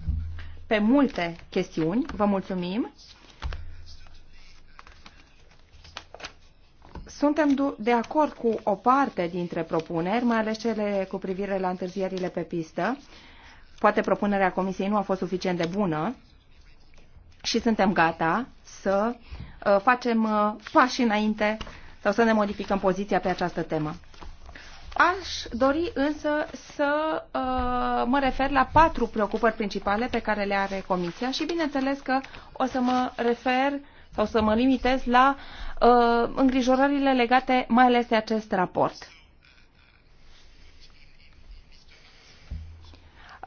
[SPEAKER 3] pe multe chestiuni. Vă mulțumim. Suntem de acord cu o parte dintre propuneri, mai ales cele cu privire la întârzierile pe pistă. Poate propunerea Comisiei nu a fost suficient de bună și suntem gata să uh, facem uh, pași înainte sau să ne modificăm poziția pe această temă. Aș dori însă să uh, mă refer la patru preocupări principale pe care le are Comisia și bineînțeles că o să mă refer uh, sau să mă limitez la uh, îngrijorările legate mai ales de acest raport.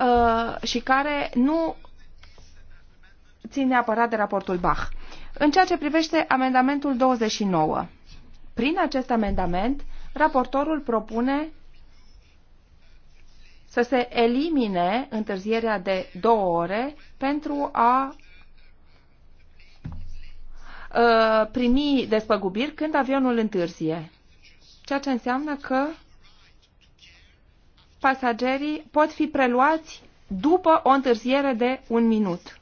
[SPEAKER 3] Uh, și care nu țin neapărat de raportul Bach. În ceea ce privește amendamentul 29, prin acest amendament, raportorul propune să se elimine întârzierea de două ore pentru a Uh, primi despăgubiri când avionul întârzie. Ceea ce înseamnă că pasagerii pot fi preluați după o întârziere de un minut.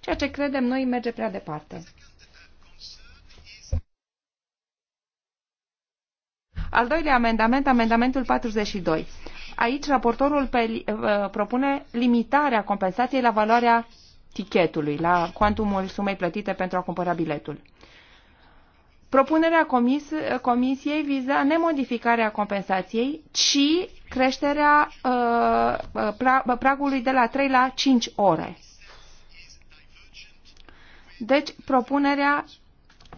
[SPEAKER 3] Ceea ce credem noi merge prea departe. Al doilea amendament, amendamentul 42. Aici raportorul pe, uh, propune limitarea compensației la valoarea tichetului, la cuantumul sumei plătite pentru a cumpăra biletul. Propunerea comis Comisiei viza nemodificarea compensației, ci creșterea uh, uh pra uh, pragului de la 3 la 5 ore. Deci, propunerea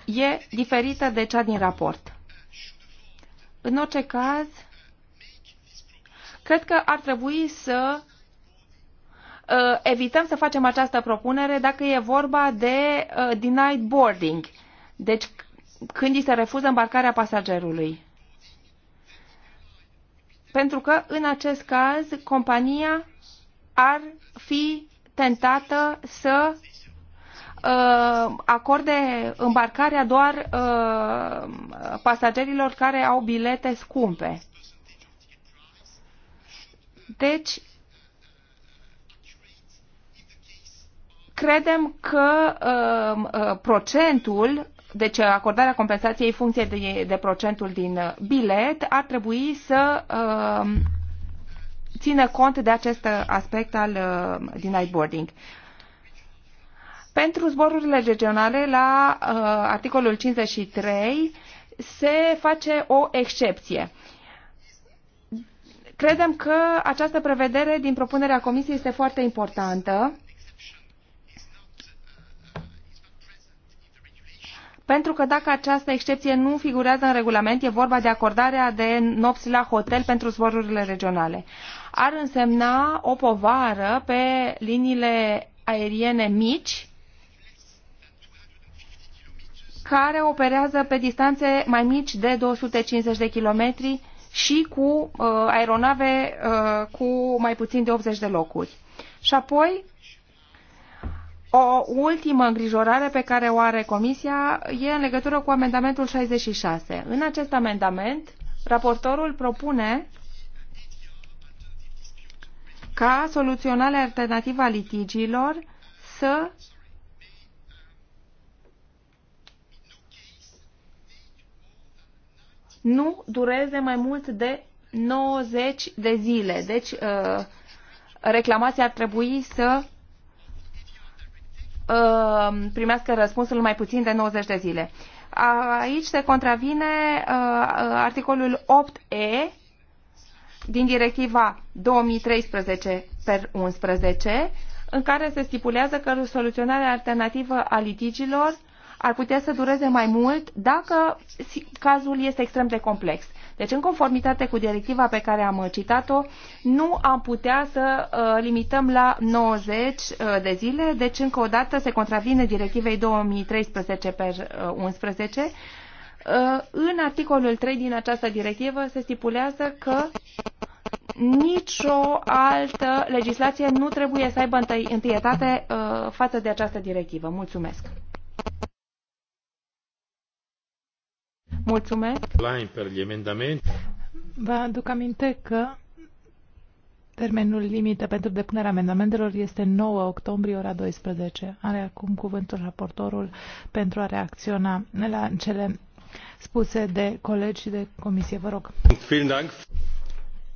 [SPEAKER 3] e diferită de cea din raport. În orice caz, cred că ar trebui să Uh, evităm să facem această propunere dacă e vorba de uh, denied boarding, deci când îi se refuză îmbarcarea pasagerului. Pentru că, în acest caz, compania ar fi tentată să uh, acorde îmbarcarea doar uh, pasagerilor care au bilete scumpe. Deci, Credem că um, uh, procentul deci acordarea compensației în funcție de, de procentul din uh, bilet ar trebui să uh, țină cont de acest uh, aspect al uh, din nightboarding. Pentru zborurile regionale, la uh, articolul 53, se face o excepție. Credem că această prevedere din propunerea Comisiei este foarte importantă pentru că dacă această excepție nu figurează în regulament, e vorba de acordarea de nopți la hotel pentru zborurile regionale. Ar însemna o povară pe liniile aeriene mici care operează pe distanțe mai mici de 250 de kilometri și cu uh, aeronave uh, cu mai puțin de 80 de locuri. Și apoi o ultimă îngrijorare pe care o are Comisia e în legătură cu amendamentul 66. În acest amendament, raportorul propune ca soluționarea alternativă a litigiilor să nu dureze mai mult de 90 de zile. Deci, uh, reclamația ar trebui să Uh, primească răspunsul în mai puțin de 90 de zile. Aici se contravine uh, articolul 8e din directiva 2013 per 11, în care se stipulează că soluționarea alternativă a litigilor ar putea să dureze mai mult dacă cazul este extrem de complex. Deci, în conformitate cu directiva pe care am uh, citat-o, nu am putea să uh, limităm la 90 uh, de zile, deci încă o dată se contravine directivei 2013 per 11. În articolul 3 din această directivă se stipulează că nicio altă legislație nu trebuie să aibă întâietate față de această directivă. Mulțumesc! Mulțumesc.
[SPEAKER 5] Vă aduc aminte că termenul limită pentru depunerea amendamentelor este 9 octombrie ora 12. Are acum cuvântul raportorul pentru a reacționa la cele spuse de colegi și de comisie. Vă
[SPEAKER 2] rog.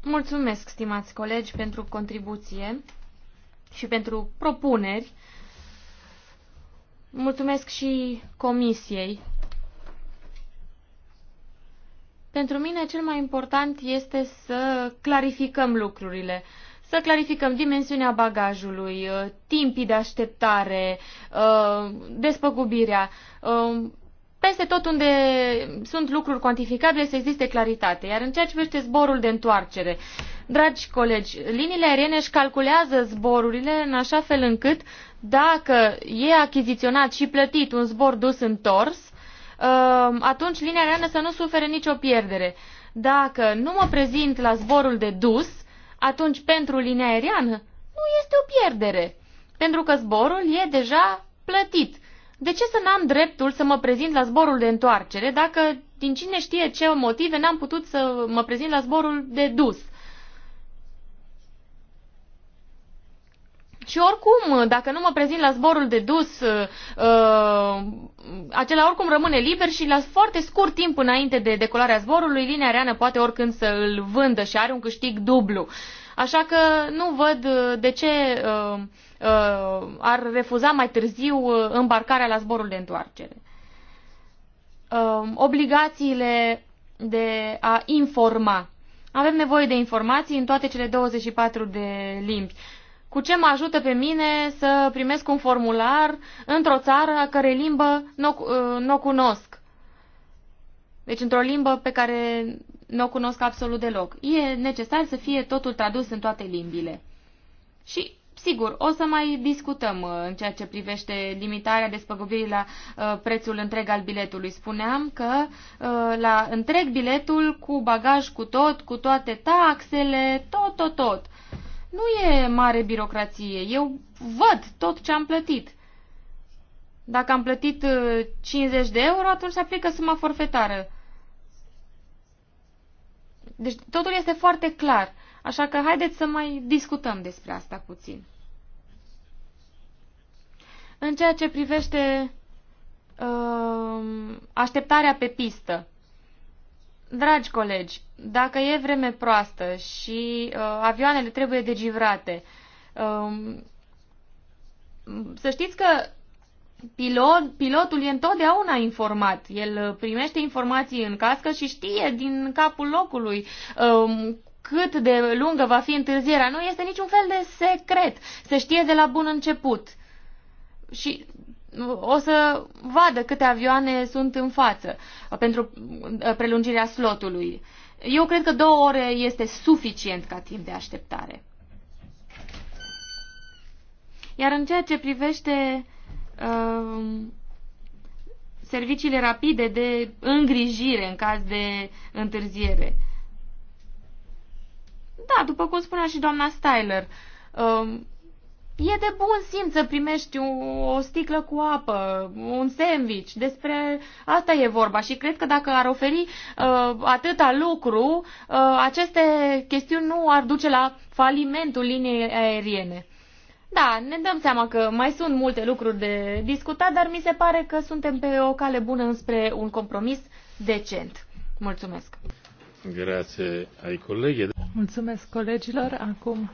[SPEAKER 2] Mulțumesc, stimați colegi, pentru contribuție și pentru propuneri. Mulțumesc și comisiei pentru mine cel mai important este să clarificăm lucrurile. Să clarificăm dimensiunea bagajului, uh, timpii de așteptare, uh, despăgubirea. Uh, peste tot unde sunt lucruri cuantificabile să existe claritate. Iar în ceea ce privește zborul de întoarcere, dragi colegi, liniile aeriene își calculează zborurile în așa fel încât dacă e achiziționat și plătit un zbor dus întors, Ehm, atunci linia aeriană să nu sufere nicio pierdere. Dacă nu mă prezint la zborul de dus, atunci pentru linia aeriană nu este o pierdere, pentru că zborul e deja plătit. De ce să n-am dreptul să mă prezint la zborul de întoarcere dacă din cine știe ce motive n-am putut să mă prezint la zborul de dus? Și oricum, dacă nu mă prezint la zborul de dus, uh, uh, acela oricum rămâne liber și la foarte scurt timp înainte de decolarea zborului, linia reană poate oricând să îl vândă și are un câștig dublu. Așa că nu văd uh, de ce uh, uh, ar refuza mai târziu uh, îmbarcarea la zborul de întoarcere. Uh, obligațiile de a informa. Avem nevoie de informații în toate cele 24 de limbi. Uh, cu ce mă ajută pe mine să primesc un formular într-o țară a care limbă uh, nu o cunosc? Deci într-o limbă pe care nu o cunosc absolut deloc. E necesar să fie totul tradus în toate limbile. Și Sigur, o să mai discutăm uh, în ceea ce privește limitarea despăgubirii la uh, prețul întreg al biletului. Spuneam că la întreg biletul, cu bagaj, cu tot, cu toate taxele, tot, tot, tot, nu e mare birocrație. Eu văd tot ce am plătit. Dacă am plătit 50 uh, de euro, atunci se aplică suma forfetară. Deci totul este foarte clar. Așa că haideți să mai discutăm despre asta puțin. În ceea ce privește uh, așteptarea pe pistă, Dragi colegi, dacă e vreme proastă și uh, avioanele trebuie degivrate, um, să știți că pilot, pilotul e întotdeauna informat. El uh, primește informații în cască și știe din capul locului um, cât de lungă va fi întârzierea. Nu este niciun fel de secret. Se știe de la bun început. Și o să vadă câte avioane sunt în față uh, pentru uh, prelungirea slotului. Eu cred că două ore este suficient ca timp de așteptare. Iar în ceea ce privește uh, serviciile rapide de îngrijire în caz de întârziere. Da, după cum spunea și doamna Styler, uh, E de bun simț să primești o sticlă cu apă, un sandwich, despre asta e vorba și cred că dacă ar oferi uh, atâta lucru, uh, aceste chestiuni nu ar duce la falimentul liniei aeriene. Da, ne dăm seama că mai sunt multe lucruri de discutat, dar mi se pare că suntem pe o cale bună înspre un compromis decent. Mulțumesc!
[SPEAKER 1] Grație ai colegii!
[SPEAKER 2] Mulțumesc colegilor. Acum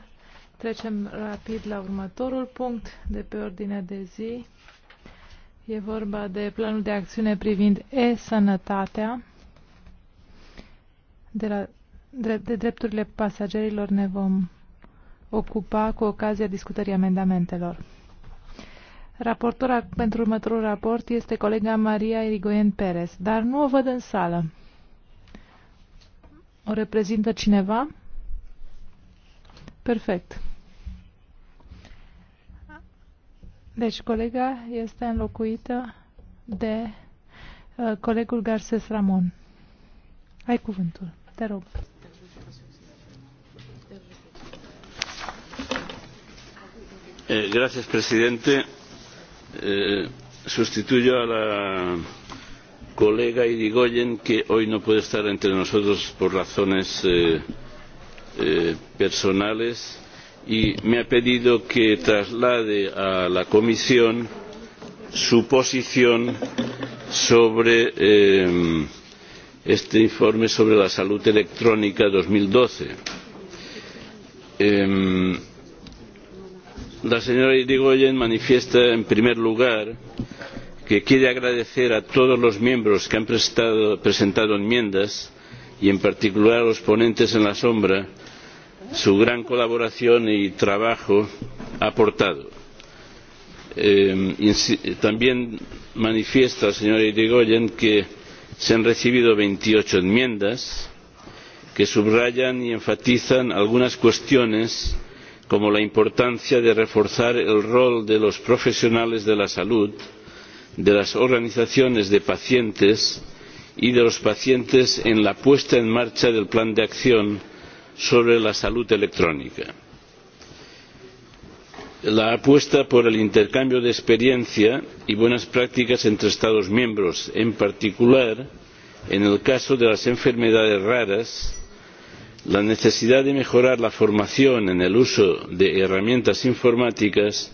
[SPEAKER 2] Trecem
[SPEAKER 5] rapid la următorul punct de pe ordinea de zi. E vorba de planul de acțiune privind e-sănătatea de, de drepturile pasagerilor ne vom ocupa cu ocazia discutării amendamentelor. Raportora pentru următorul raport este colega Maria Irigoyen Perez, dar nu o văd în sală. O reprezintă cineva? Perfect. Deci colega este înlocuită de uh, colegul Garces Ramon. Ai cuvântul, te rog.
[SPEAKER 4] Eh, gracias, presidente. Eh, sustituyo a la colega Irigoyen, que hoy no puede estar entre nosotros por razones eh, Eh, personales y me ha pedido que traslade a la Comisión su posición sobre eh, este informe sobre la salud electrónica 2012. Eh, la señora Irigoyen manifiesta en primer lugar que quiere agradecer a todos los miembros que han prestado, presentado enmiendas y en particular a los ponentes en la sombra su gran colaboración y trabajo aportado. Eh, también manifiesta el señor Irigoyen que se han recibido 28 enmiendas que subrayan y enfatizan algunas cuestiones como la importancia de reforzar el rol de los profesionales de la salud, de las organizaciones de pacientes, y de los pacientes en la puesta en marcha del plan de acción sobre la salud electrónica. La apuesta por el intercambio de experiencia y buenas prácticas entre Estados miembros, en particular en el caso de las enfermedades raras, la necesidad de mejorar la formación en el uso de herramientas informáticas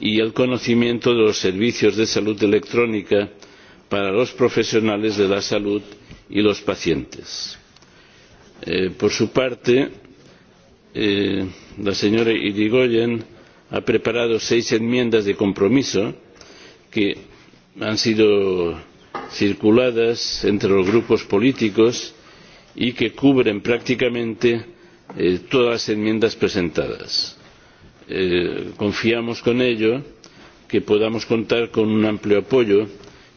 [SPEAKER 4] y el conocimiento de los servicios de salud electrónica para los profesionales de la salud y los pacientes. Eh, por su parte, eh, la señora Irigoyen ha preparado seis enmiendas de compromiso que han sido circuladas entre los grupos políticos y que cubren prácticamente eh, todas las enmiendas presentadas. Eh, confiamos con ello que podamos contar con un amplio apoyo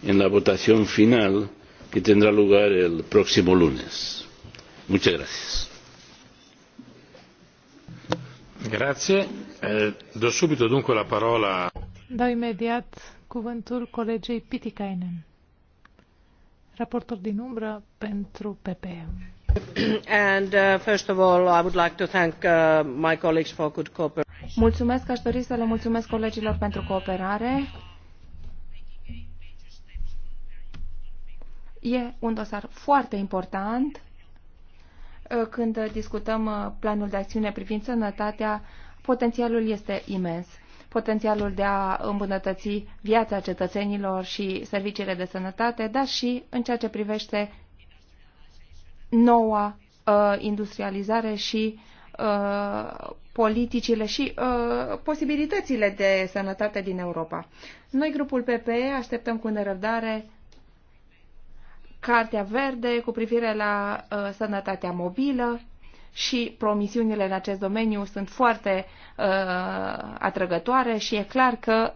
[SPEAKER 4] en la votación final que tendrá lugar el próximo lunes. Muchas gracias.
[SPEAKER 1] Grazie. Eh, do subito dunque la parola.
[SPEAKER 5] imediat cuvântul colegei Pitikainen, raportor din umbră pentru PPE.
[SPEAKER 3] And uh, first of all, I would like to thank uh, my colleagues for good cooperation. Mulțumesc, aș dori să le mulțumesc colegilor pentru cooperare E un dosar foarte important uh, când discutăm uh, planul de acțiune privind sănătatea, potențialul este imens. Potențialul de a îmbunătăți viața cetățenilor și serviciile de sănătate, dar și în ceea ce privește noua uh, industrializare și uh, politicile și uh, posibilitățile de sănătate din Europa. Noi, grupul PPE, așteptăm cu nerăbdare Cartea Verde cu privire la uh, sănătatea mobilă și promisiunile în acest domeniu sunt foarte uh, atrăgătoare și e clar că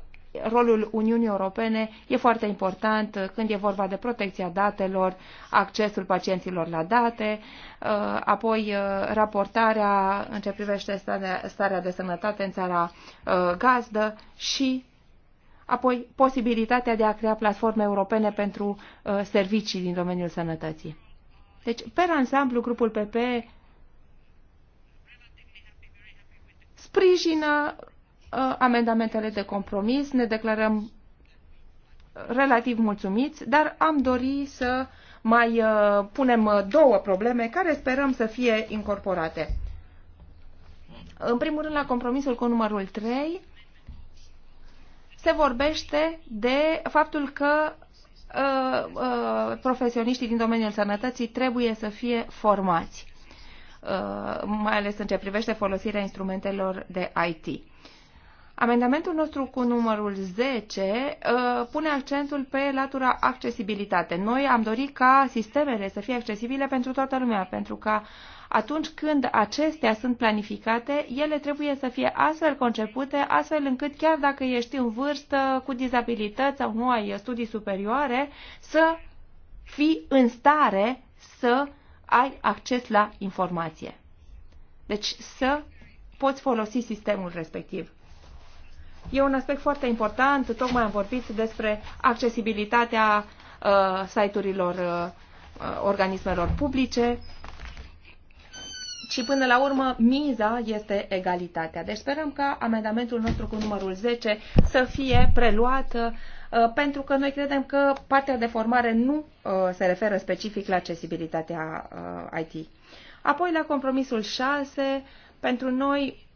[SPEAKER 3] rolul Uniunii Europene e foarte important când e vorba de protecția datelor, accesul pacienților la date, uh, apoi uh, raportarea în ce privește starea de sănătate în țara uh, gazdă și apoi posibilitatea de a crea platforme europene pentru uh, servicii din domeniul sănătății. Deci, pe ansamblu, grupul PP sprijină
[SPEAKER 5] uh,
[SPEAKER 3] amendamentele de compromis, ne declarăm relativ mulțumiți, dar am dori să mai uh, punem uh, două probleme care sperăm să fie incorporate. În primul rând, la compromisul cu numărul 3, se vorbește de faptul că uh, uh, profesioniștii din domeniul sănătății trebuie să fie formați, uh, mai ales în ce privește folosirea instrumentelor de IT. Amendamentul nostru cu numărul 10 uh, pune accentul pe latura accesibilitate. Noi am dorit ca sistemele să fie accesibile pentru toată lumea, pentru ca uh, atunci când acestea sunt planificate, ele trebuie să fie astfel concepute, astfel încât chiar dacă ești în vârstă, cu dizabilități sau nu ai studii superioare, să fii în stare să ai acces la informație. Deci să poți folosi sistemul respectiv. E un aspect foarte important, tocmai am vorbit despre accesibilitatea uh, site-urilor uh, uh organismelor publice, și până la urmă miza este egalitatea. Deci sperăm ca amendamentul nostru cu numărul 10 să fie preluat uh, pentru că noi credem că partea de formare nu uh, se referă specific la accesibilitatea uh, IT. Apoi la compromisul 6, pentru noi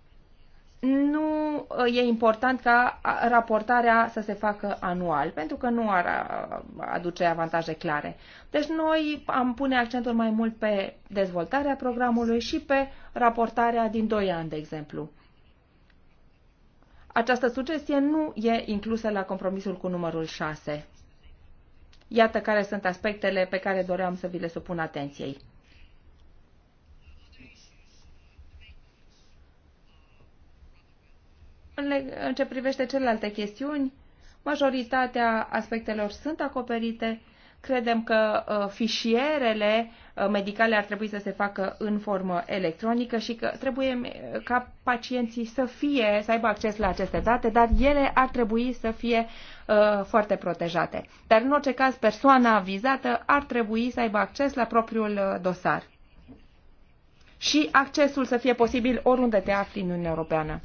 [SPEAKER 3] nu uh, e important ca raportarea să se facă anual, pentru că nu ar aduce avantaje clare. Deci noi am pune accentul mai mult pe dezvoltarea programului și pe raportarea din 2 ani, de exemplu. Această sugestie nu e inclusă la compromisul cu numărul 6. Iată care sunt aspectele pe care doream să vi le supun atenției. În ce privește celelalte chestiuni, majoritatea aspectelor sunt acoperite. Credem că ă, fișierele ă, medicale ar trebui să se facă în formă electronică și că trebuie ă, ca pacienții să fie, să aibă acces la aceste date, dar ele ar trebui să fie uh, foarte protejate. Dar în orice caz, persoana vizată ar trebui să aibă acces la propriul dosar. Și accesul să fie posibil oriunde te afli în Uniunea Europeană.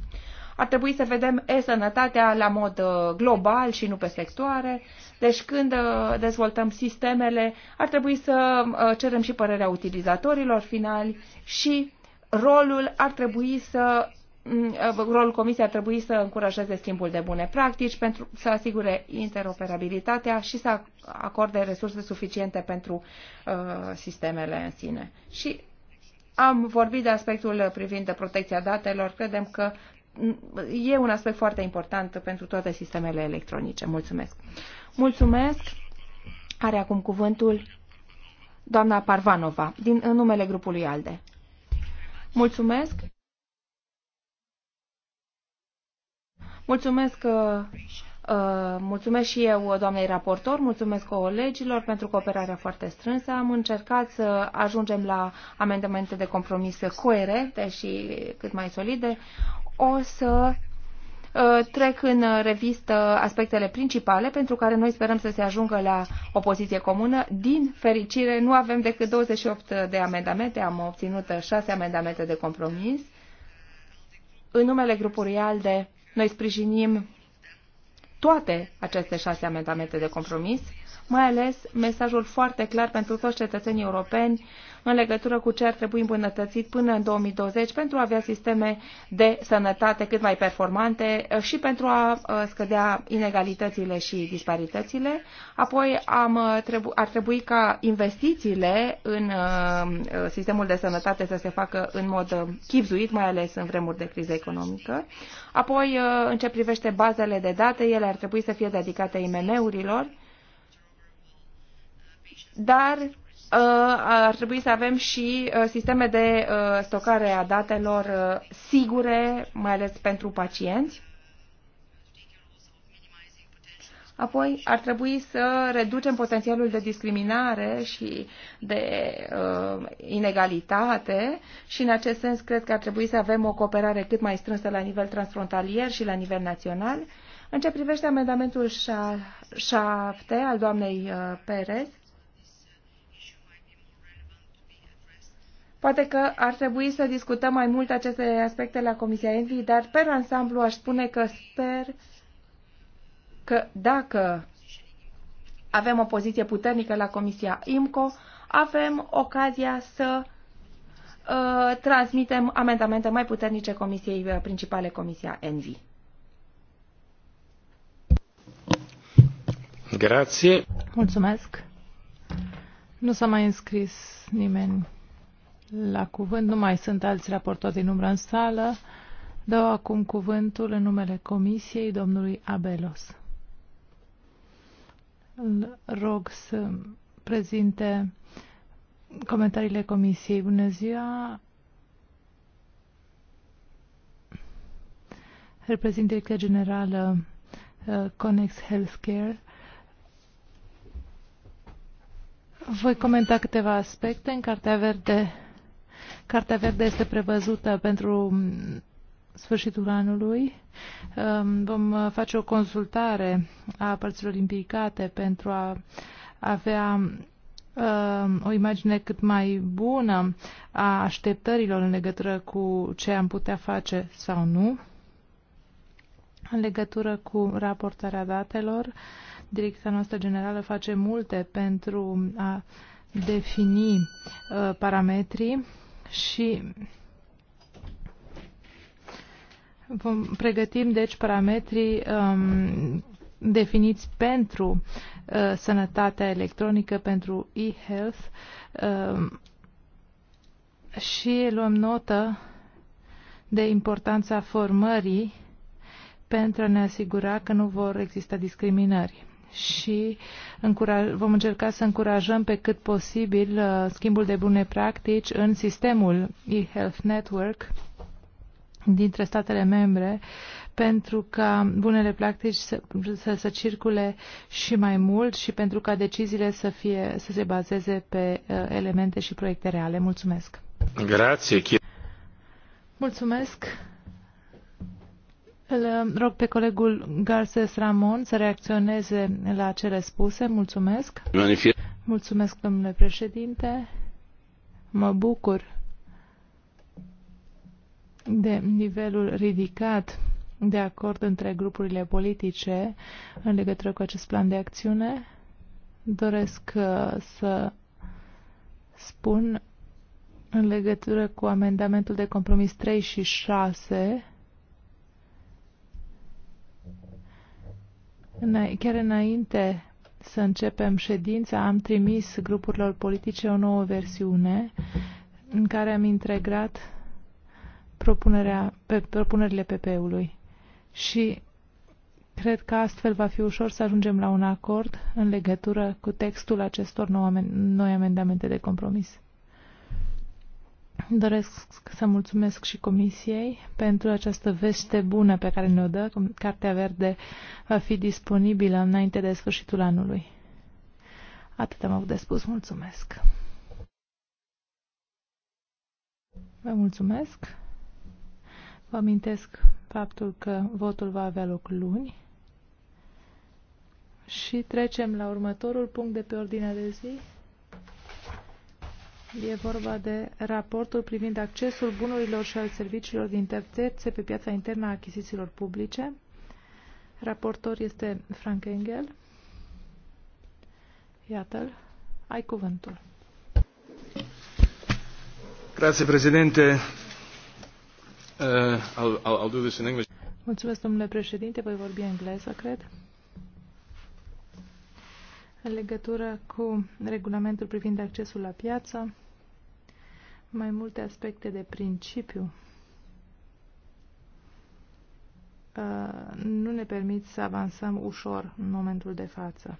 [SPEAKER 3] Ar trebui să vedem e-sănătatea la mod uh, global și nu pe sectoare. Deci când uh, dezvoltăm sistemele, ar trebui să uh, cerem și părerea utilizatorilor finali și rolul ar trebui să mm, rolul comisiei ar trebui să încurajeze schimbul de bune practici pentru să asigure interoperabilitatea și să acorde resurse suficiente pentru uh, sistemele în sine. Și am vorbit de aspectul privind de protecția datelor. Credem că e un aspect foarte important pentru toate sistemele electronice. Mulțumesc. Mulțumesc. Are acum cuvântul doamna Parvanova, din în numele grupului ALDE. Mulțumesc. Mulțumesc uh, uh, Mulțumesc și eu, doamnei raportor, mulțumesc colegilor pentru cooperarea foarte strânsă. Am încercat să ajungem la amendamente de compromis coerente și cât mai solide o să ă, trec în revistă aspectele principale pentru care noi sperăm să se ajungă la o poziție comună. Din fericire, nu avem decât 28 de amendamente, am obținut 6 amendamente de compromis. În numele grupului ALDE, noi sprijinim toate aceste șase amendamente de compromis, mai ales mesajul foarte clar pentru toți cetățenii europeni în legătură cu ce ar trebui îmbunătățit până în 2020 pentru a avea sisteme de sănătate cât mai performante uh, și pentru a uh, scădea inegalitățile și disparitățile. Apoi am, uh, trebu ar trebui ca investițiile în sistemul de sănătate să se facă în mod chipzuit, mai ales în vremuri de criză economică. Apoi, în ce privește bazele de date, ele ar trebui să fie dedicate IMM-urilor, dar Uh, ar trebui să avem și uh, sisteme de uh, stocare a datelor sigure, mai ales pentru pacienți. Apoi ar trebui să reducem potențialul de discriminare și de uh, inegalitate și în acest sens cred că ar trebui să avem o cooperare cât mai strânsă la nivel transfrontalier și la nivel național. În ce privește amendamentul 7 al doamnei uh, Perez, Poate că ar trebui să discutăm mai mult aceste aspecte la Comisia Envi, dar pe ansamblu aș spune că sper că dacă avem o poziție puternică la Comisia IMCO, avem ocazia să uh, transmitem amendamente mai puternice Comisiei uh, principale, Comisia Envi.
[SPEAKER 1] Grație.
[SPEAKER 5] Mulțumesc. Nu s-a mai înscris nimeni la cuvânt. Nu mai sunt alți raportori din umbră în sală. Dau acum cuvântul în numele Comisiei domnului Abelos. Îl rog să prezinte comentariile Comisiei. Bună ziua! Reprezint Direcția Generală uh, Conex Healthcare. Voi comenta câteva aspecte în Cartea Verde Cartea verde este prevăzută pentru mm, sfârșitul anului. Um, vom uh, face o consultare a părților implicate pentru a avea um, o imagine cât mai bună a așteptărilor în legătură cu ce am putea face sau nu, în legătură cu raportarea datelor. Direcția noastră generală face multe pentru a defini uh, parametrii și vom pregătim deci parametrii um, definiți pentru uh, sănătatea electronică, pentru e-health uh, și luăm notă de importanța formării pentru a ne asigura că nu vor exista discriminări și încuraj, vom încerca să încurajăm pe cât posibil uh, schimbul de bune practici în sistemul e-health network dintre statele membre pentru ca bunele practici să, să, să circule și mai mult și pentru ca deciziile să, fie, să se bazeze pe uh, elemente și proiecte reale. Mulțumesc! Grație! Mulțumesc! Îl um, rog pe colegul Garces Ramon să reacționeze la cele spuse. Mulțumesc. Mulțumesc, domnule președinte. Mă bucur de nivelul ridicat de acord între grupurile politice în legătură cu acest plan de acțiune. Doresc uh, să spun în legătură cu amendamentul de compromis 3 și 6 Chiar înainte să începem ședința, am trimis grupurilor politice o nouă versiune în care am integrat propunerea, pe, propunerile PP-ului. Și cred că astfel va fi ușor să ajungem la un acord în legătură cu textul acestor noi amendamente de compromis. Doresc să mulțumesc și Comisiei pentru această veste bună pe care ne-o dă. Cartea verde va fi disponibilă înainte de sfârșitul anului. Atât am avut de spus. Mulțumesc. Vă mulțumesc. Vă amintesc faptul că votul va avea loc luni. Și trecem la următorul punct de pe ordinea de zi. E vorba de raportul privind accesul bunurilor și al serviciilor din terțețe pe piața internă a achizițiilor publice. Raportor este Frank Engel. Iată-l. Ai cuvântul.
[SPEAKER 4] Grazie, președinte. Uh, I'll, I'll do this in English.
[SPEAKER 5] Mulțumesc, domnule președinte. Voi vorbi engleză, cred în legătură cu regulamentul privind accesul la piață, mai multe aspecte de principiu uh, nu ne permit să avansăm ușor în momentul de față.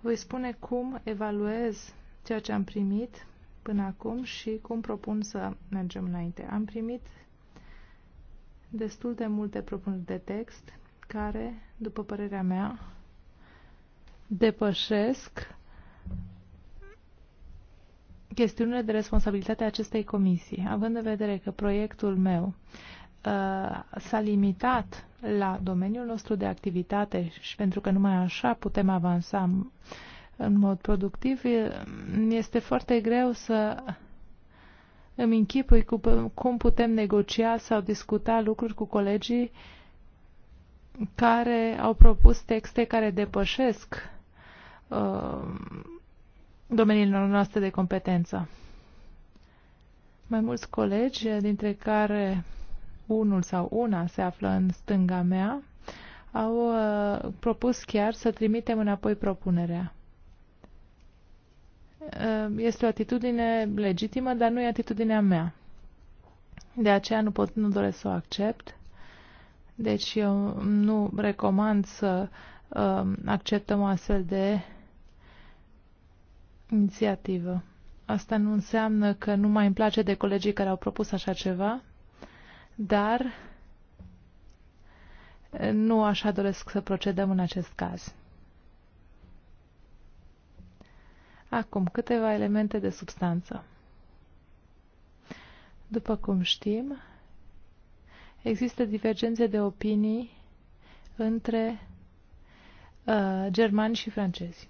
[SPEAKER 5] Voi spune cum evaluez ceea ce am primit până acum și cum propun să mergem înainte. Am primit destul de multe propuneri de text care, după părerea mea, depășesc chestiunile de responsabilitate a acestei comisii, având în vedere că proiectul meu uh, s-a limitat la domeniul nostru de activitate și pentru că numai așa putem avansa în mod productiv, uh, este foarte greu să îmi închipui cu, cum putem negocia sau discuta lucruri cu colegii care au propus texte care depășesc Uh, domeniilor noastre de competență. Mai mulți colegi, dintre care unul sau una se află în stânga mea, au uh, propus chiar să trimitem înapoi propunerea. Uh, este o atitudine legitimă, dar nu e atitudinea mea. De aceea nu pot, nu doresc să o accept. Deci eu nu recomand să uh, acceptăm o astfel de inițiativă. Asta nu înseamnă că nu mai îmi place de colegii care au propus așa ceva, dar nu așa doresc să procedăm în acest caz. Acum, câteva elemente de substanță. După cum știm, există divergențe de opinii între uh, germani și francezi.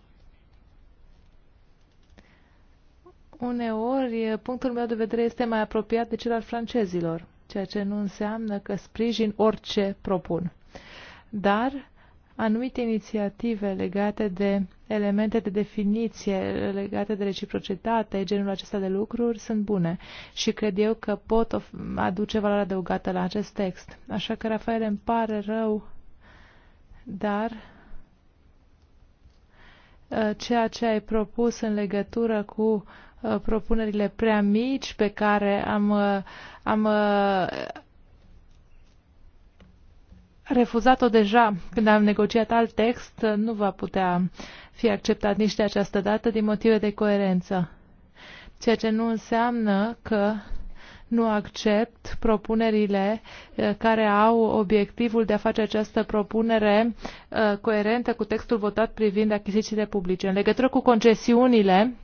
[SPEAKER 5] uneori eh, punctul meu de vedere este mai apropiat de cel al francezilor, ceea ce nu înseamnă că sprijin orice propun. Dar anumite inițiative legate de elemente de definiție, legate de reciprocitate, genul acesta de lucruri, sunt bune și cred eu că pot aduce valoare adăugată la acest text. Așa că, Rafael, îmi pare rău, dar eh, ceea ce ai propus în legătură cu Uh, propunerile prea mici pe care am, uh, am uh, refuzat-o deja când am negociat alt text, nu va putea fi acceptat nici de această dată din motive de coerență. Ceea ce nu înseamnă că nu accept propunerile care au obiectivul de a face această propunere coerentă cu textul votat privind achizițiile publice. În legătură cu concesiunile,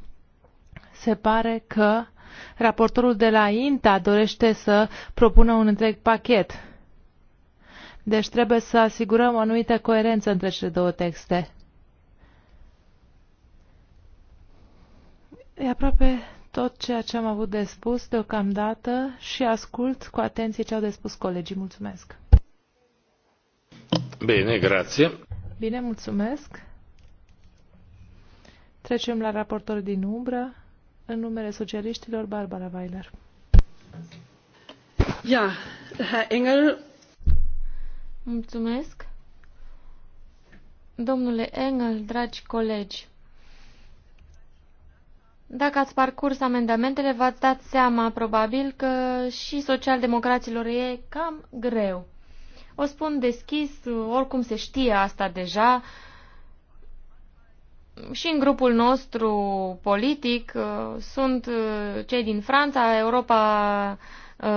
[SPEAKER 5] se pare că raportorul de la INTA dorește să propună un întreg pachet. Deci trebuie să asigurăm o anumită coerență între cele două texte. E aproape tot ceea ce am avut de spus deocamdată și ascult cu atenție ce au de spus colegii. Mulțumesc!
[SPEAKER 1] Bine, grație!
[SPEAKER 5] Bine, mulțumesc! Trecem la raportor din umbră. În numele socialiștilor, Barbara Weiler.
[SPEAKER 2] Ja, Herr Engel. Mulțumesc. Domnule Engel, dragi colegi, dacă ați parcurs amendamentele, v-ați dat seama probabil că și socialdemocraților e cam greu. O spun deschis, oricum se știe asta deja, și în grupul nostru politic uh, sunt uh, cei din Franța, Europa uh,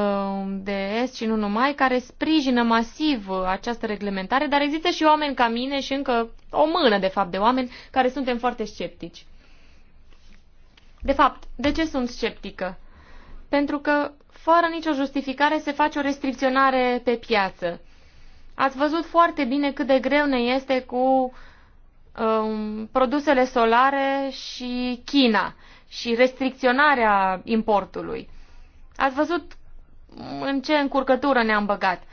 [SPEAKER 2] de Est și nu numai, care sprijină masiv această reglementare, dar există și oameni ca mine și încă o mână, de fapt, de oameni care suntem foarte sceptici. De fapt, de ce sunt sceptică? Pentru că, fără nicio justificare, se face o restricționare pe piață. Ați văzut foarte bine cât de greu ne este cu uh, um, produsele solare și China și restricționarea importului. Ați văzut în ce încurcătură ne-am băgat.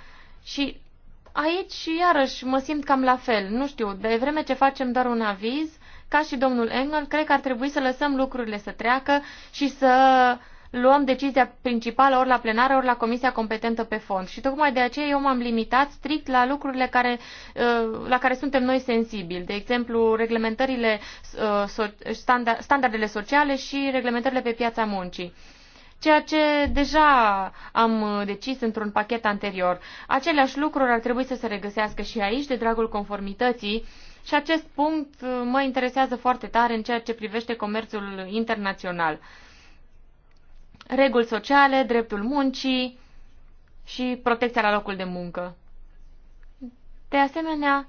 [SPEAKER 2] Și aici, iarăși, mă simt cam la fel. Nu știu, de vreme ce facem doar un aviz, ca și domnul Engel, cred că ar trebui să lăsăm lucrurile să treacă și să luăm decizia principală ori la plenară, ori la comisia competentă pe fond. Și tocmai de aceea eu m-am limitat strict la lucrurile care, uh, la care suntem noi sensibili. De exemplu, reglementările, uh, standardele sociale și reglementările pe piața muncii ceea ce deja am uh, decis într-un pachet anterior. Aceleași lucruri ar trebui să se regăsească și aici, de dragul conformității, și acest punct mă interesează foarte tare în ceea ce privește comerțul internațional reguli sociale, dreptul muncii și protecția la locul de muncă. De asemenea,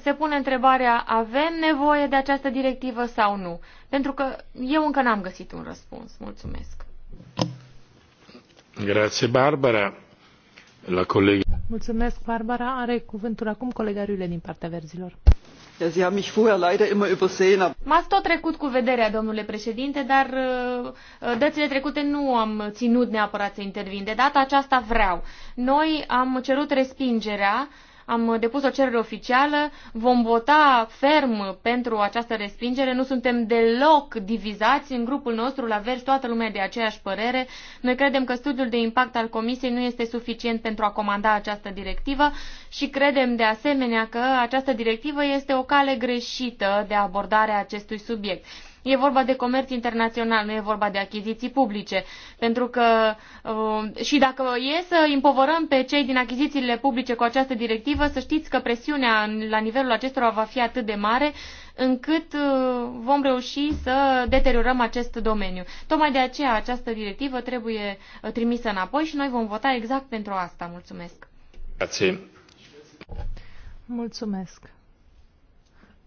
[SPEAKER 2] se pune întrebarea, avem nevoie de această directivă sau nu? Pentru că eu încă n-am găsit un răspuns. Mulțumesc.
[SPEAKER 1] Grazie, Barbara. La coleg...
[SPEAKER 5] Mulțumesc, Barbara. Are cuvântul
[SPEAKER 2] acum colega Riule din partea verzilor. M-ați tot trecut cu vederea, domnule președinte, dar uh, uh, dățile trecute nu am ținut neapărat să intervin. De data aceasta vreau. Noi am cerut respingerea uh, am depus o cerere oficială, vom vota ferm pentru această respingere, nu suntem deloc divizați în grupul nostru, la vers toată lumea de aceeași părere. Noi credem că studiul de impact al Comisiei nu este suficient pentru a comanda această directivă și credem de asemenea că această directivă este o cale greșită de abordare a acestui subiect. E vorba de comerț internațional, nu e vorba de achiziții publice. Pentru că um, și dacă e să împovărăm pe cei din achizițiile publice cu această directivă, să știți că presiunea la nivelul acestora va fi atât de mare încât uh, vom reuși să deteriorăm acest domeniu. Tocmai de aceea această directivă trebuie uh, trimisă înapoi și noi vom vota exact pentru asta. Mulțumesc!
[SPEAKER 1] Grazie.
[SPEAKER 5] Mulțumesc!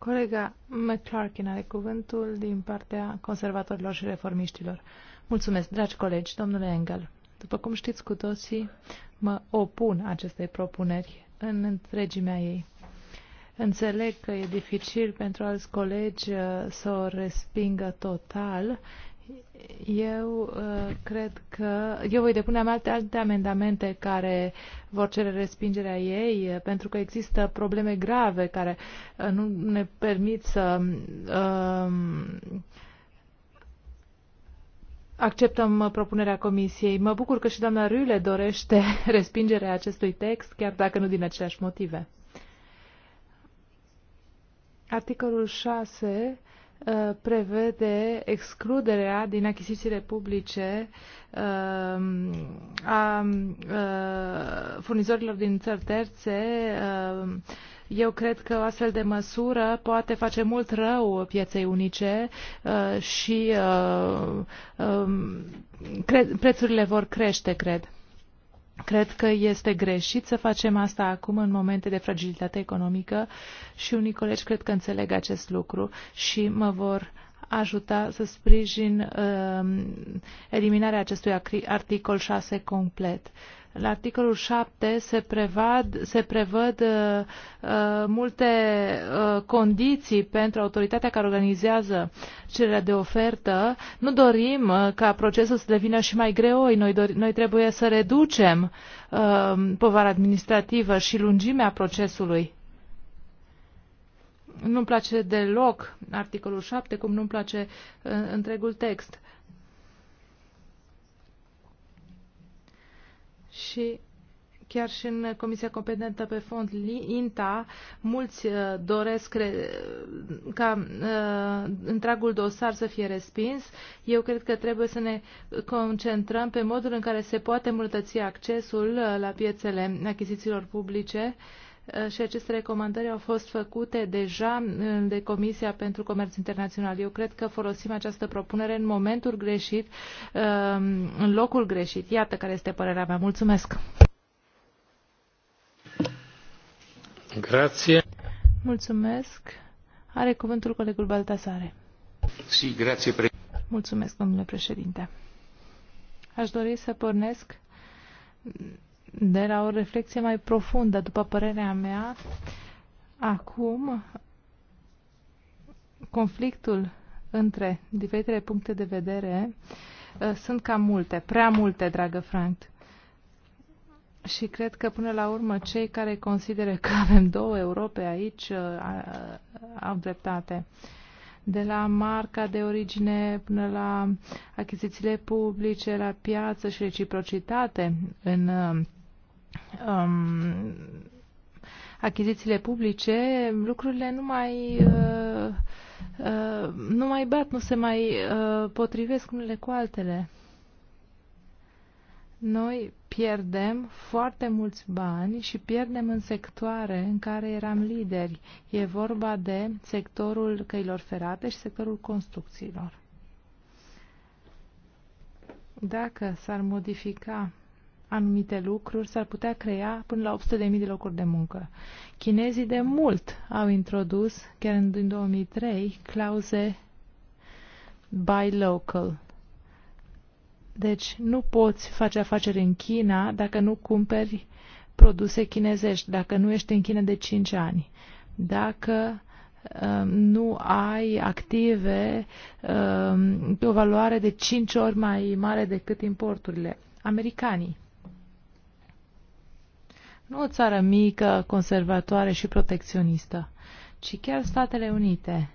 [SPEAKER 5] Colega McClarkin are cuvântul din partea conservatorilor și reformiștilor. Mulțumesc, dragi colegi, domnule Engel. După cum știți cu toții, mă opun acestei propuneri în întregimea ei. Înțeleg că e dificil pentru alți colegi uh, să o respingă total eu uh, cred că eu voi depune alte, alte amendamente care vor cere respingerea ei, uh, pentru că există probleme grave care uh, nu ne permit să um, uh, acceptăm propunerea Comisiei. Mă bucur că și doamna Rule dorește (laughs) respingerea acestui text, chiar dacă nu din aceleași motive. Articolul 6 Uh, prevede excluderea din achizițiile publice um, a uh, furnizorilor din țări terțe. Um, eu cred că o astfel de măsură poate face mult rău pieței unice uh, și um, prețurile vor crește, cred. Cred că este greșit să facem asta acum în momente de fragilitate economică și unii colegi cred că înțeleg acest lucru și mă vor ajuta să sprijin uh, eliminarea acestui articol 6 complet. Uh, la articolul 7 se, prevad, se prevăd uh, uh, multe uh, condiții pentru autoritatea care organizează cererea de ofertă. Nu dorim uh, ca procesul să devină și mai greoi. Noi, dor, noi trebuie să reducem uh, povara administrativă și lungimea procesului. Nu-mi place deloc articolul 7, cum nu-mi place uh, întregul text. și chiar și în Comisia Competentă pe Fond, INTA, mulți uh, doresc ca uh, întregul dosar să fie respins. Eu cred că trebuie să ne concentrăm pe modul în care se poate îmbunătăți accesul uh, la piețele achizițiilor publice Uh, și aceste recomandări au fost făcute deja uh, de Comisia pentru Comerț Internațional. Eu cred că folosim această propunere în momentul greșit, uh, în locul greșit. Iată care este părerea mea. Mulțumesc!
[SPEAKER 1] Grazie.
[SPEAKER 5] Mulțumesc. Are cuvântul colegul Baltasare.
[SPEAKER 1] Si, grazie, pre-
[SPEAKER 5] Mulțumesc, domnule președinte. Aș dori să pornesc de la o reflexie mai profundă, după părerea mea, acum conflictul între diferitele puncte de vedere uh, sunt cam multe, prea multe, dragă Frank. Și cred că până la urmă cei care consideră că avem două Europe aici uh, au dreptate. De la marca de origine până la achizițiile publice, la piață și reciprocitate în uh, um, achizițiile publice, lucrurile nu mai, uh, uh, nu mai bat, nu se mai uh, potrivesc unele cu altele. Noi pierdem foarte mulți bani și pierdem în sectoare în care eram lideri. E vorba de sectorul căilor ferate și sectorul construcțiilor. Dacă s-ar modifica anumite lucruri, s-ar putea crea până la 800.000 de locuri de muncă. Chinezii de mult au introdus, chiar în 2003, clauze buy local. Deci nu poți face afaceri în China dacă nu cumperi produse chinezești, dacă nu ești în China de 5 ani, dacă um, nu ai active um, de o valoare de 5 ori mai mare decât importurile. Americanii nu o țară mică, conservatoare și protecționistă, ci chiar Statele Unite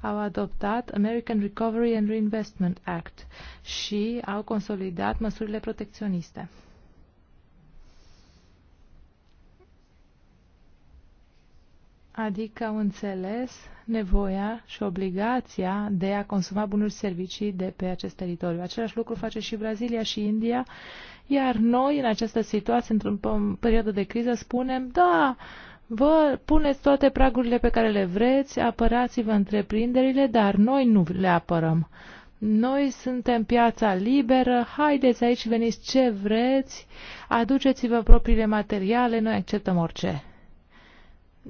[SPEAKER 5] au adoptat American Recovery and Reinvestment Act și au consolidat măsurile protecționiste. Adică au înțeles nevoia și obligația de a consuma bunuri servicii de pe acest teritoriu. Același lucru face și Brazilia și India iar noi, în această situație, într-o perioadă de criză, spunem, da, vă puneți toate pragurile pe care le vreți, apărați-vă întreprinderile, dar noi nu le apărăm. Noi suntem piața liberă, haideți aici, veniți ce vreți, aduceți-vă propriile materiale, noi acceptăm orice.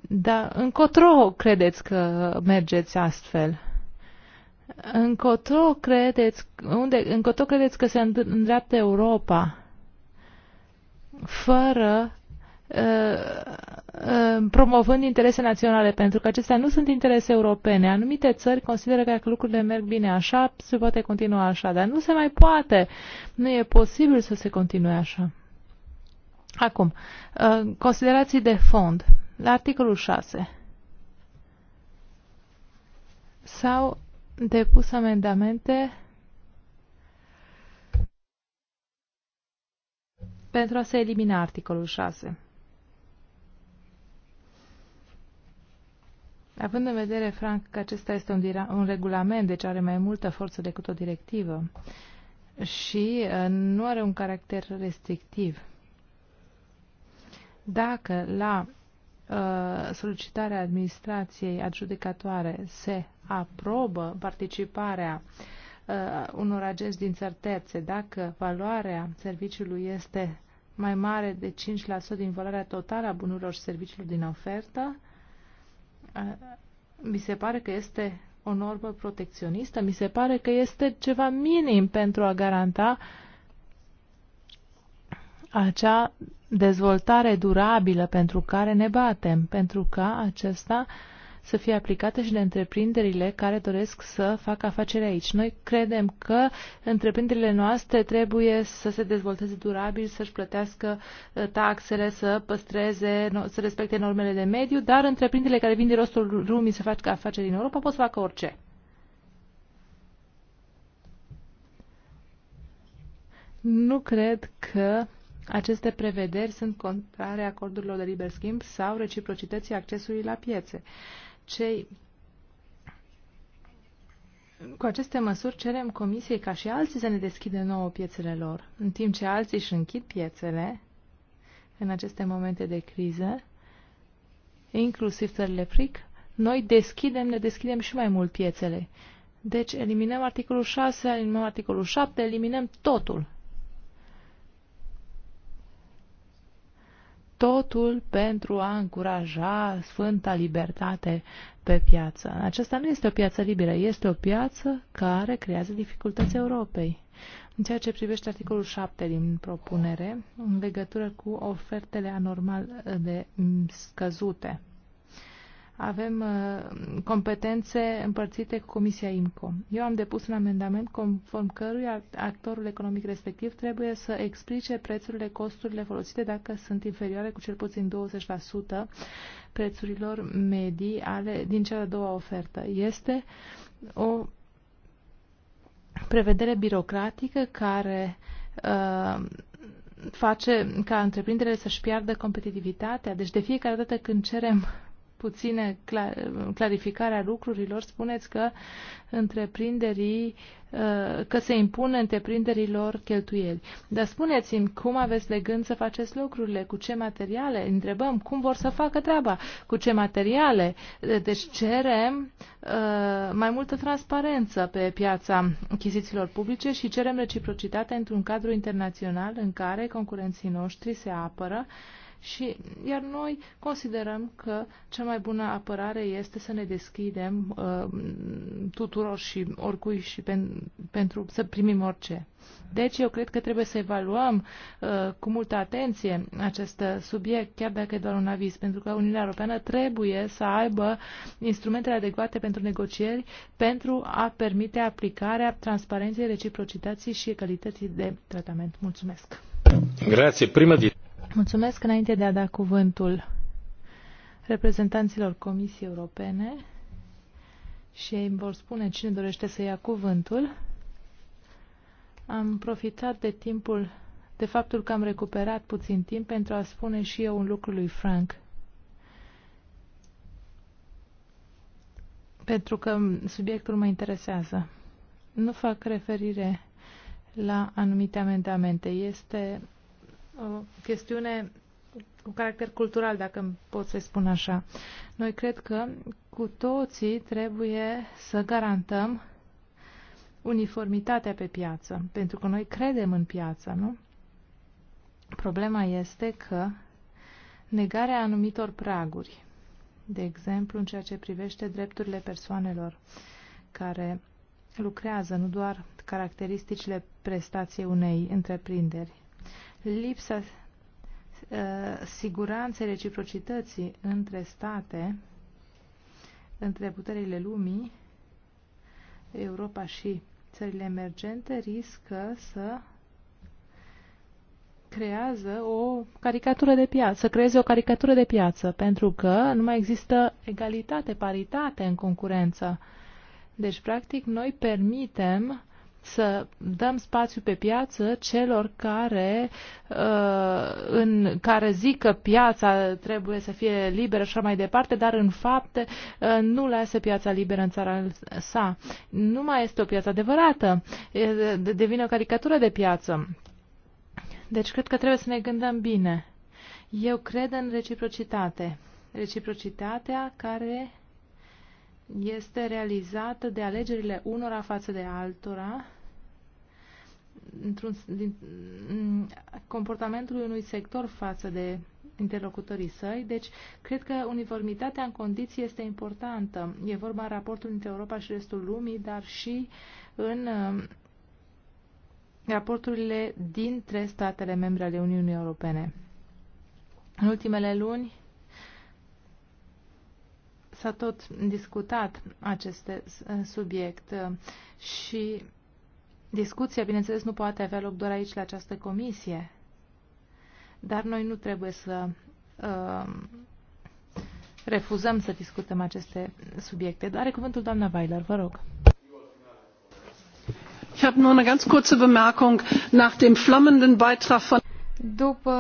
[SPEAKER 5] Dar încotro credeți că mergeți astfel? Încotro credeți, unde, încotro credeți că se îndreaptă Europa? fără ă, ă, promovând interese naționale, pentru că acestea nu sunt interese europene. Anumite țări consideră că dacă lucrurile merg bine așa, se poate continua așa, dar nu se mai poate. Nu e posibil să se continue așa. Acum, ă, considerații de fond. La articolul 6 s-au depus amendamente pentru a se elimina articolul 6. Având în vedere, Frank, că acesta este un, un regulament, deci are mai multă forță decât o directivă și uh, nu are un caracter restrictiv. Dacă la uh, solicitarea administrației adjudicatoare se aprobă participarea uh, unor agenți din țări terțe, dacă valoarea serviciului este mai mare de 5% din valoarea totală a bunurilor și serviciilor din ofertă. Mi se pare că este o normă protecționistă, mi se pare că este ceva minim pentru a garanta acea dezvoltare durabilă pentru care ne batem, pentru ca acesta uh, să fie aplicate și de întreprinderile care doresc să facă afaceri aici. Noi credem că întreprinderile noastre trebuie să se dezvolteze durabil, să-și plătească uh, taxele, să păstreze, să respecte normele de mediu, dar întreprinderile care vin din rostul lumii să facă afaceri în Europa pot să facă orice. Nu cred că aceste prevederi sunt contrare acordurilor de liber schimb sau reciprocității accesului la piețe cei cu aceste măsuri cerem Comisiei ca și alții să ne deschidă nouă piețele lor. În timp ce alții își închid piețele în aceste momente de criză, inclusiv țările fric, noi deschidem, ne deschidem și mai mult piețele. Deci eliminăm articolul 6, eliminăm articolul 7, eliminăm totul. totul pentru a încuraja sfânta libertate pe piață. Aceasta nu este o piață liberă, este o piață care creează dificultăți Europei. În ceea ce privește articolul 7 din propunere, în legătură cu ofertele anormal de mm, scăzute, avem uh, competențe împărțite cu Comisia IMCO. Eu am depus un amendament conform căruia actorul economic respectiv trebuie să explice prețurile, costurile folosite dacă sunt inferioare cu cel puțin 20% prețurilor medii ale, din cea de-a doua ofertă. Este o prevedere birocratică care uh, face ca întreprinderile să-și piardă competitivitatea. Deci de fiecare dată când cerem puține clarificarea lucrurilor, spuneți că întreprinderii uh, că se impune întreprinderilor cheltuieli. Dar spuneți-mi cum aveți de gând să faceți lucrurile, cu ce materiale, întrebăm cum vor să facă treaba, cu ce materiale. Uh, deci cerem uh, mai multă transparență pe piața achizițiilor publice și cerem reciprocitate într-un cadru internațional în care concurenții noștri se apără și, iar noi considerăm că cea mai bună apărare este să ne deschidem uh, tuturor și oricui și pen, pentru să primim orice. Deci eu cred că trebuie să evaluăm uh, cu multă atenție acest subiect, chiar dacă e doar un aviz, pentru că Uniunea Europeană trebuie să aibă instrumentele adecvate pentru negocieri, pentru a permite aplicarea transparenței, reciprocității și egalității de tratament. Mulțumesc!
[SPEAKER 1] Grazie. Prima di...
[SPEAKER 5] Mulțumesc înainte de a da cuvântul reprezentanților Comisiei Europene și ei îmi vor spune cine dorește să ia cuvântul. Am profitat de timpul, de faptul că am recuperat puțin timp pentru a spune și eu un lucru lui Frank. Pentru că subiectul mă interesează. Nu fac referire la anumite amendamente. Este o chestiune cu caracter cultural, dacă pot să-i spun așa. Noi cred că cu toții trebuie să garantăm uniformitatea pe piață, pentru că noi credem în piață, nu? Problema este că negarea anumitor praguri, de exemplu în ceea ce privește drepturile persoanelor care lucrează, nu doar caracteristicile prestației unei întreprinderi, lipsa uh, siguranței reciprocității între state, între puterile lumii, Europa și țările emergente, riscă să creează o caricatură de piață, să creeze o caricatură de piață, pentru că nu mai există egalitate, paritate în concurență. Deci, practic, noi permitem să dăm spațiu pe piață celor care, uh, în, care zic că piața trebuie să fie liberă și așa mai departe, dar în fapt uh, nu lasă piața liberă în țara sa. Nu mai este o piață adevărată, devine o caricatură de piață. Deci cred că trebuie să ne gândăm bine. Eu cred în reciprocitate. Reciprocitatea care este realizată de alegerile unora față de altora, într-un, din, comportamentul unui sector față de interlocutorii săi. Deci, cred că uniformitatea în condiții este importantă. E vorba în raportul între Europa și restul lumii, dar și în um, raporturile dintre statele membre ale Uniunii Europene. În ultimele luni, s-a tot discutat acest subiect și discuția, bineînțeles, nu poate avea loc doar aici, la această comisie. Dar noi nu trebuie să uh, refuzăm să discutăm aceste subiecte. Dar are cuvântul doamna Weiler, vă rog.
[SPEAKER 4] Ich habe nur eine ganz kurze Bemerkung nach dem flammenden Beitrag von
[SPEAKER 2] după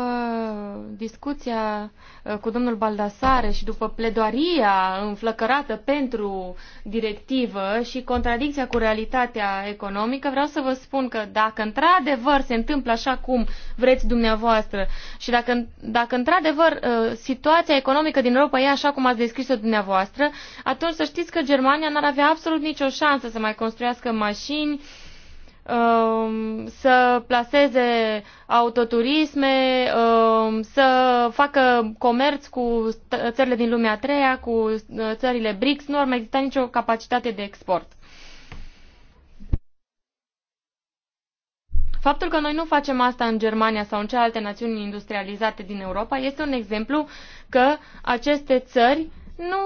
[SPEAKER 2] discuția uh, cu domnul Baldasare și după pledoaria înflăcărată pentru directivă și contradicția cu realitatea economică, vreau să vă spun că dacă într-adevăr se întâmplă așa cum vreți dumneavoastră și dacă, dacă într-adevăr uh, situația economică din Europa e așa cum ați descris-o dumneavoastră, atunci să știți că Germania n-ar avea absolut nicio șansă să mai construiască mașini, Um, să plaseze autoturisme, um, să facă comerț cu țările din lumea a treia, cu uh, țările BRICS. Nu ar mai exista nicio capacitate de export. Faptul că noi nu facem asta în Germania sau în celelalte națiuni industrializate din Europa este un exemplu că aceste țări uh, nu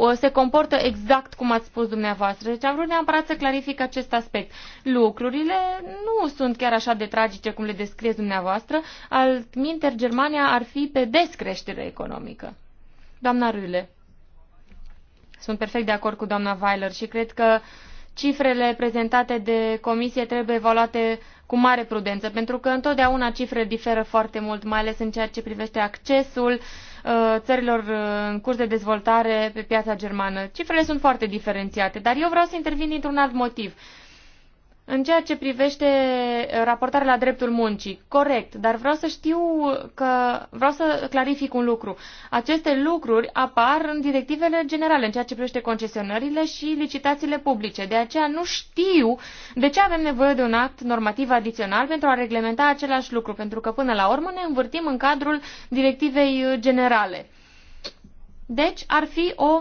[SPEAKER 2] uh, se comportă exact cum ați spus dumneavoastră. Deci am vrut neapărat să clarific acest aspect. Lucrurile nu sunt chiar așa de tragice cum le descrieți dumneavoastră. Altminter, Germania ar fi pe descreștere economică. Doamna Râle, sunt perfect de acord cu doamna Weiler și cred că cifrele prezentate de comisie trebuie evaluate cu mare prudență, pentru că întotdeauna cifrele diferă foarte mult, mai ales în ceea ce privește accesul uh, Uh, țărilor uh, în curs de dezvoltare pe piața germană. Cifrele sunt foarte diferențiate, dar eu vreau să intervin dintr-un alt motiv. În ceea ce privește uh, raportarea la dreptul muncii, corect, dar vreau să știu că vreau să clarific un lucru. Aceste lucruri apar în directivele generale în ceea ce privește concesionările și licitațiile publice. De aceea nu știu de ce avem nevoie de un act normativ adițional pentru a reglementa același lucru, pentru că până la urmă ne învârtim în cadrul directivei uh, generale. Deci ar fi o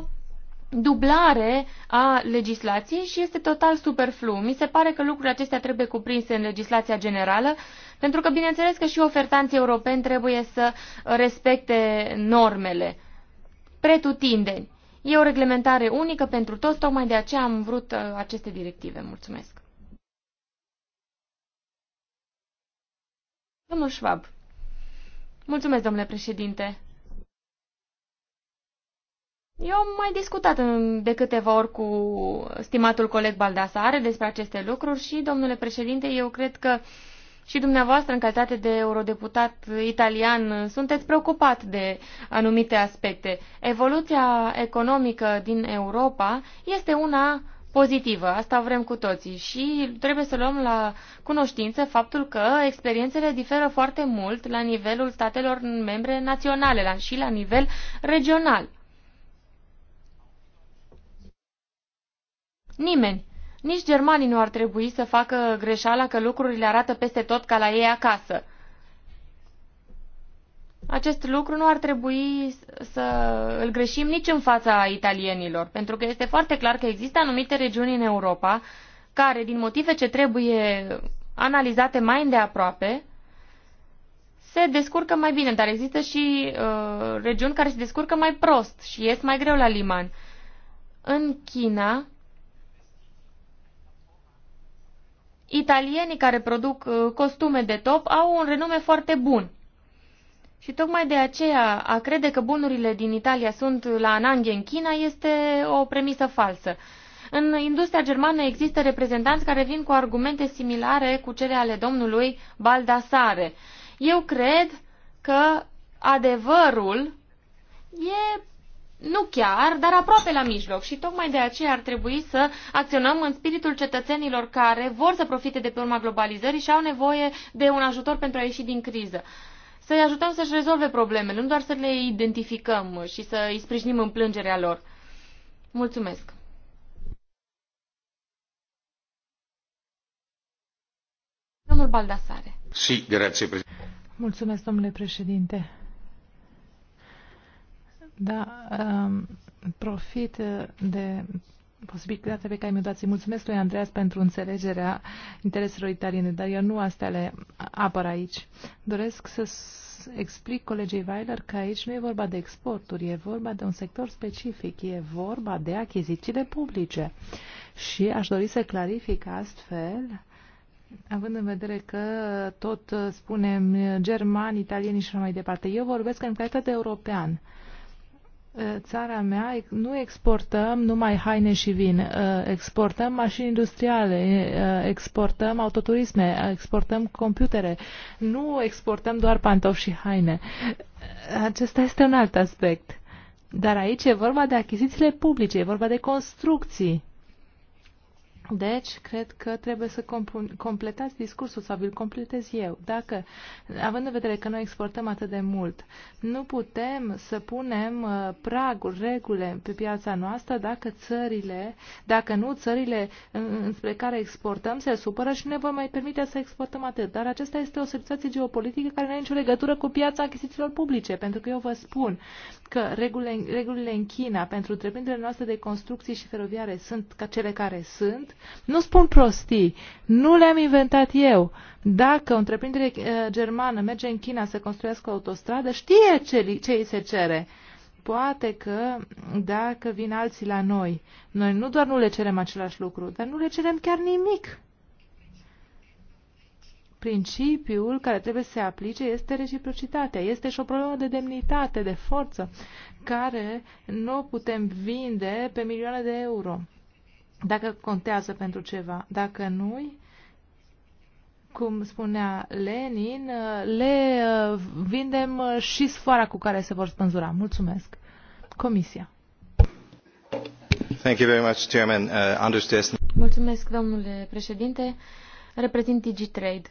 [SPEAKER 2] dublare a legislației și este total superflu. Mi se pare că lucrurile acestea trebuie cuprinse în legislația generală, pentru că bineînțeles că și ofertanții europeni trebuie să respecte normele pretutindeni. E o reglementare unică pentru toți, tocmai de aceea am vrut uh, aceste directive. Mulțumesc. Domnul Schwab. Mulțumesc, domnule președinte. Eu am mai discutat de câteva ori cu stimatul coleg Baldasare despre aceste lucruri și, domnule președinte, eu cred că și dumneavoastră, în calitate de eurodeputat italian, sunteți preocupat de anumite aspecte. Evoluția economică din Europa este una pozitivă, asta vrem cu toții și trebuie să luăm la cunoștință faptul că experiențele diferă foarte mult la nivelul statelor membre naționale la, și la nivel regional. Nimeni. Nici germanii nu ar trebui să facă greșeala că lucrurile arată peste tot ca la ei acasă. Acest lucru nu ar trebui să îl greșim nici în fața italienilor, pentru că este foarte clar că există anumite regiuni în Europa care, din motive ce trebuie analizate mai îndeaproape, se descurcă mai bine, dar există și uh, regiuni care se descurcă mai prost și ies mai greu la liman. În China, italienii care produc uh, costume de top au un renume foarte bun. Și tocmai de aceea a crede că bunurile din Italia sunt la ananghe în China este o premisă falsă. În industria germană există reprezentanți care vin cu argumente similare cu cele ale domnului Baldassare. Eu cred că adevărul e nu chiar, dar aproape la mijloc și tocmai de aceea ar trebui să acționăm în spiritul cetățenilor care vor să profite de pe urma globalizării și au nevoie de un ajutor pentru a ieși din criză. Să-i ajutăm să-și rezolve problemele, nu doar să le identificăm și să îi sprijinim în plângerea lor. Mulțumesc! Domnul Baldasare.
[SPEAKER 1] grație,
[SPEAKER 5] președinte. Mulțumesc, domnule președinte. Da, um, profit uh, de posibilitatea pe care mi-o dați. Mulțumesc lui Andreas pentru înțelegerea intereselor italiene, dar eu nu astea le apăr aici. Doresc să explic colegii Weiler că aici nu e vorba de exporturi, e vorba de un sector specific, e vorba de achizițiile publice. Și aș dori să clarific astfel, având în vedere că tot spunem germani, italieni și așa mai departe, eu vorbesc în calitate de european. Uh, țara mea nu exportăm numai haine și vin, uh, exportăm mașini industriale, uh, exportăm autoturisme, uh, exportăm computere, nu exportăm doar pantofi și haine. Acesta este un alt aspect. Dar aici e vorba de achizițiile publice, e vorba de construcții. Deci, cred că trebuie să completați discursul sau vi-l completez eu. Dacă, având în vedere că noi exportăm atât de mult, nu putem să punem uh, praguri, regule pe piața noastră dacă țările, dacă nu țările înspre care exportăm se supără și ne vor mai permite să exportăm atât. Dar aceasta este o situație geopolitică care nu are nicio legătură cu piața achizițiilor publice, pentru că eu vă spun că regulile, regulile în China pentru întreprinderile noastre de construcții și feroviare sunt ca cele care sunt, nu spun prostii, nu le-am inventat eu. Dacă o întreprindere eh, germană merge în China să construiască o autostradă, știe ce, ce îi se cere. Poate că dacă vin alții la noi, noi nu doar nu le cerem același lucru, dar nu le cerem chiar nimic. Principiul care trebuie să se aplice este reciprocitatea. Este și o problemă de demnitate, de forță, care nu putem vinde pe milioane de euro dacă contează pentru ceva. Dacă nu, cum spunea Lenin, le uh, vindem uh, și sfoara cu care se vor spânzura. Mulțumesc.
[SPEAKER 2] Comisia.
[SPEAKER 1] Thank you very much, Chairman. Uh, Anders
[SPEAKER 2] Mulțumesc, domnule președinte. Reprezint DigiTrade.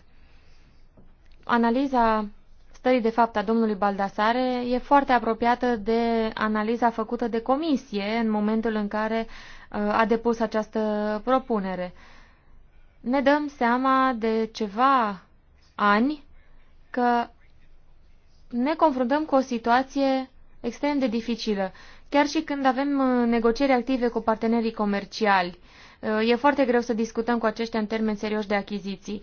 [SPEAKER 2] Analiza stării de fapt a domnului Baldasare e foarte apropiată de analiza făcută de comisie în momentul în care a depus această propunere. Ne dăm seama de ceva ani că ne confruntăm cu o situație extrem de dificilă, chiar și când avem uh, negocieri active cu partenerii comerciali. Uh, e foarte greu să discutăm cu aceștia în termeni serioși de achiziții.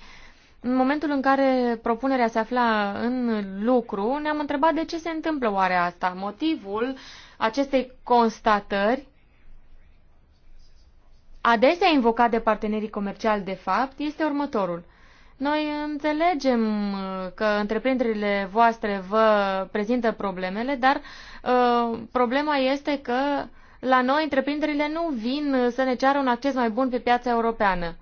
[SPEAKER 2] În momentul în care propunerea se afla în lucru, ne-am întrebat de ce se întâmplă oare asta. Motivul acestei constatări adesea invocat de partenerii comerciali, de fapt, este următorul. Noi înțelegem uh, că întreprinderile voastre vă prezintă problemele, dar uh, problema este că la noi întreprinderile nu vin să ne ceară un acces mai bun pe piața europeană.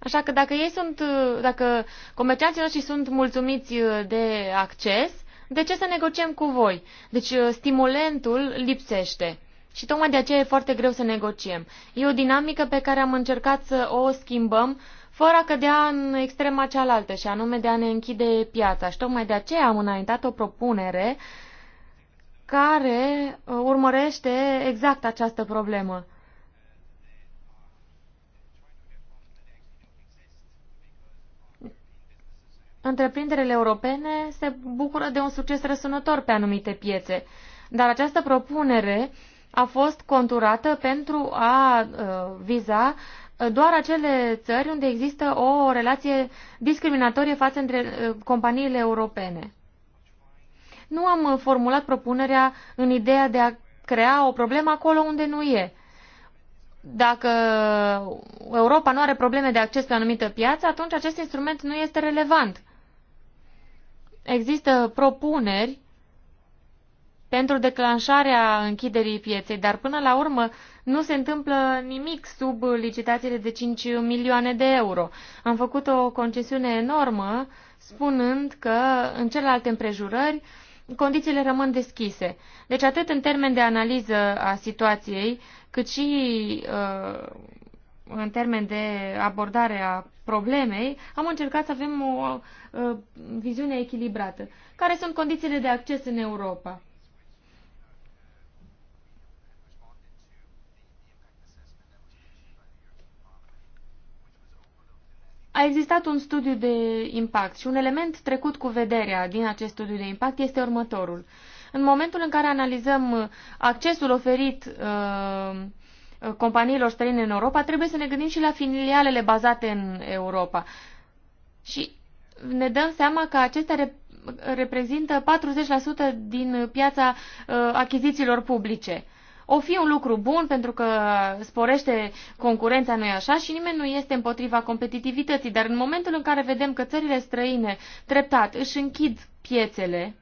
[SPEAKER 2] Așa că dacă ei sunt, uh, dacă comercianții noștri sunt mulțumiți uh, de acces, de ce să negociem cu voi? Deci stimulentul lipsește. Și tocmai de aceea e foarte greu să negociem. E o dinamică pe care am încercat să o schimbăm fără a cădea în extrema cealaltă, și anume de a ne închide piața. Și tocmai de aceea am înaintat o propunere care uh, urmărește exact această problemă. Întreprinderile europene se bucură de un succes răsunător pe anumite piețe, dar această propunere uh, a fost conturată pentru a uh, viza uh, doar acele țări unde există o relație discriminatorie față între uh, companiile europene. Nu am formulat propunerea în ideea de a crea o problemă acolo unde nu e. Dacă Europa nu are probleme de acces pe o anumită piață, atunci acest instrument nu este relevant. Există propuneri pentru declanșarea închiderii pieței, dar până la urmă nu se întâmplă nimic sub licitațiile de 5 milioane de euro. Am făcut o concesiune enormă spunând că în celelalte împrejurări condițiile rămân deschise. Deci atât în termen de analiză a situației, cât și uh, în termen de abordare a problemei, am încercat să avem o uh, viziune echilibrată. Care sunt condițiile de acces în Europa? A existat un studiu de impact și un element trecut cu vederea din acest studiu de impact este următorul. În momentul în care analizăm uh, accesul oferit uh, companiilor străine în Europa, trebuie să ne gândim și la filialele bazate în Europa. Și ne dăm seama că acestea rep reprezintă 40% din piața uh, achizițiilor publice o fi un lucru bun pentru că sporește concurența, nu-i așa, și nimeni nu este împotriva competitivității. Dar în momentul în care vedem că țările străine treptat își închid piețele,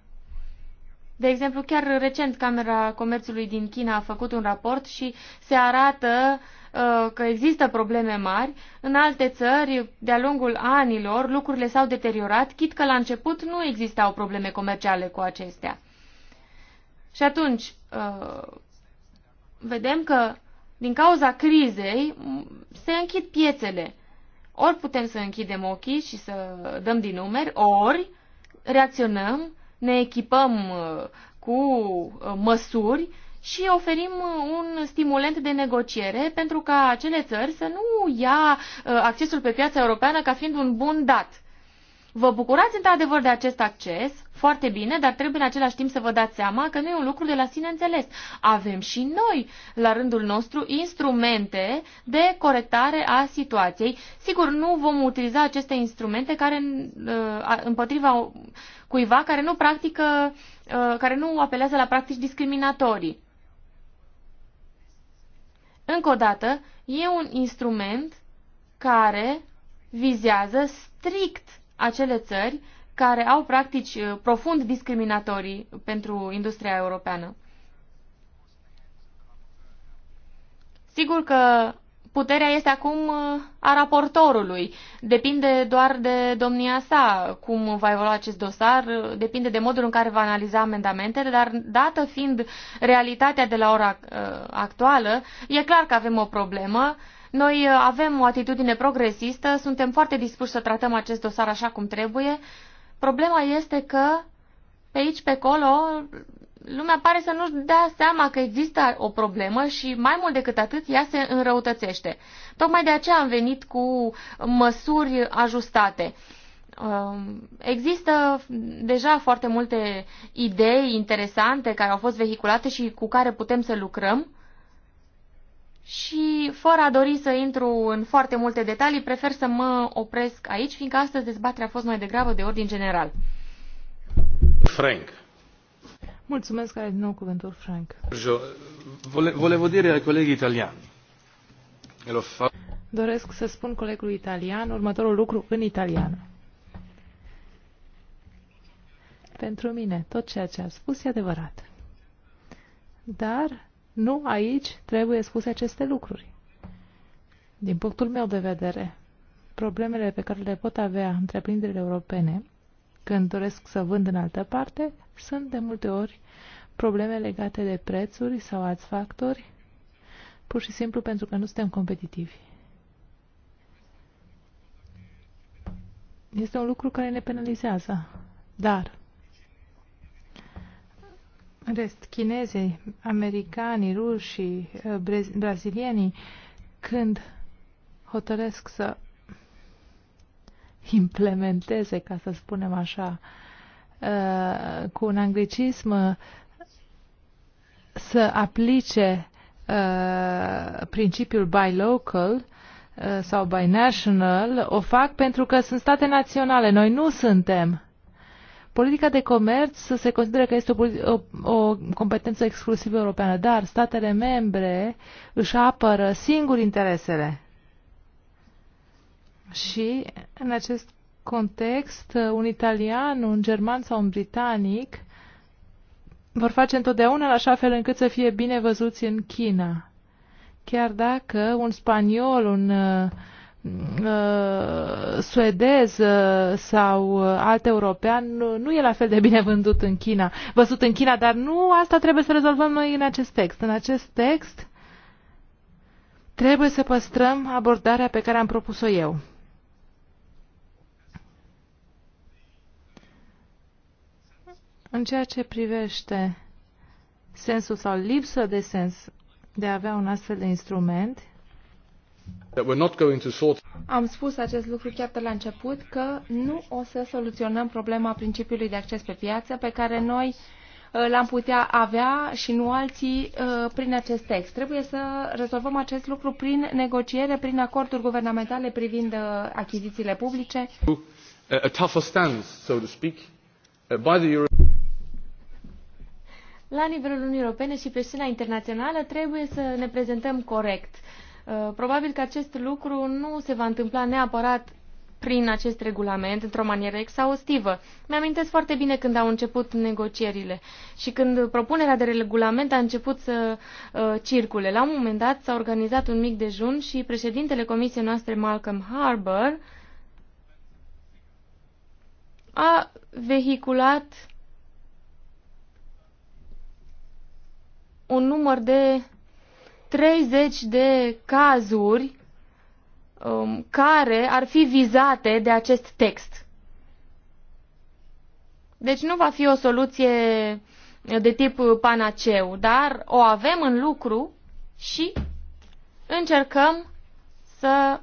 [SPEAKER 2] de exemplu, chiar recent Camera Comerțului din China a făcut un raport și se arată uh, că există probleme mari. În alte țări, de-a lungul anilor, lucrurile s-au deteriorat, chit că la început nu existau probleme comerciale cu acestea. Și atunci, uh, vedem că din cauza crizei se închid piețele. Ori putem să închidem ochii și să dăm din numeri, ori reacționăm, ne echipăm uh, cu uh, măsuri și oferim uh, un stimulent de negociere pentru ca acele țări să nu ia accesul pe piața europeană ca fiind un bun dat. Vă bucurați într-adevăr de acest acces, foarte bine, dar trebuie în același timp să vă dați seama că nu e un lucru de la sine înțeles. Avem și noi, la rândul nostru, instrumente de corectare a situației. Sigur, nu vom utiliza aceste instrumente care uh, împotriva cuiva care nu practică, uh, care nu apelează la practici discriminatorii. Încă o dată, e un instrument care vizează strict acele țări care au practici uh, profund discriminatorii pentru industria europeană. Sigur că puterea este acum uh, a raportorului. Depinde doar de domnia sa cum va evolua acest dosar, uh, depinde de modul în care va analiza amendamentele, dar dată fiind realitatea de la ora actuală, e clar că avem o problemă. Noi uh, avem o atitudine progresistă, suntem foarte dispuși să tratăm acest dosar așa cum trebuie. Problema este că pe aici, pe acolo, lumea pare să nu-și dea seama că există o problemă și mai mult decât atât ea se înrăutățește. Tocmai de aceea am venit cu măsuri ajustate. Um, există deja foarte multe idei interesante care au fost vehiculate și cu care putem să lucrăm. Și fără a dori să intru în foarte multe detalii, prefer să mă opresc aici, fiindcă astăzi dezbaterea a fost mai degrabă de ordin general.
[SPEAKER 1] Frank.
[SPEAKER 5] Mulțumesc, ai din nou cuvântul
[SPEAKER 2] Frank.
[SPEAKER 1] Jo, vole, volevo dire ai colegi italiani. Fa...
[SPEAKER 5] Doresc să spun colegului italian următorul lucru în italiană. Pentru mine, tot ceea ce a spus e adevărat. Dar nu aici trebuie spuse aceste lucruri. Din punctul meu de vedere, problemele pe care le pot avea întreprinderile europene când doresc să vând în altă parte sunt de multe ori probleme legate de prețuri sau alți factori, pur și simplu pentru că nu suntem competitivi. Este un lucru care ne penalizează, dar rest chinezii, americanii, rușii, eh, brazilienii, când hotăresc să implementeze, ca să spunem așa, eh, cu un anglicism, eh, să aplice principiul by local sau by national, o fac pentru că sunt state naționale. Noi nu suntem Politica de comerț se consideră că este o, o, o competență exclusiv europeană, dar statele membre își apără singur interesele. Și în acest context, un italian, un german sau un britanic vor face întotdeauna în așa fel încât să fie bine văzuți în China. Chiar dacă un spaniol, un uh, Uh, suedez uh, sau uh, alt european nu e la fel de bine vândut în China, văzut în China, dar nu asta trebuie să rezolvăm noi în acest text. În acest text trebuie să păstrăm abordarea pe care am propus-o eu. În ceea ce privește sensul sau lipsă de sens de a avea un astfel de instrument, am spus acest lucru chiar de la început
[SPEAKER 3] că nu o să soluționăm problema principiului de acces pe piață pe care noi uh, l-am putea avea și nu alții uh, prin acest text. Trebuie să rezolvăm acest lucru prin negociere, prin acorduri guvernamentale privind uh, achizițiile publice.
[SPEAKER 1] A tougher stance, so to speak, by the Euro
[SPEAKER 2] la nivelul Uniunii Europene și pe scena internațională trebuie să ne prezentăm corect. Uh, Uh, probabil că acest lucru nu se va întâmpla neapărat prin acest regulament într-o manieră exhaustivă. Mi-amintesc foarte bine când au început negocierile și când propunerea de regulament a început să uh, circule. La un moment dat s-a organizat un mic dejun și președintele comisiei noastre, Malcolm Harbour, a vehiculat un număr de 30 de cazuri um, care ar fi vizate de acest text. Deci nu va fi o soluție de tip panaceu, dar o avem în lucru și încercăm să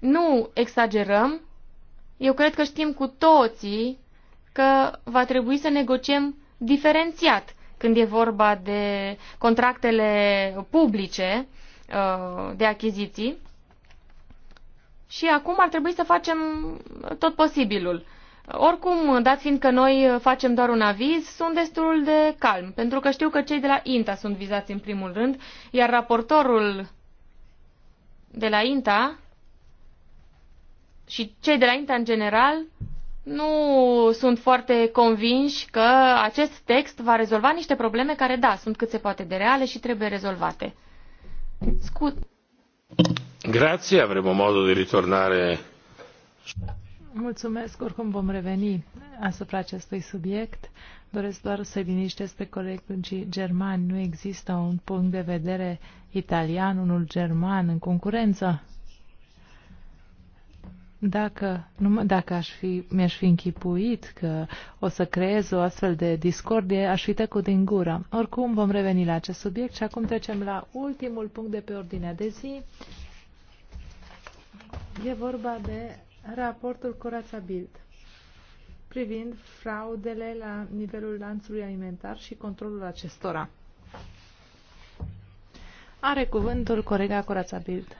[SPEAKER 2] nu exagerăm. Eu cred că știm cu toții că va trebui să negociem diferențiat când e vorba de contractele publice uh, de achiziții. Și acum ar trebui să facem tot posibilul. Oricum, dat fiind că noi facem doar un aviz, sunt destul de calm, pentru că știu că cei de la INTA sunt vizați în primul rând, iar raportorul de la INTA și cei de la INTA în general nu sunt foarte convinși că acest text va rezolva niște probleme care, da, sunt cât se poate de reale și trebuie rezolvate. Scut.
[SPEAKER 1] Grazie, avremo modo di ritornare.
[SPEAKER 5] Mulțumesc, oricum vom reveni asupra acestui subiect. Doresc doar să liniștesc pe colegii germani. Nu există un punct de vedere italian, unul german în concurență. Dacă, numai dacă aș fi, mi-aș fi închipuit că o să creez o astfel de discordie, aș fi tăcut din gură. Oricum, vom reveni la acest subiect și acum trecem la ultimul punct de pe ordinea de zi. E vorba de raportul Corața Bild privind fraudele la nivelul lanțului alimentar și controlul acestora. Are cuvântul colega Corața Bild.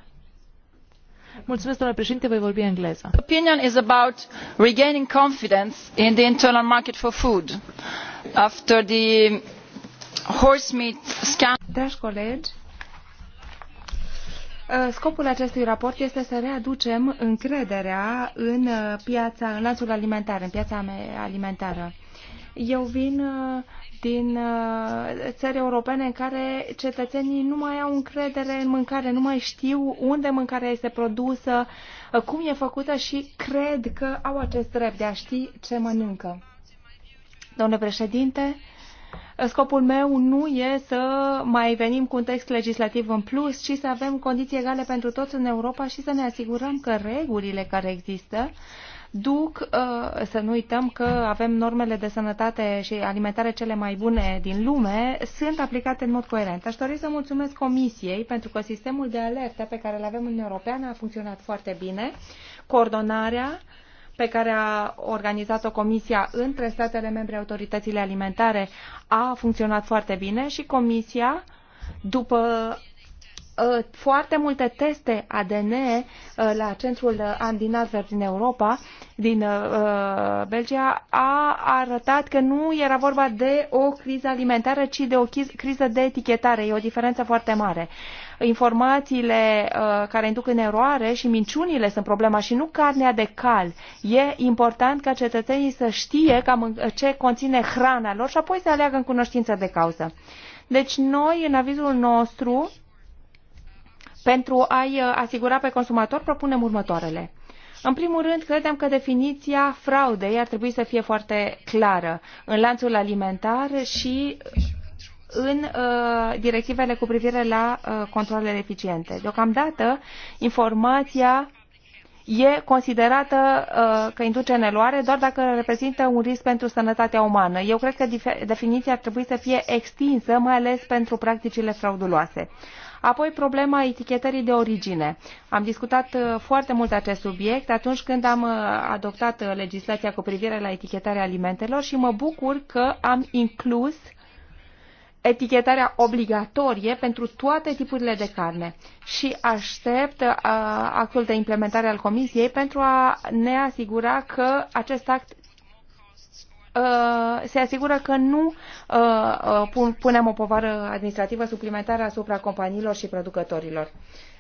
[SPEAKER 5] Mulțumesc, domnule președinte, voi vorbi engleză. Opinion is about regaining confidence in the internal market for food
[SPEAKER 3] after the horse meat scandal. Dragi colegi, uh, Scopul acestui raport este să readucem încrederea în uh, piața, în lanțul alimentar, în piața alimentară. Eu vin uh, din uh, țări europene în care cetățenii nu mai au încredere în mâncare, nu mai știu unde mâncarea este produsă, uh, cum e făcută și cred că au acest drept de a ști ce mănâncă. Domnule președinte, uh, Scopul meu nu e să mai venim cu un text legislativ în plus, ci să avem condiții egale pentru toți în Europa și să ne asigurăm că regulile care există duc, uh, să nu uităm că avem normele de sănătate și alimentare cele mai bune din lume, sunt aplicate în mod coerent. Aș dori să mulțumesc Comisiei pentru că sistemul de alertă pe care îl avem în Europeană a funcționat foarte bine. Coordonarea pe care a organizat-o Comisia între statele membre autoritățile alimentare a funcționat foarte bine și Comisia după Uh, foarte multe teste ADN uh, la centrul uh, Andinazer din Europa, din Belgia, a arătat că nu era vorba de o criză alimentară, ci de o criză de etichetare. E o diferență foarte mare informațiile uh, care induc în eroare și minciunile sunt problema și nu carnea de cal. E important ca cetățenii să știe cam ce conține hrana lor și apoi să aleagă în cunoștință de cauză. Deci noi, în avizul nostru, pentru a-i uh, asigura pe consumator, propunem următoarele. În primul rând, credem că definiția fraudei ar trebui să fie foarte clară în lanțul alimentar și în uh, directivele cu privire la uh, controlele eficiente. Deocamdată, informația e considerată uh, că induce în eloare doar dacă reprezintă un risc pentru sănătatea umană. Eu cred că definiția ar trebui să fie extinsă, mai ales pentru practicile frauduloase. Apoi problema etichetării de origine. Am discutat uh, foarte mult acest subiect atunci când am uh, adoptat uh, legislația cu privire la etichetarea alimentelor și mă bucur că am inclus etichetarea obligatorie pentru toate tipurile de carne și aștept uh, actul de implementare al Comisiei pentru a ne asigura că acest act Uh, se asigură că nu uh, uh, punem o povară administrativă suplimentară asupra companiilor și producătorilor.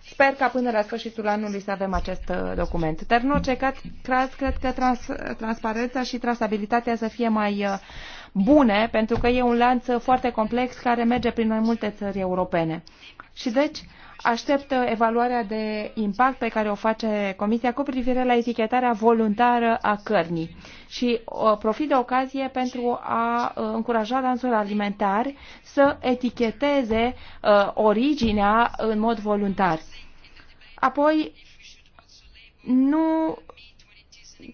[SPEAKER 3] Sper ca până la sfârșitul anului să avem acest document. Dar în orice caz, cred că trans, transparența și trasabilitatea să fie mai bune, pentru că e un lanț foarte complex care merge prin mai multe țări europene. Și deci, Aștept uh, evaluarea de impact pe care o face Comisia cu privire la etichetarea voluntară a cărnii și uh, profit de ocazie pentru a uh, încuraja lanțul alimentar să eticheteze originea în mod voluntar. Apoi, nu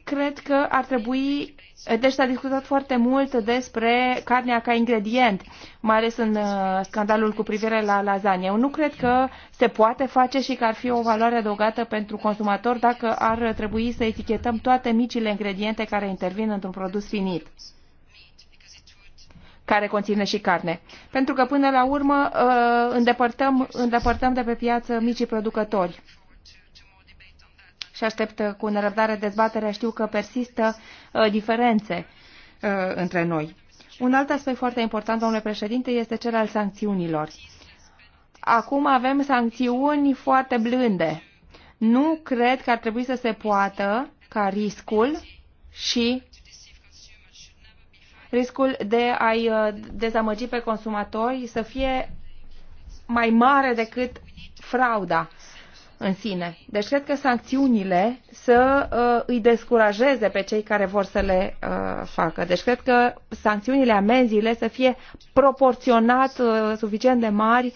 [SPEAKER 3] cred că ar trebui Eh, deci s-a discutat foarte mult despre carnea ca ingredient, mai ales în eh, scandalul cu privire la lasagne. Eu nu cred că se poate face și că ar fi o valoare adăugată pentru consumator dacă ar trebui să etichetăm toate micile ingrediente care intervin într-un produs finit care conține și carne. Pentru că până la urmă eh, îndepărtăm, îndepărtăm de pe piață micii producători și aștept cu nerăbdare dezbaterea. Știu că persistă uh, diferențe uh, între noi. Un alt aspect foarte important, domnule președinte, este cel al sancțiunilor. Acum avem sancțiuni foarte blânde. Nu cred că ar trebui să se poată ca riscul și riscul de a-i uh, dezamăgi pe consumatori să fie mai mare decât frauda în sine. Deci cred că sancțiunile să uh, îi descurajeze pe cei care vor să le uh, facă. Deci cred că sancțiunile, amenziile să fie proporționat uh, suficient de mari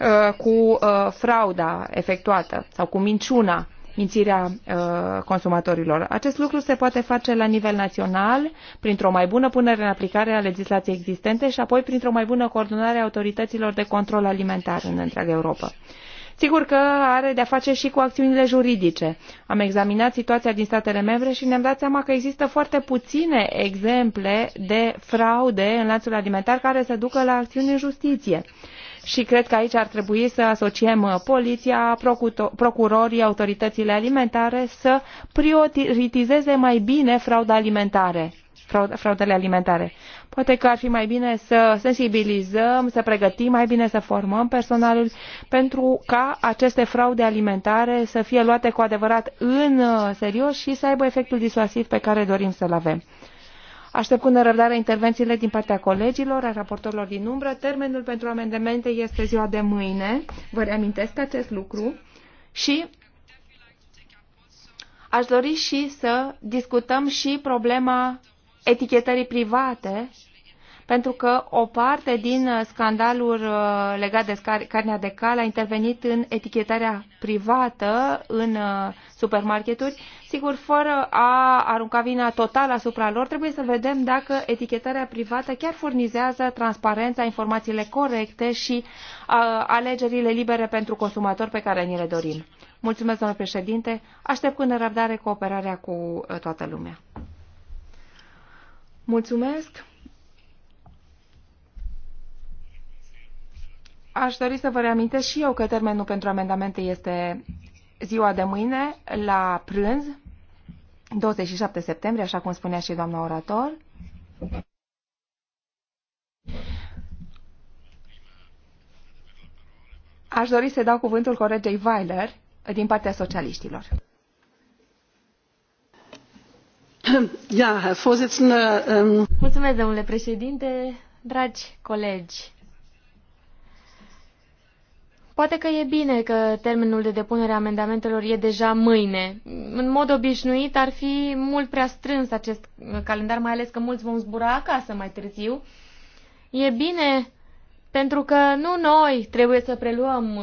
[SPEAKER 3] uh, cu uh, frauda efectuată sau cu minciuna mințirea uh, consumatorilor. Acest lucru se poate face la nivel național, printr-o mai bună punere în aplicare a legislației existente și apoi printr-o mai bună coordonare a autorităților de control alimentar în întreaga Europa. Sigur că are de-a face și cu acțiunile juridice. Am examinat situația din statele membre și ne-am dat seama că există foarte puține exemple de fraude în lanțul alimentar care să ducă la acțiuni în justiție și cred că aici ar trebui să asociem uh, poliția, procurorii, autoritățile alimentare să prioritizeze mai bine frauda alimentare fraudele alimentare. Poate că ar fi mai bine să sensibilizăm, să pregătim, mai bine să formăm personalul pentru ca aceste fraude alimentare să fie luate cu adevărat în uh, serios și să aibă efectul disuasiv pe care dorim să-l avem. Aștept cu nerăbdare intervențiile din partea colegilor, a raportorilor din umbră. Termenul pentru amendamente este ziua de mâine. Vă reamintesc acest lucru. Și aș dori și să discutăm și problema etichetării private, pentru că o parte din scandalul uh, legat de carnea de cal a intervenit în etichetarea privată în uh, supermarketuri, sigur, fără a arunca vina totală asupra lor, trebuie să vedem dacă etichetarea privată chiar furnizează transparența, informațiile corecte și uh, alegerile libere pentru consumatori pe care ni le dorim. Mulțumesc, domnule președinte. Aștept cu nerăbdare cooperarea cu toată lumea. Mulțumesc! Aș dori să vă reamintesc și eu că termenul pentru amendamente este ziua de mâine, la prânz, 27 septembrie, așa cum spunea și doamna orator. Aș dori să dau cuvântul colegei Weiler din partea socialiștilor.
[SPEAKER 2] Ähm, domnule președinte, dragi colegi. Poate că e bine că termenul de depunere a amendamentelor e deja mâine. În mod obișnuit ar fi mult prea strâns acest calendar, mai ales că mulți vom zbura acasă mai târziu. E bine pentru că nu noi trebuie să preluăm uh,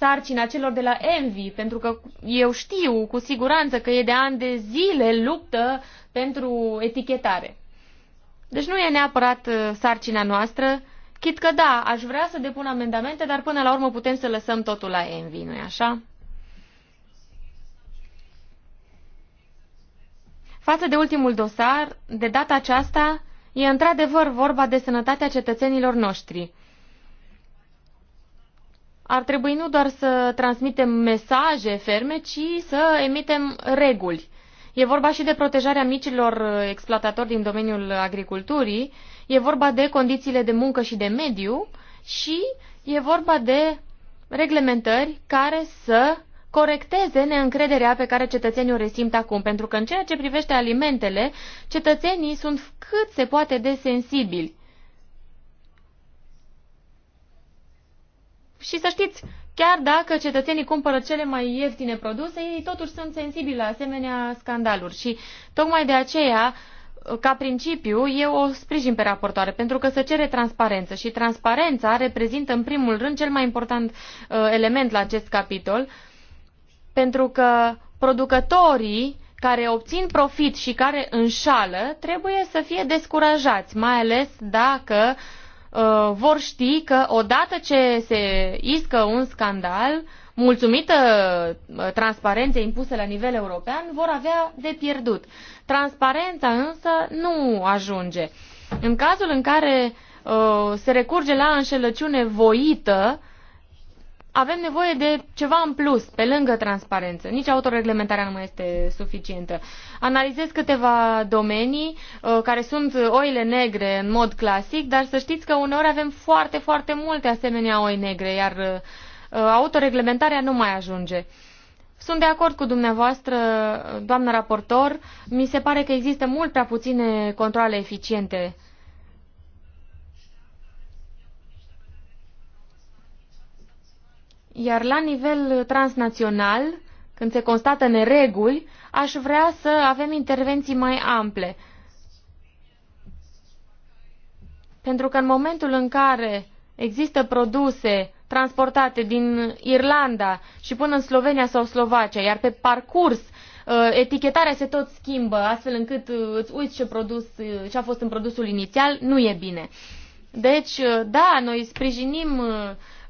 [SPEAKER 2] sarcina celor de la Envi, pentru că eu știu cu siguranță că e de ani de zile luptă pentru etichetare. Deci nu e neapărat uh, sarcina noastră, chit că da, aș vrea să depun amendamente, dar până la urmă putem să lăsăm totul la Envi, nu-i așa? Față de ultimul dosar, de data aceasta, e într-adevăr vorba de sănătatea cetățenilor noștri – ar trebui nu doar să transmitem mesaje ferme, ci să emitem reguli. E vorba și de protejarea micilor exploatatori din domeniul agriculturii, e vorba de condițiile de muncă și de mediu și e vorba de reglementări care să corecteze neîncrederea pe care cetățenii o resimt acum, pentru că în ceea ce privește alimentele, cetățenii sunt cât se poate de sensibili. Și să știți, chiar dacă cetățenii cumpără cele mai ieftine produse, ei totuși sunt sensibili la asemenea scandaluri. Și tocmai de aceea, ca principiu, eu o sprijin pe raportoare, pentru că se cere transparență și transparența reprezintă în primul rând cel mai important uh, element la acest capitol, pentru că producătorii care obțin profit și care înșală trebuie să fie descurajați, mai ales dacă uh, Uh, vor ști că odată ce se iscă un scandal, mulțumită uh, transparenței impuse la nivel european, vor avea de pierdut. Transparența însă nu ajunge. În cazul în care uh, se recurge la înșelăciune voită, avem nevoie de ceva în plus, pe lângă transparență. Nici autoreglementarea nu mai este suficientă. Analizez câteva domenii uh, care sunt oile negre în mod clasic, dar să știți că uneori avem foarte, foarte multe asemenea oi negre, iar uh, uh autoreglementarea nu mai ajunge. Sunt de acord cu dumneavoastră, doamnă raportor. Mi se pare că există mult prea puține controle eficiente Iar la nivel transnațional, când se constată nereguli, aș vrea să avem intervenții mai ample. Pentru că în momentul în care există produse transportate din Irlanda și până în Slovenia sau Slovacia, iar pe parcurs uh, etichetarea se tot schimbă, astfel încât uh, îți uiți ce, produs, uh, ce a fost în produsul inițial, nu e bine. Deci, da, noi sprijinim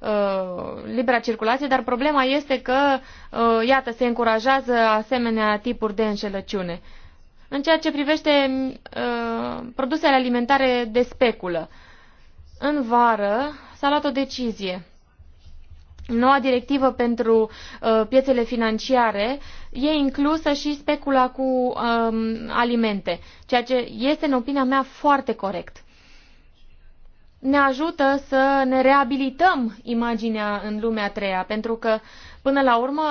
[SPEAKER 2] Uh, libera circulație, dar problema este că, uh, iată, se încurajează asemenea tipuri de înșelăciune. În ceea ce privește uh, produsele alimentare de speculă, în vară s-a luat o decizie noua directivă pentru uh, piețele financiare e inclusă și specula cu uh, alimente, ceea ce este, în opinia mea, foarte corect ne ajută să ne reabilităm imaginea în lumea treia, pentru că până la urmă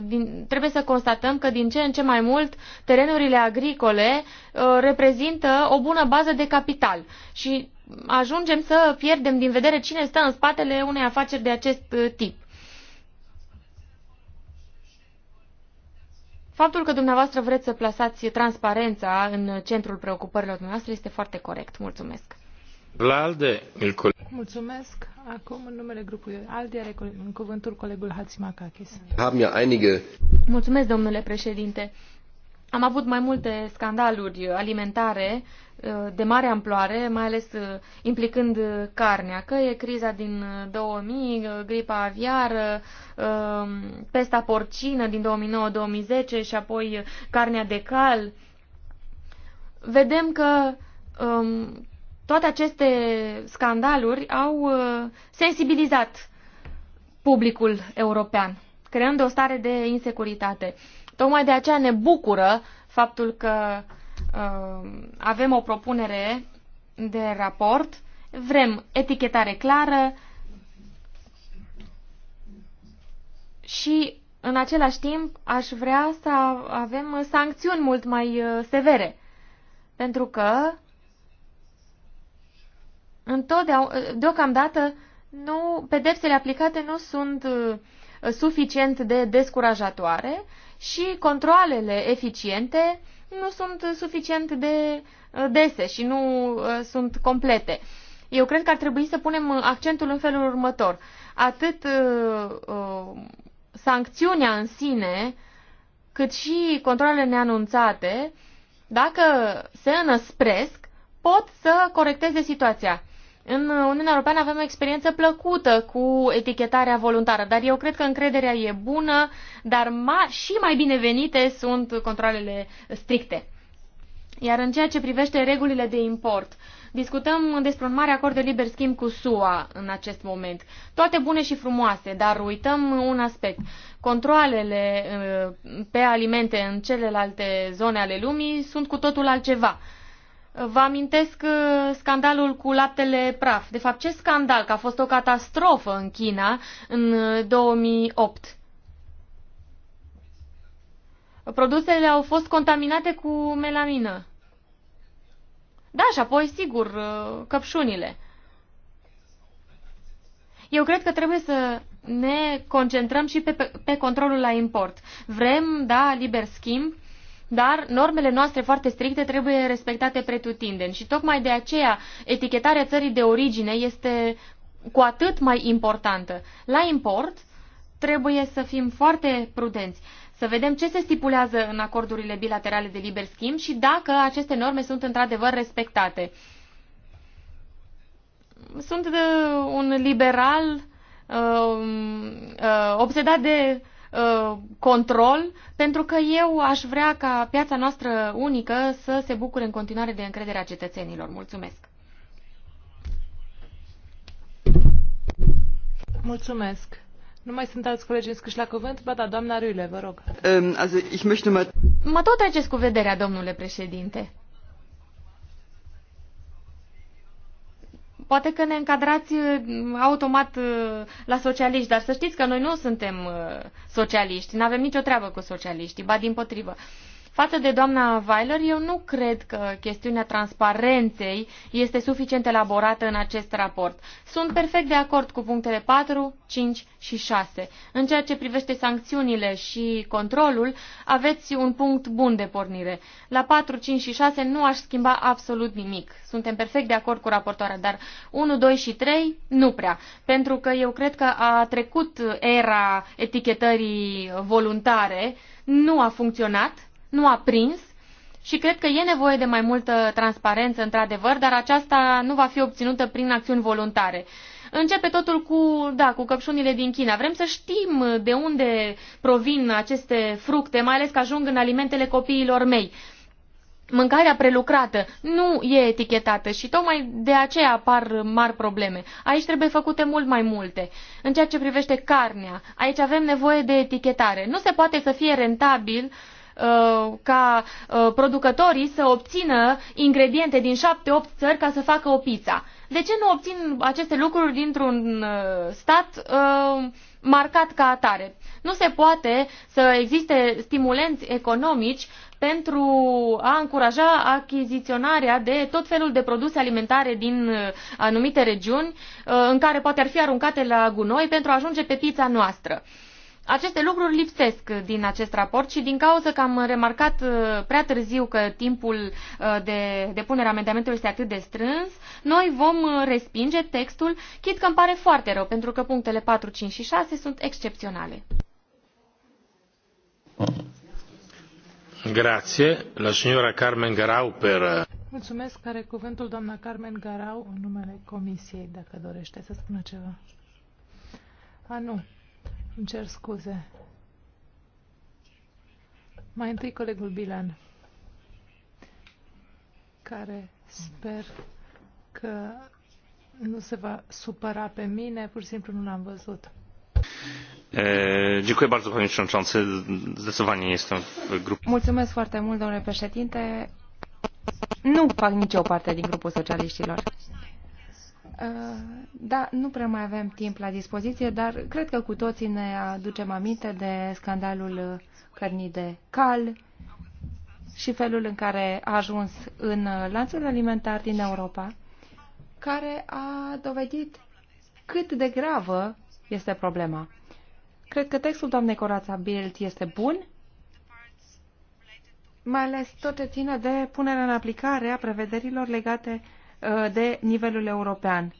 [SPEAKER 2] uh, trebuie să constatăm că din ce în ce mai mult terenurile agricole uh, reprezintă o bună bază de capital și ajungem să pierdem din vedere cine stă în spatele unei afaceri de acest uh, tip. Faptul că dumneavoastră vreți să plasați transparența în centrul preocupărilor dumneavoastră este foarte corect. Mulțumesc!
[SPEAKER 5] Mulțumesc. Acum, numele grupului are
[SPEAKER 2] cuvântul colegul domnule președinte. Am avut mai multe scandaluri alimentare uh, de mare amploare, mai ales uh, implicând uh, carnea, că e criza din 2000, gripa aviară, pesta porcină din 2009-2010 și apoi carnea de cal. Vedem că um, toate aceste scandaluri au uh, sensibilizat publicul european, creând o stare de insecuritate. Tocmai de aceea ne bucură faptul că uh, avem o propunere de raport, vrem etichetare clară și în același timp aș vrea să avem sancțiuni mult mai uh, severe, pentru că întotdeauna, deocamdată, nu, pedepsele aplicate nu sunt uh, suficient de descurajatoare și controlele eficiente nu sunt suficient de uh, dese și nu uh, sunt complete. Eu cred că ar trebui să punem accentul în felul următor. Atât uh, sancțiunea în sine, cât și controlele neanunțate, dacă se înăspresc, pot să corecteze situația. În Uniunea Europeană avem o experiență plăcută cu etichetarea voluntară, dar eu cred că încrederea e bună, dar ma- și mai binevenite sunt controlele stricte. Iar în ceea ce privește regulile de import, discutăm despre un mare acord de liber schimb cu SUA în acest moment. Toate bune și frumoase, dar uităm un aspect. Controlele uh, pe alimente în celelalte zone ale lumii sunt cu totul altceva. Vă amintesc uh, scandalul cu laptele praf. De fapt, ce scandal? Că a fost o catastrofă în China în 2008. Uh, Produsele au fost contaminate cu melamină. Da, și apoi, sigur, uh, căpșunile. Eu cred că trebuie să ne concentrăm și pe, pe, pe controlul la import. Vrem, da, liber schimb, dar normele noastre foarte stricte trebuie respectate pretutindeni și tocmai de aceea etichetarea țării de origine este cu atât mai importantă. La import trebuie să fim foarte prudenți, să vedem ce se stipulează în acordurile bilaterale de liber schimb și dacă aceste norme sunt într-adevăr respectate. Sunt uh, un liberal uh, um, uh, obsedat de Uh, control, pentru că eu aș vrea ca piața noastră unică să se bucure în continuare de încrederea cetățenilor. Mulțumesc!
[SPEAKER 5] Mulțumesc! Nu mai sunt alți colegi înscriși la cuvânt, ba da, doamna Rüle, vă rog.
[SPEAKER 4] Um, also, ich möchte mal...
[SPEAKER 2] Mă tot treceți cu vederea, domnule președinte. Poate că ne încadrați uh, automat uh, la socialiști, dar să știți că noi nu suntem uh, socialiști, nu avem nicio treabă cu socialiștii, ba din potrivă. Față de doamna Weiler, eu nu cred că chestiunea transparenței este suficient elaborată în acest raport. Sunt perfect de acord cu punctele 4, 5 și 6. În ceea ce privește sancțiunile și controlul, aveți un punct bun de pornire. La 4, 5 și 6 nu aș schimba absolut nimic. Suntem perfect de acord cu raportoarea, dar 1, 2 și 3 nu prea, pentru că eu cred că a trecut era etichetării voluntare, nu a funcționat nu a prins și cred că e nevoie de mai multă transparență, într-adevăr, dar aceasta nu va fi obținută prin acțiuni voluntare. Începe totul cu, da, cu căpșunile din China. Vrem să știm de unde provin aceste fructe, mai ales că ajung în alimentele copiilor mei. Mâncarea prelucrată nu e etichetată și tocmai de aceea apar mari probleme. Aici trebuie făcute mult mai multe. În ceea ce privește carnea, aici avem nevoie de etichetare. Nu se poate să fie rentabil uh, Uh, ca uh, producătorii să obțină ingrediente din șapte opt țări ca să facă o pizza. De ce nu obțin aceste lucruri dintr-un uh, stat marcat ca atare? Nu se poate să existe stimulenți economici pentru a încuraja achiziționarea de tot felul de produse alimentare din anumite regiuni în care poate ar fi aruncate la gunoi pentru a ajunge pe pizza noastră. Aceste lucruri lipsesc din acest raport și din cauza că am remarcat uh, prea târziu că timpul uh, de depunere a amendamentului este atât de strâns, noi vom uh, respinge textul, chit că îmi pare foarte rău, pentru că punctele 4, 5 și 6 sunt excepționale.
[SPEAKER 1] Grazie. La signora Carmen Garau per...
[SPEAKER 5] Mulțumesc. Are cuvântul doamna Carmen Garau în numele Comisiei, dacă dorește să spună ceva. A, nu. Îmi cer scuze. Mai întâi colegul Bilan, care sper că nu se va supăra pe mine, pur și simplu nu l-am văzut.
[SPEAKER 3] Mulțumesc foarte mult, domnule președinte. Nu fac nicio parte din grupul socialiștilor. Uh, da, nu prea mai avem timp la dispoziție, dar cred că cu toții ne aducem aminte de scandalul cărnii de cal și felul în care a ajuns în lanțul alimentar din Europa, care a dovedit cât de gravă este problema. Cred că textul doamnei Corața Bild este bun, mai ales tot ce ține de punerea în aplicare a prevederilor legate Uh, de nivelul european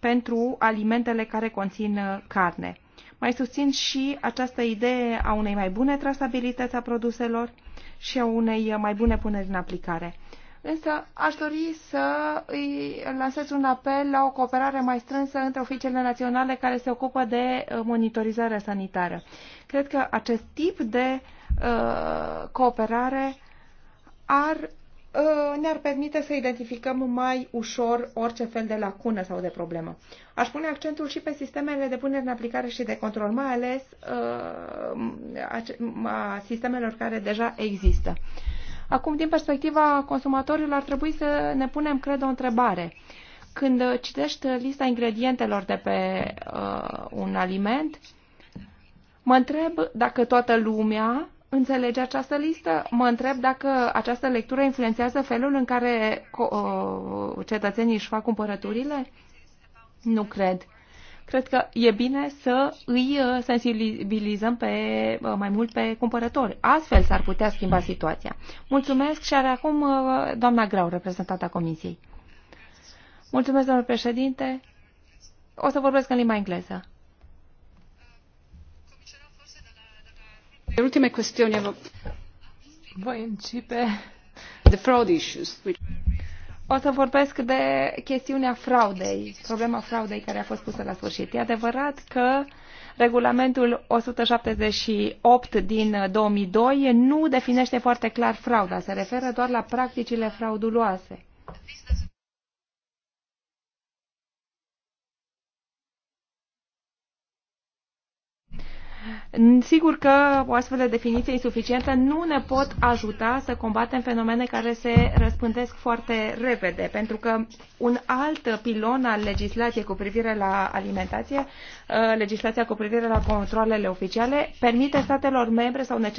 [SPEAKER 3] pentru alimentele care conțin uh, carne. Mai susțin și această idee a unei mai bune trasabilități a produselor și a unei uh, mai bune puneri în aplicare. Însă aș dori să îi lansez un apel la o cooperare mai strânsă între oficiile naționale care se ocupă de monitorizarea sanitară. Cred că acest tip de uh, cooperare ar Uh, ne-ar permite să identificăm mai ușor orice fel de lacună sau de problemă. Aș pune accentul și pe sistemele de punere în aplicare și de control, mai ales uh, a sistemelor care deja există. Acum, din perspectiva consumatorilor, ar trebui să ne punem, cred, o întrebare. Când citești lista ingredientelor de pe uh, un aliment, mă întreb dacă toată lumea Înțelegi această listă? Mă întreb dacă această lectură influențează felul în care cetățenii își fac cumpărăturile? Nu cred. Cred că e bine să îi uh, sensibilizăm pe, uh, mai mult pe cumpărători. Astfel s-ar putea schimba situația. Mulțumesc și are acum uh, doamna Grau, reprezentanta Comisiei. Mulțumesc, domnule președinte. O să vorbesc în limba engleză.
[SPEAKER 5] Ultime chestiuni. Voi începe. The fraud issues. O să vorbesc de
[SPEAKER 3] chestiunea fraudei, problema fraudei care a fost pusă la sfârșit. E adevărat că regulamentul 178 din 2002 nu definește foarte clar frauda, se referă doar la practicile frauduloase. Sigur că o astfel de definiție insuficientă nu ne pot ajuta să combatem fenomene care se răspândesc foarte repede, pentru că un alt pilon al legislației cu privire la alimentație, uh, legislația cu privire la controlele oficiale, permite statelor membre sau uh,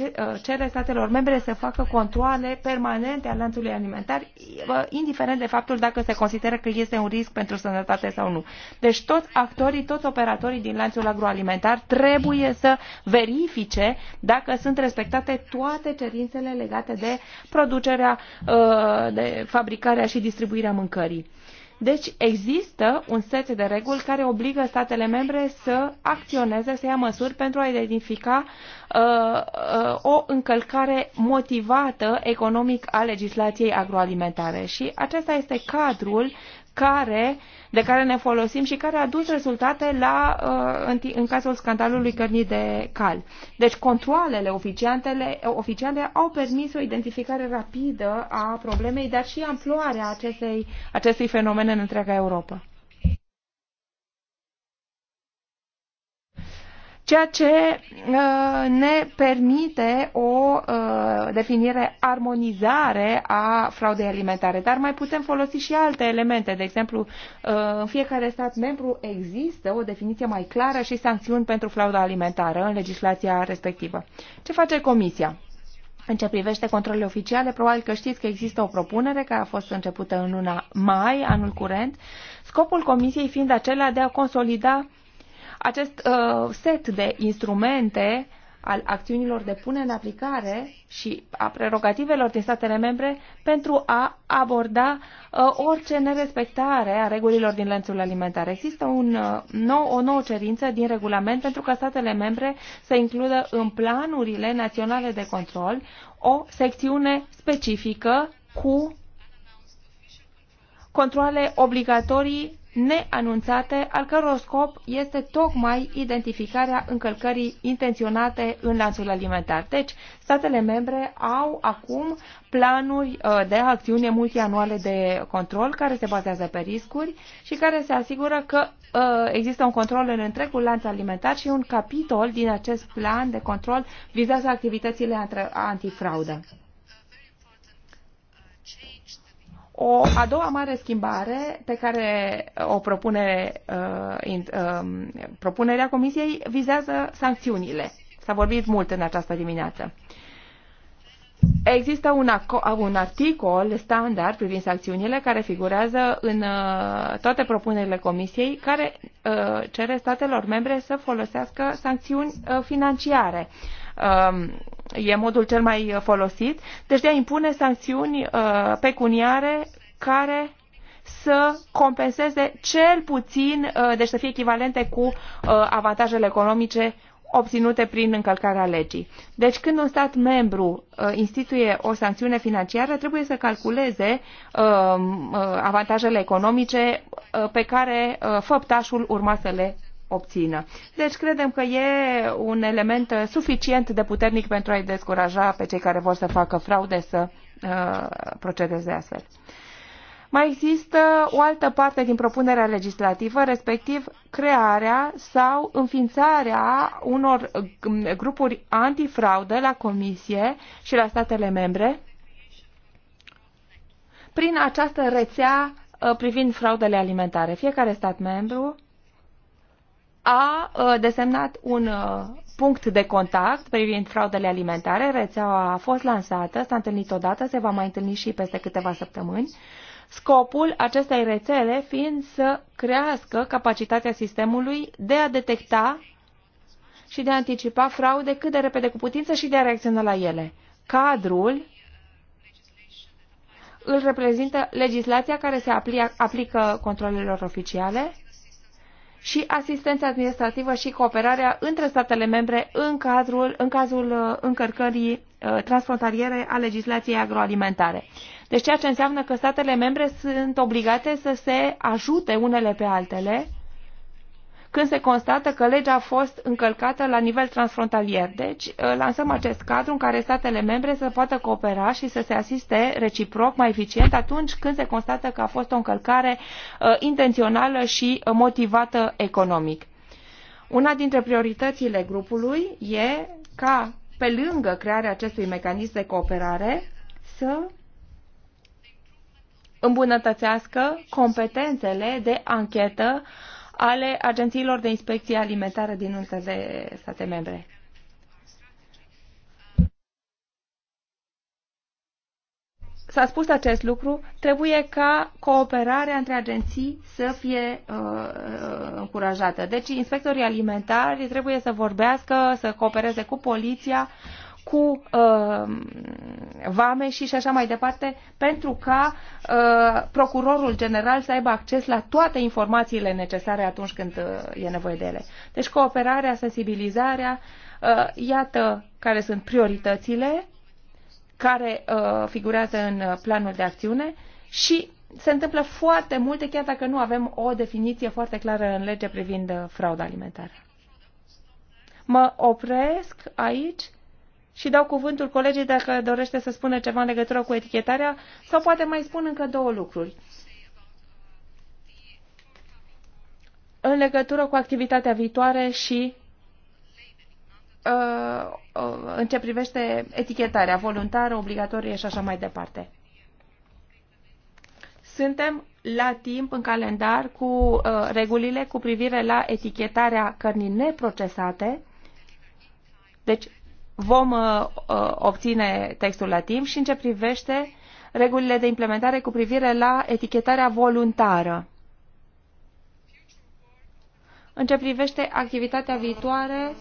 [SPEAKER 3] cere statelor membre să facă controle permanente al lanțului alimentar, uh, indiferent de faptul dacă se consideră că este un risc pentru sănătate sau nu. Deci toți actorii, toți operatorii din lanțul agroalimentar trebuie să verifice dacă sunt respectate toate cerințele legate de producerea, uh, de fabricarea și distribuirea mâncării. Deci există un set de reguli care obligă statele membre să acționeze, să ia măsuri pentru a identifica uh, uh, o încălcare motivată economic a legislației agroalimentare. Și acesta este cadrul care, de care ne folosim și care a dus rezultate la, uh, în, în cazul scandalului cărnii de cal. Deci controlele oficiale au permis o identificare rapidă a problemei, dar și amploarea acestei, acestui fenomen în întreaga Europa. ceea ce uh, ne permite o uh, definire armonizare a fraudei alimentare. Dar mai putem folosi și alte elemente. De exemplu, uh, în fiecare stat membru există o definiție mai clară și sancțiuni pentru frauda alimentară în legislația respectivă. Ce face Comisia? În ce privește controlele oficiale, probabil că știți că există o propunere care a fost începută în luna mai, anul curent, scopul Comisiei fiind acela de a consolida uh, acest uh, set de instrumente al acțiunilor de pune în aplicare și a prerogativelor din statele membre pentru a aborda uh, orice nerespectare a regulilor din lanțul alimentar. Există un, uh, nou, o nouă cerință din regulament pentru ca statele membre să includă în planurile naționale de control o secțiune specifică cu controle obligatorii neanunțate, al căror scop este tocmai identificarea încălcării intenționate în lanțul alimentar. Deci, statele membre au acum planuri uh, de acțiune multianuale de control care se bazează pe riscuri și care se asigură că uh, există un control în întregul lanț alimentar și un capitol din acest plan de control vizează activitățile antifraudă. O a doua mare schimbare pe care o propune uh, in, uh, propunerea Comisiei vizează sancțiunile. S-a vorbit mult în această dimineață. Există un, un articol standard privind sancțiunile care figurează în uh, toate propunerile Comisiei care uh, cere statelor membre să folosească sancțiuni uh, financiare. Uh, e modul cel mai uh, folosit, deci de a impune sancțiuni uh, pecuniare care să compenseze cel puțin, uh, deci să fie echivalente cu avantajele economice obținute prin încălcarea legii. Deci când un stat membru instituie o sancțiune financiară, trebuie să calculeze avantajele economice pe care făptașul urma să le obțină. Deci credem că e un element suficient de puternic pentru a-i descuraja pe cei care vor să facă fraude să uh, procedeze astfel. Mai există o altă parte din propunerea legislativă, respectiv crearea sau înființarea unor grupuri antifraudă la Comisie și la statele membre prin această rețea uh, privind fraudele alimentare. Fiecare stat membru a uh, desemnat un uh, punct de contact privind fraudele alimentare. Rețeaua a fost lansată, s-a întâlnit odată, se va mai întâlni și peste câteva săptămâni. Scopul acestei rețele fiind să crească capacitatea sistemului de a detecta și de a anticipa fraude cât de repede cu putință și de a reacționa la ele. Cadrul îl reprezintă legislația care se aplică controlelor oficiale, și asistența administrativă și cooperarea între statele membre în, cadrul, în cazul uh, încărcării uh, transfrontaliere a legislației agroalimentare. Deci ceea ce înseamnă că statele membre sunt obligate să se ajute unele pe altele când se constată că legea a fost încălcată la nivel transfrontalier. Deci, uh, lansăm acest cadru în care statele membre să poată coopera și să se asiste reciproc mai eficient atunci când se constată că a fost o încălcare uh, intențională și uh, motivată economic. Una dintre prioritățile grupului e ca, pe lângă crearea acestui mecanism de cooperare, să îmbunătățească competențele de anchetă ale agențiilor de inspecție alimentară din unele state membre. S-a spus acest lucru, trebuie ca cooperarea între agenții să fie uh, uh încurajată. Deci inspectorii alimentari trebuie să vorbească, să coopereze cu poliția, uh, cu uh, vame și, și așa mai departe, pentru ca uh, procurorul general să aibă acces la toate informațiile necesare atunci când uh, e nevoie de ele. Deci cooperarea, sensibilizarea, uh, iată care sunt prioritățile care uh, figurează în uh, planul de acțiune și se întâmplă foarte multe, chiar dacă nu avem o definiție foarte clară în lege privind uh, frauda alimentară. Mă opresc aici și dau cuvântul colegii dacă dorește să spună ceva în legătură cu etichetarea sau poate mai spun încă două lucruri. În legătură cu activitatea viitoare și uh, uh, în ce privește etichetarea voluntară, obligatorie și așa mai departe. Suntem la timp în calendar cu uh, regulile cu privire la etichetarea cărnii neprocesate, deci vom uh, uh, obține textul la timp și în ce privește regulile de implementare cu privire la etichetarea voluntară. În ce privește activitatea viitoare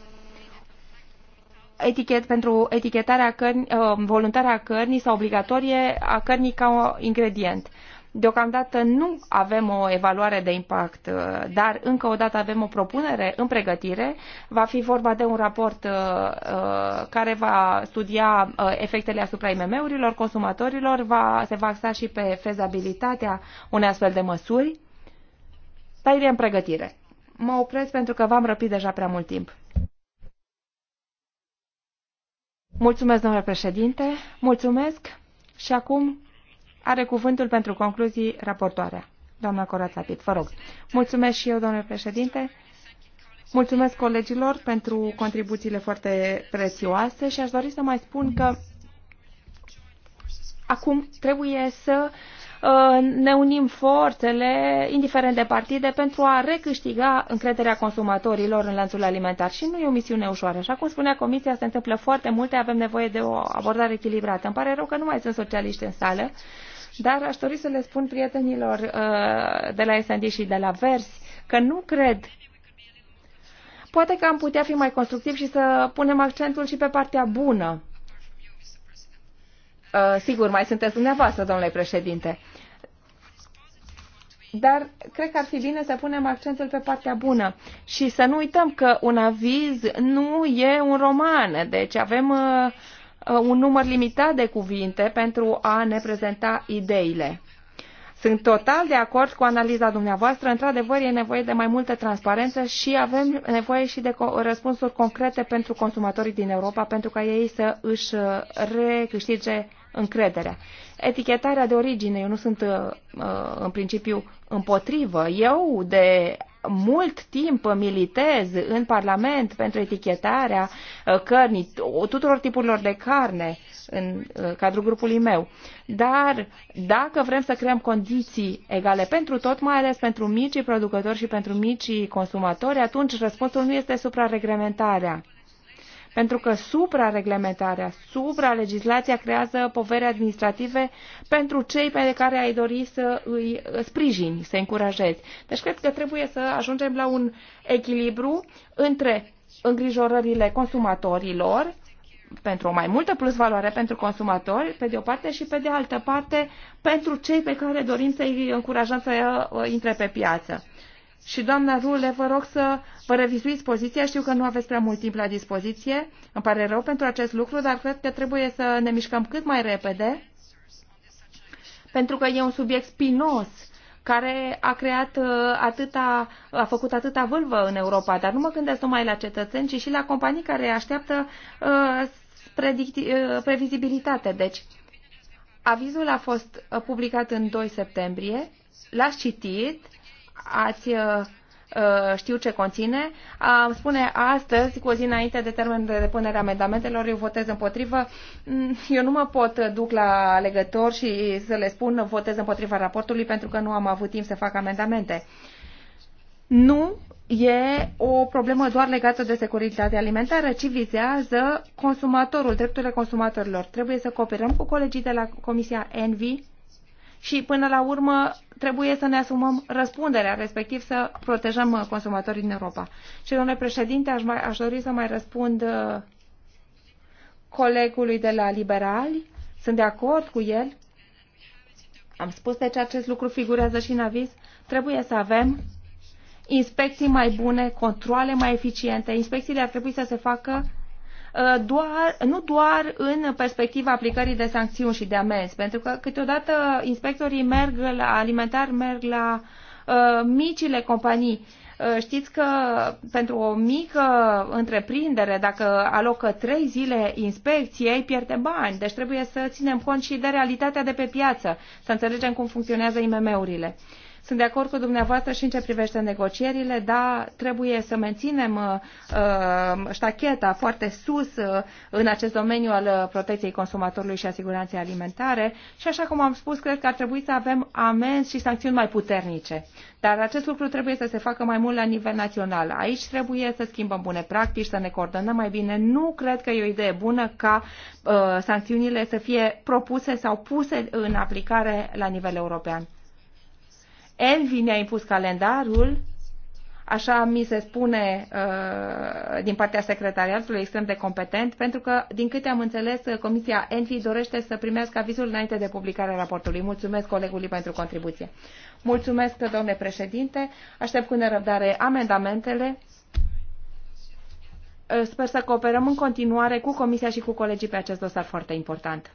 [SPEAKER 3] etichet, pentru etichetarea cărni, uh, voluntară a cărnii sau obligatorie a cărnii ca ingredient. Deocamdată nu avem o evaluare de impact, uh, dar încă o dată avem o propunere în pregătire. Va fi vorba de un raport uh, uh, care va studia efectele asupra IMM-urilor, consumatorilor, va, se va axa și pe fezabilitatea unei astfel de măsuri. Dar e în pregătire. Mă opresc pentru că v-am răpit deja prea mult timp. Mulțumesc, domnule președinte. Mulțumesc. Și acum are cuvântul pentru concluzii raportoarea. Doamna Corațapit, vă rog. Mulțumesc și eu, domnule președinte. Mulțumesc colegilor pentru contribuțiile foarte prețioase și aș dori să mai spun că acum trebuie să uh, ne unim forțele, indiferent de partide, pentru a recâștiga încrederea consumatorilor în lanțul alimentar. Și nu e o misiune ușoară. Așa cum spunea Comisia, se întâmplă foarte multe, avem nevoie de o abordare echilibrată. Îmi pare rău că nu mai sunt socialiști în sală, dar aș dori să le spun prietenilor uh, de la S&D și de la Vers, că nu cred Poate că am putea fi mai constructivi și să punem accentul și pe partea bună. Uh, sigur, mai sunteți dumneavoastră, domnule președinte. Dar cred că ar fi bine să punem accentul pe partea bună și să nu uităm că un aviz nu e un roman. Deci avem uh, Uh, un număr limitat de cuvinte pentru a ne prezenta ideile. Sunt total de acord cu analiza dumneavoastră. Într-adevăr, e nevoie de mai multă transparență și avem nevoie și de răspunsuri concrete pentru consumatorii din Europa, pentru ca ei să își uh, recâștige încrederea. Etichetarea de origine, eu nu sunt uh, în principiu împotrivă. Eu de mult timp militez în Parlament pentru etichetarea uh, cărnii, tuturor tipurilor de carne în uh, cadrul grupului meu. Dar dacă vrem să creăm condiții egale pentru tot, mai ales pentru micii producători și pentru micii consumatori, atunci răspunsul nu este supra-reglementarea pentru că suprareglementarea, supralegislația creează povere administrative pentru cei pe care ai dori să îi sprijini, să îi încurajezi. Deci cred că trebuie să ajungem la un echilibru între îngrijorările consumatorilor, pentru o mai multă plus valoare pentru consumatori, pe de o parte, și pe de altă parte pentru cei pe care dorim să-i încurajăm să intre pe piață. Și, doamna Rule, vă rog să vă revizuiți poziția. Știu că nu aveți prea mult timp la dispoziție. Îmi pare rău pentru acest lucru, dar cred că trebuie să ne mișcăm cât mai repede, pentru că e un subiect spinos care a creat uh, atâta, a făcut atâta vâlvă în Europa, dar nu mă gândesc numai la cetățeni, ci și la companii care așteaptă uh, predict, uh, previzibilitate. Deci, avizul a fost uh, publicat în 2 septembrie, l-ați citit, ați uh, uh, știu ce conține. Spune astăzi, cu o zi înainte de termen de depunere a amendamentelor, eu votez împotrivă. Mm, eu nu mă pot duc la legător și să le spun votez împotriva raportului pentru că nu am avut timp să fac amendamente. Nu e o problemă doar legată de securitatea alimentară, ci vizează consumatorul, drepturile consumatorilor. Trebuie să cooperăm cu colegii de la Comisia Envi și până la urmă trebuie să ne asumăm răspunderea, respectiv să protejăm uh, consumatorii din Europa. Și, domnule președinte, aș, mai, aș dori să mai răspund uh, colegului de la Liberali. Sunt de acord cu el. Am spus de ce acest lucru figurează și în aviz. Trebuie să avem inspecții mai bune, controle mai eficiente. Inspecțiile ar trebui să se facă Uh, doar, nu doar în perspectiva aplicării de sancțiuni și de amenzi, pentru că câteodată inspectorii merg la alimentar, merg la uh, micile companii. Uh, știți că pentru o mică întreprindere, dacă alocă trei zile inspecției, pierde bani. Deci trebuie să ținem cont și de realitatea de pe piață, să înțelegem cum funcționează IMM-urile. Uh, sunt de acord cu dumneavoastră și în ce privește negocierile, dar trebuie să menținem uh, uh ștacheta foarte sus uh, în acest domeniu al uh, protecției consumatorului și a siguranței alimentare și așa cum am spus, cred că ar trebui să avem amenzi și sancțiuni mai puternice. Dar acest lucru trebuie să se facă mai mult la nivel național. Aici trebuie să schimbăm bune practici, să ne coordonăm mai bine. Nu cred că e o idee bună ca uh, sancțiunile să fie propuse sau puse în aplicare la nivel european. Envi ne-a impus calendarul, așa mi se spune uh, din partea secretariatului extrem de competent, pentru că, din câte am înțeles, Comisia Envi dorește să primească avizul înainte de publicarea raportului. Mulțumesc colegului pentru contribuție. Mulțumesc, domnule președinte. Aștept cu nerăbdare amendamentele. Uh, sper să cooperăm în continuare cu Comisia și cu colegii pe acest dosar foarte important.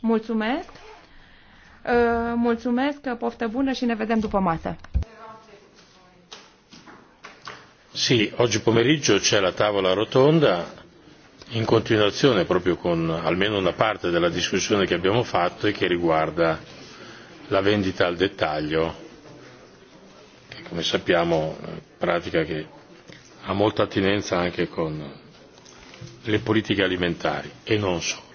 [SPEAKER 3] Mulțumesc! mulțumesc, poftă bună și ne vedem după masă.
[SPEAKER 1] Sì, oggi pomeriggio c'è la tavola rotonda in continuazione proprio con almeno una parte della discussione che abbiamo fatto e che riguarda la vendita al dettaglio, che come sappiamo è una pratica che ha molta attinenza anche con le politiche alimentari e non solo.